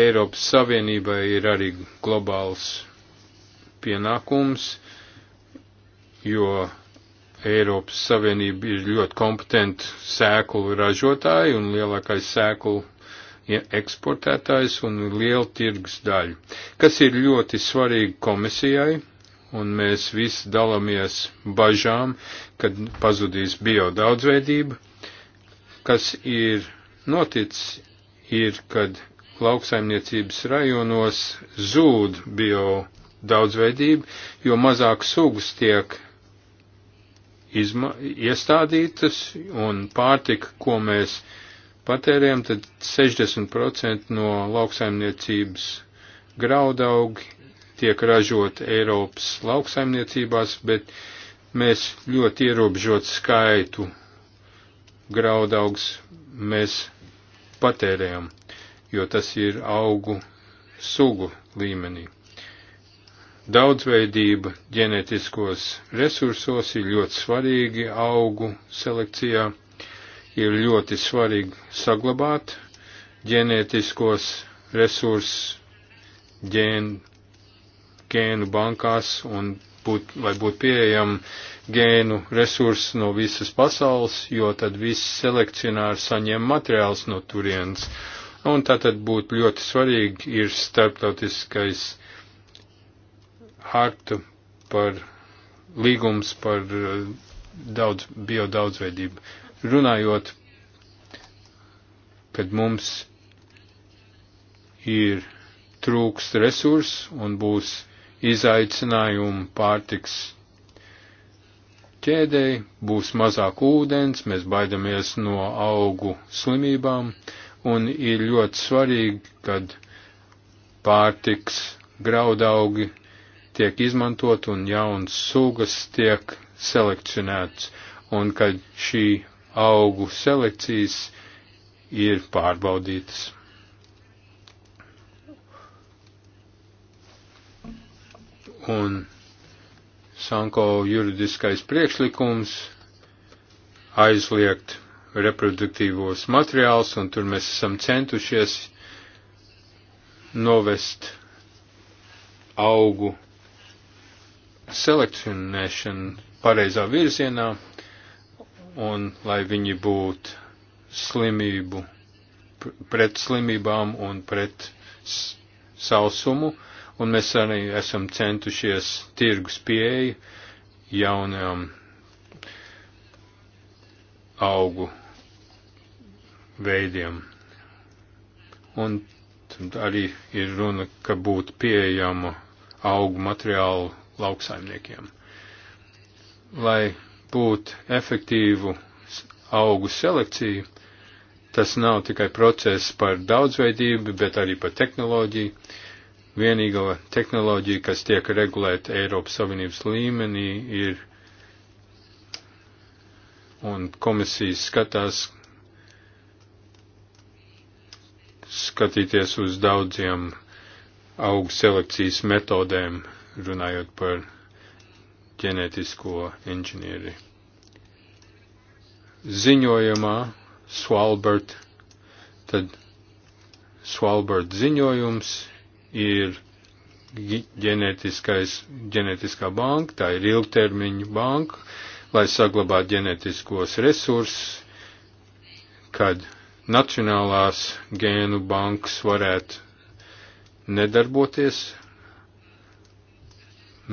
Eiropas Savienībai ir arī globāls pienākums, jo Eiropas Savienība ir ļoti kompetenti sēklu ražotāji un lielākais sēklu eksportētājs un liela tirgus daļa, kas ir ļoti svarīgi komisijai, un mēs visi dalamies bažām, kad pazudīs biodaudzveidība, kas ir noticis, ir, kad lauksaimniecības rajonos zūd bio daudzveidība, jo mazāk sugas tiek izma, iestādītas un pārtika, ko mēs patērējam, tad 60% no lauksaimniecības graudaugi tiek ražot Eiropas lauksaimniecībās, bet mēs ļoti ierobežot skaitu graudaugs mēs patērējam jo tas ir augu sugu līmenī. Daudzveidība ģenetiskos resursos ir ļoti svarīgi augu selekcijā, ir ļoti svarīgi saglabāt ģenētiskos resursus ģēnu, gēnu bankās un būt, lai būtu pieejami gēnu resursi no visas pasaules, jo tad viss selekcionārs saņem materiāls no turienes un tātad būtu ļoti svarīgi ir starptautiskais hartu par līgums par eh, daudz, bio daudzveidību. Runājot, kad mums ir trūks resurs un būs izaicinājumi pārtiks ķēdēji, būs mazāk ūdens, mēs baidamies no augu slimībām, un ir ļoti svarīgi, kad pārtiks graudaugi tiek izmantot un jauns sugas tiek selekcionēts, un kad šī augu selekcijas ir pārbaudītas. Un Sanko juridiskais priekšlikums aizliegt reproduktīvos materiālus, un tur mēs esam centušies novest augu selekcionēšanu pareizā virzienā, un lai viņi būtu slimību, pret slimībām un pret sausumu, un mēs arī esam centušies tirgus pieeju jaunajām augu veidiem. Un arī ir runa, ka būtu pieejama augu materiālu lauksaimniekiem. Lai būtu efektīvu augu selekcija, tas nav tikai process par daudzveidību, bet arī par tehnoloģiju. Vienīgā tehnoloģija, kas tiek regulēta Eiropas Savienības līmenī, ir un komisijas skatās, skatīties uz daudziem augu selekcijas metodēm, runājot par ģenētisko inženieri. Ziņojumā Svalbard, tad Svalbard ziņojums ir ģenētiskais, ģenētiskā banka, tā ir ilgtermiņa banka, lai saglabātu ģenētiskos resursus, kad nacionālās gēnu bankas varētu nedarboties.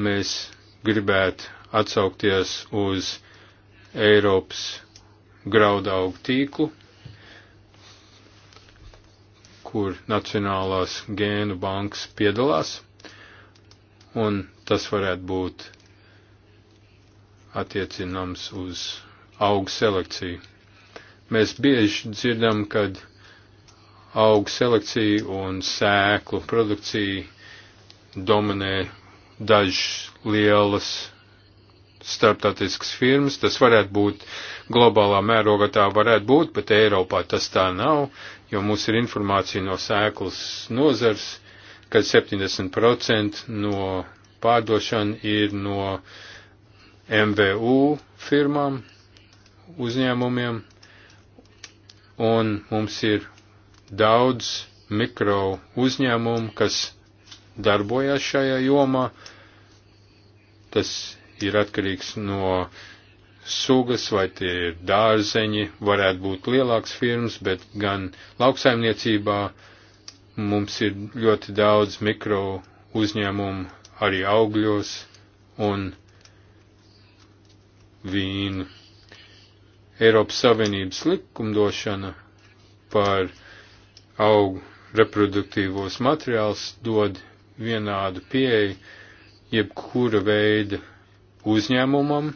Mēs gribētu atsaukties uz Eiropas graudaugu tīklu, kur Nacionālās gēnu bankas piedalās, un tas varētu būt attiecināms uz augu selekciju. Mēs bieži dzirdam, kad augu selekcija un sēklu produkcija dominē dažas lielas starptautiskas firmas. Tas varētu būt globālā mērogā tā varētu būt, bet Eiropā tas tā nav, jo mums ir informācija no sēklas nozars, ka 70% no pārdošana ir no MVU firmām, uzņēmumiem, un mums ir daudz mikro uzņēmumu, kas darbojas šajā jomā. Tas ir atkarīgs no sugas, vai tie ir dārzeņi, varētu būt lielāks firmas, bet gan lauksaimniecībā mums ir ļoti daudz mikro uzņēmumu arī augļos un vīnu Eiropas Savienības likumdošana par augu reproduktīvos materiālus dod vienādu pieeju jebkura veida uzņēmumam,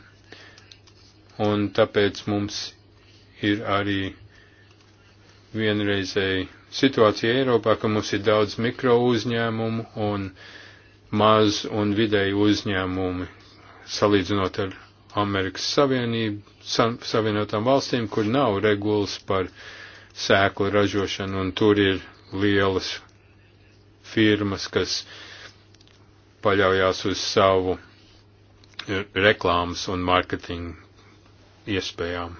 un tāpēc mums ir arī vienreizēji situācija Eiropā, ka mums ir daudz mikro uzņēmumu un maz un vidēji uzņēmumi, salīdzinot ar Amerikas Savienību, sa, Savienotām valstīm, kur nav regulas par sēklu ražošanu, un tur ir lielas firmas, kas paļaujās uz savu e, reklāmas un mārketinga iespējām.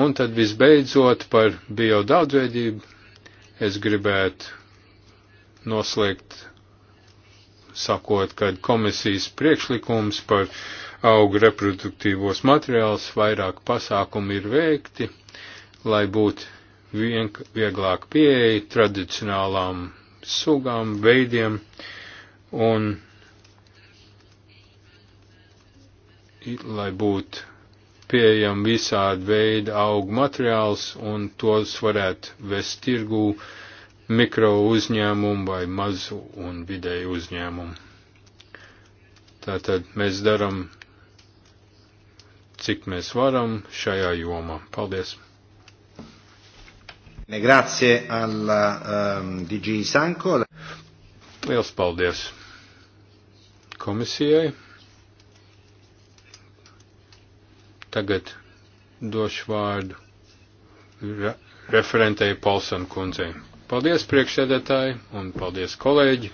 Un tad visbeidzot par bio daudzveidību es gribētu noslēgt sakot, ka komisijas priekšlikums par augu reproduktīvos materiālus, vairāk pasākumu ir veikti, lai būtu vieglāk pieeja tradicionālām sugām, veidiem un lai būtu pieejam visādi veidi augu materiāls un tos varētu vest tirgū mikro uzņēmumu vai mazu un vidēju uzņēmumu. Tātad mēs daram cik mēs varam šajā jomā. Paldies! Grazie alla um, ehm, DG Sanko. Liels paldies komisijai. Tagad došu vārdu re referentei Polsan kundzei. Paldies priekšsēdētāji un paldies kolēģi!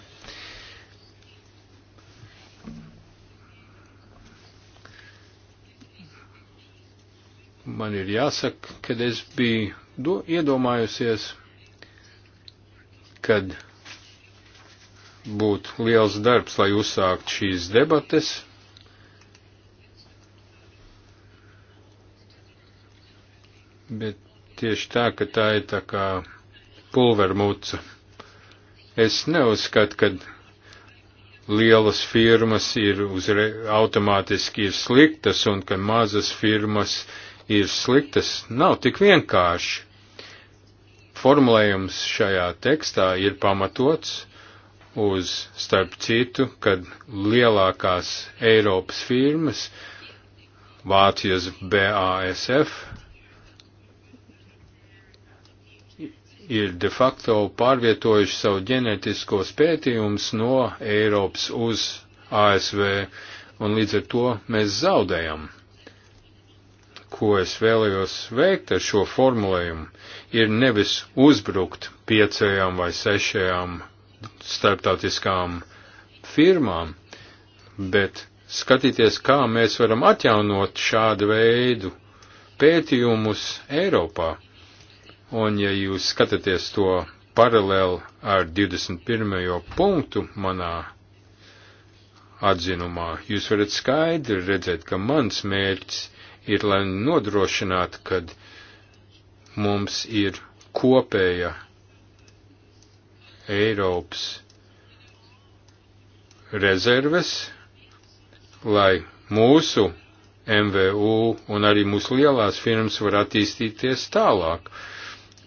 man ir jāsaka, kad es biju do, iedomājusies, kad būtu liels darbs, lai uzsākt šīs debates. Bet tieši tā, ka tā ir tā kā pulvermuca. Es neuzskatu, ka lielas firmas ir uzre, automātiski ir sliktas un ka mazas firmas ir sliktas, nav tik vienkārši. Formulējums šajā tekstā ir pamatots uz, starp citu, kad lielākās Eiropas firmas, Vācijas BASF, ir de facto pārvietojuši savu ģenetiskos pētījumus no Eiropas uz ASV, un līdz ar to mēs zaudējam ko es vēlējos veikt ar šo formulējumu, ir nevis uzbrukt piecajām vai sešajām starptautiskām firmām, bet skatīties, kā mēs varam atjaunot šādu veidu pētījumus Eiropā. Un, ja jūs skatāties to paralēli ar 21. punktu manā atzinumā, jūs varat skaidri redzēt, ka mans mērķis ir, lai nodrošinātu, ka mums ir kopēja Eiropas rezerves, lai mūsu MVU un arī mūsu lielās firmas var attīstīties tālāk,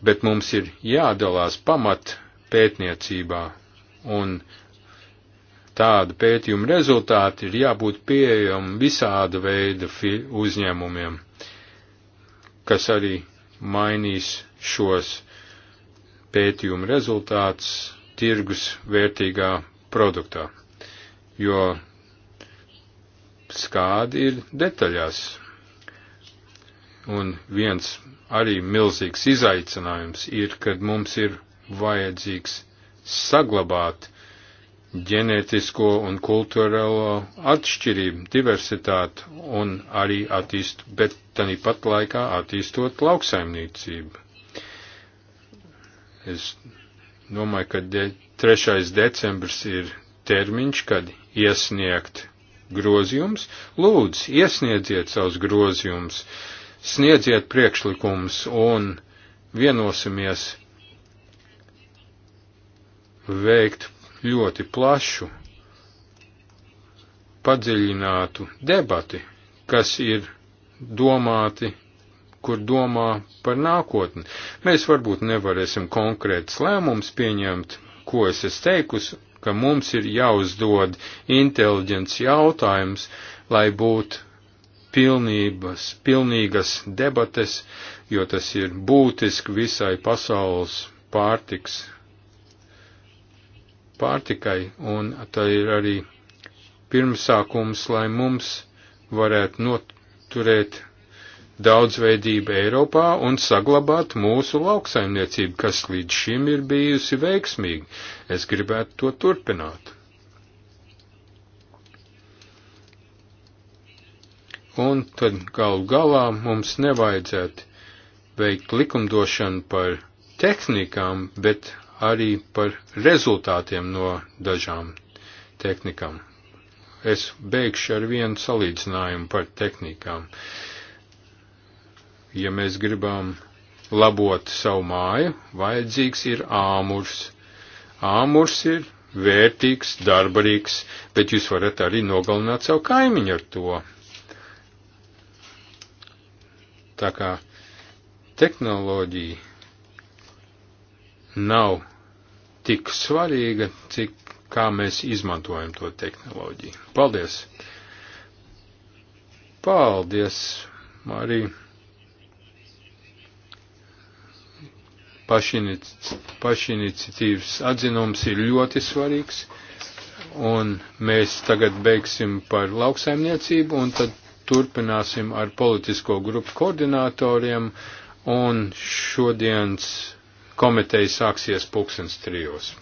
bet mums ir jādalās pamat pētniecībā un tādu pētījumu rezultāti ir jābūt pieejami visāda veida uzņēmumiem, kas arī mainīs šos pētījumu rezultātus tirgus vērtīgā produktā, jo skādi ir detaļās. Un viens arī milzīgs izaicinājums ir, kad mums ir vajadzīgs saglabāt ģenētisko un kultūrālo atšķirību, diversitāti un arī attīst, bet tani pat laikā attīstot lauksaimniecību. Es domāju, ka de, 3. decembris ir termiņš, kad iesniegt grozījums. Lūdzu, iesniedziet savus grozījumus, sniedziet priekšlikumus un vienosimies veikt ļoti plašu, padziļinātu debati, kas ir domāti, kur domā par nākotni. Mēs varbūt nevarēsim konkrēts lēmums pieņemt, ko es esmu teikusi, ka mums ir jāuzdod inteliģents jautājums, lai būtu pilnības, pilnīgas debates, jo tas ir būtiski visai pasaules pārtiks pārtikai, un tā ir arī pirmsākums, lai mums varētu noturēt daudzveidību Eiropā un saglabāt mūsu lauksaimniecību, kas līdz šim ir bijusi veiksmīga. Es gribētu to turpināt. Un tad galu galā mums nevajadzētu veikt likumdošanu par tehnikām, bet arī par rezultātiem no dažām tehnikām. Es beigšu ar vienu salīdzinājumu par tehnikām. Ja mēs gribam labot savu māju, vajadzīgs ir āmurs. Āmurs ir vērtīgs, darbarīgs, bet jūs varat arī nogalināt savu kaimiņu ar to. Tā kā tehnoloģija nav tik svarīga, cik kā mēs izmantojam to tehnoloģiju. Paldies! Paldies, Marija! Pašinic, pašiniciatīvas atzinums ir ļoti svarīgs, un mēs tagad beigsim par lauksaimniecību, un tad turpināsim ar politisko grupu koordinatoriem, un šodienas komiteja sāksies pulkstens trijos.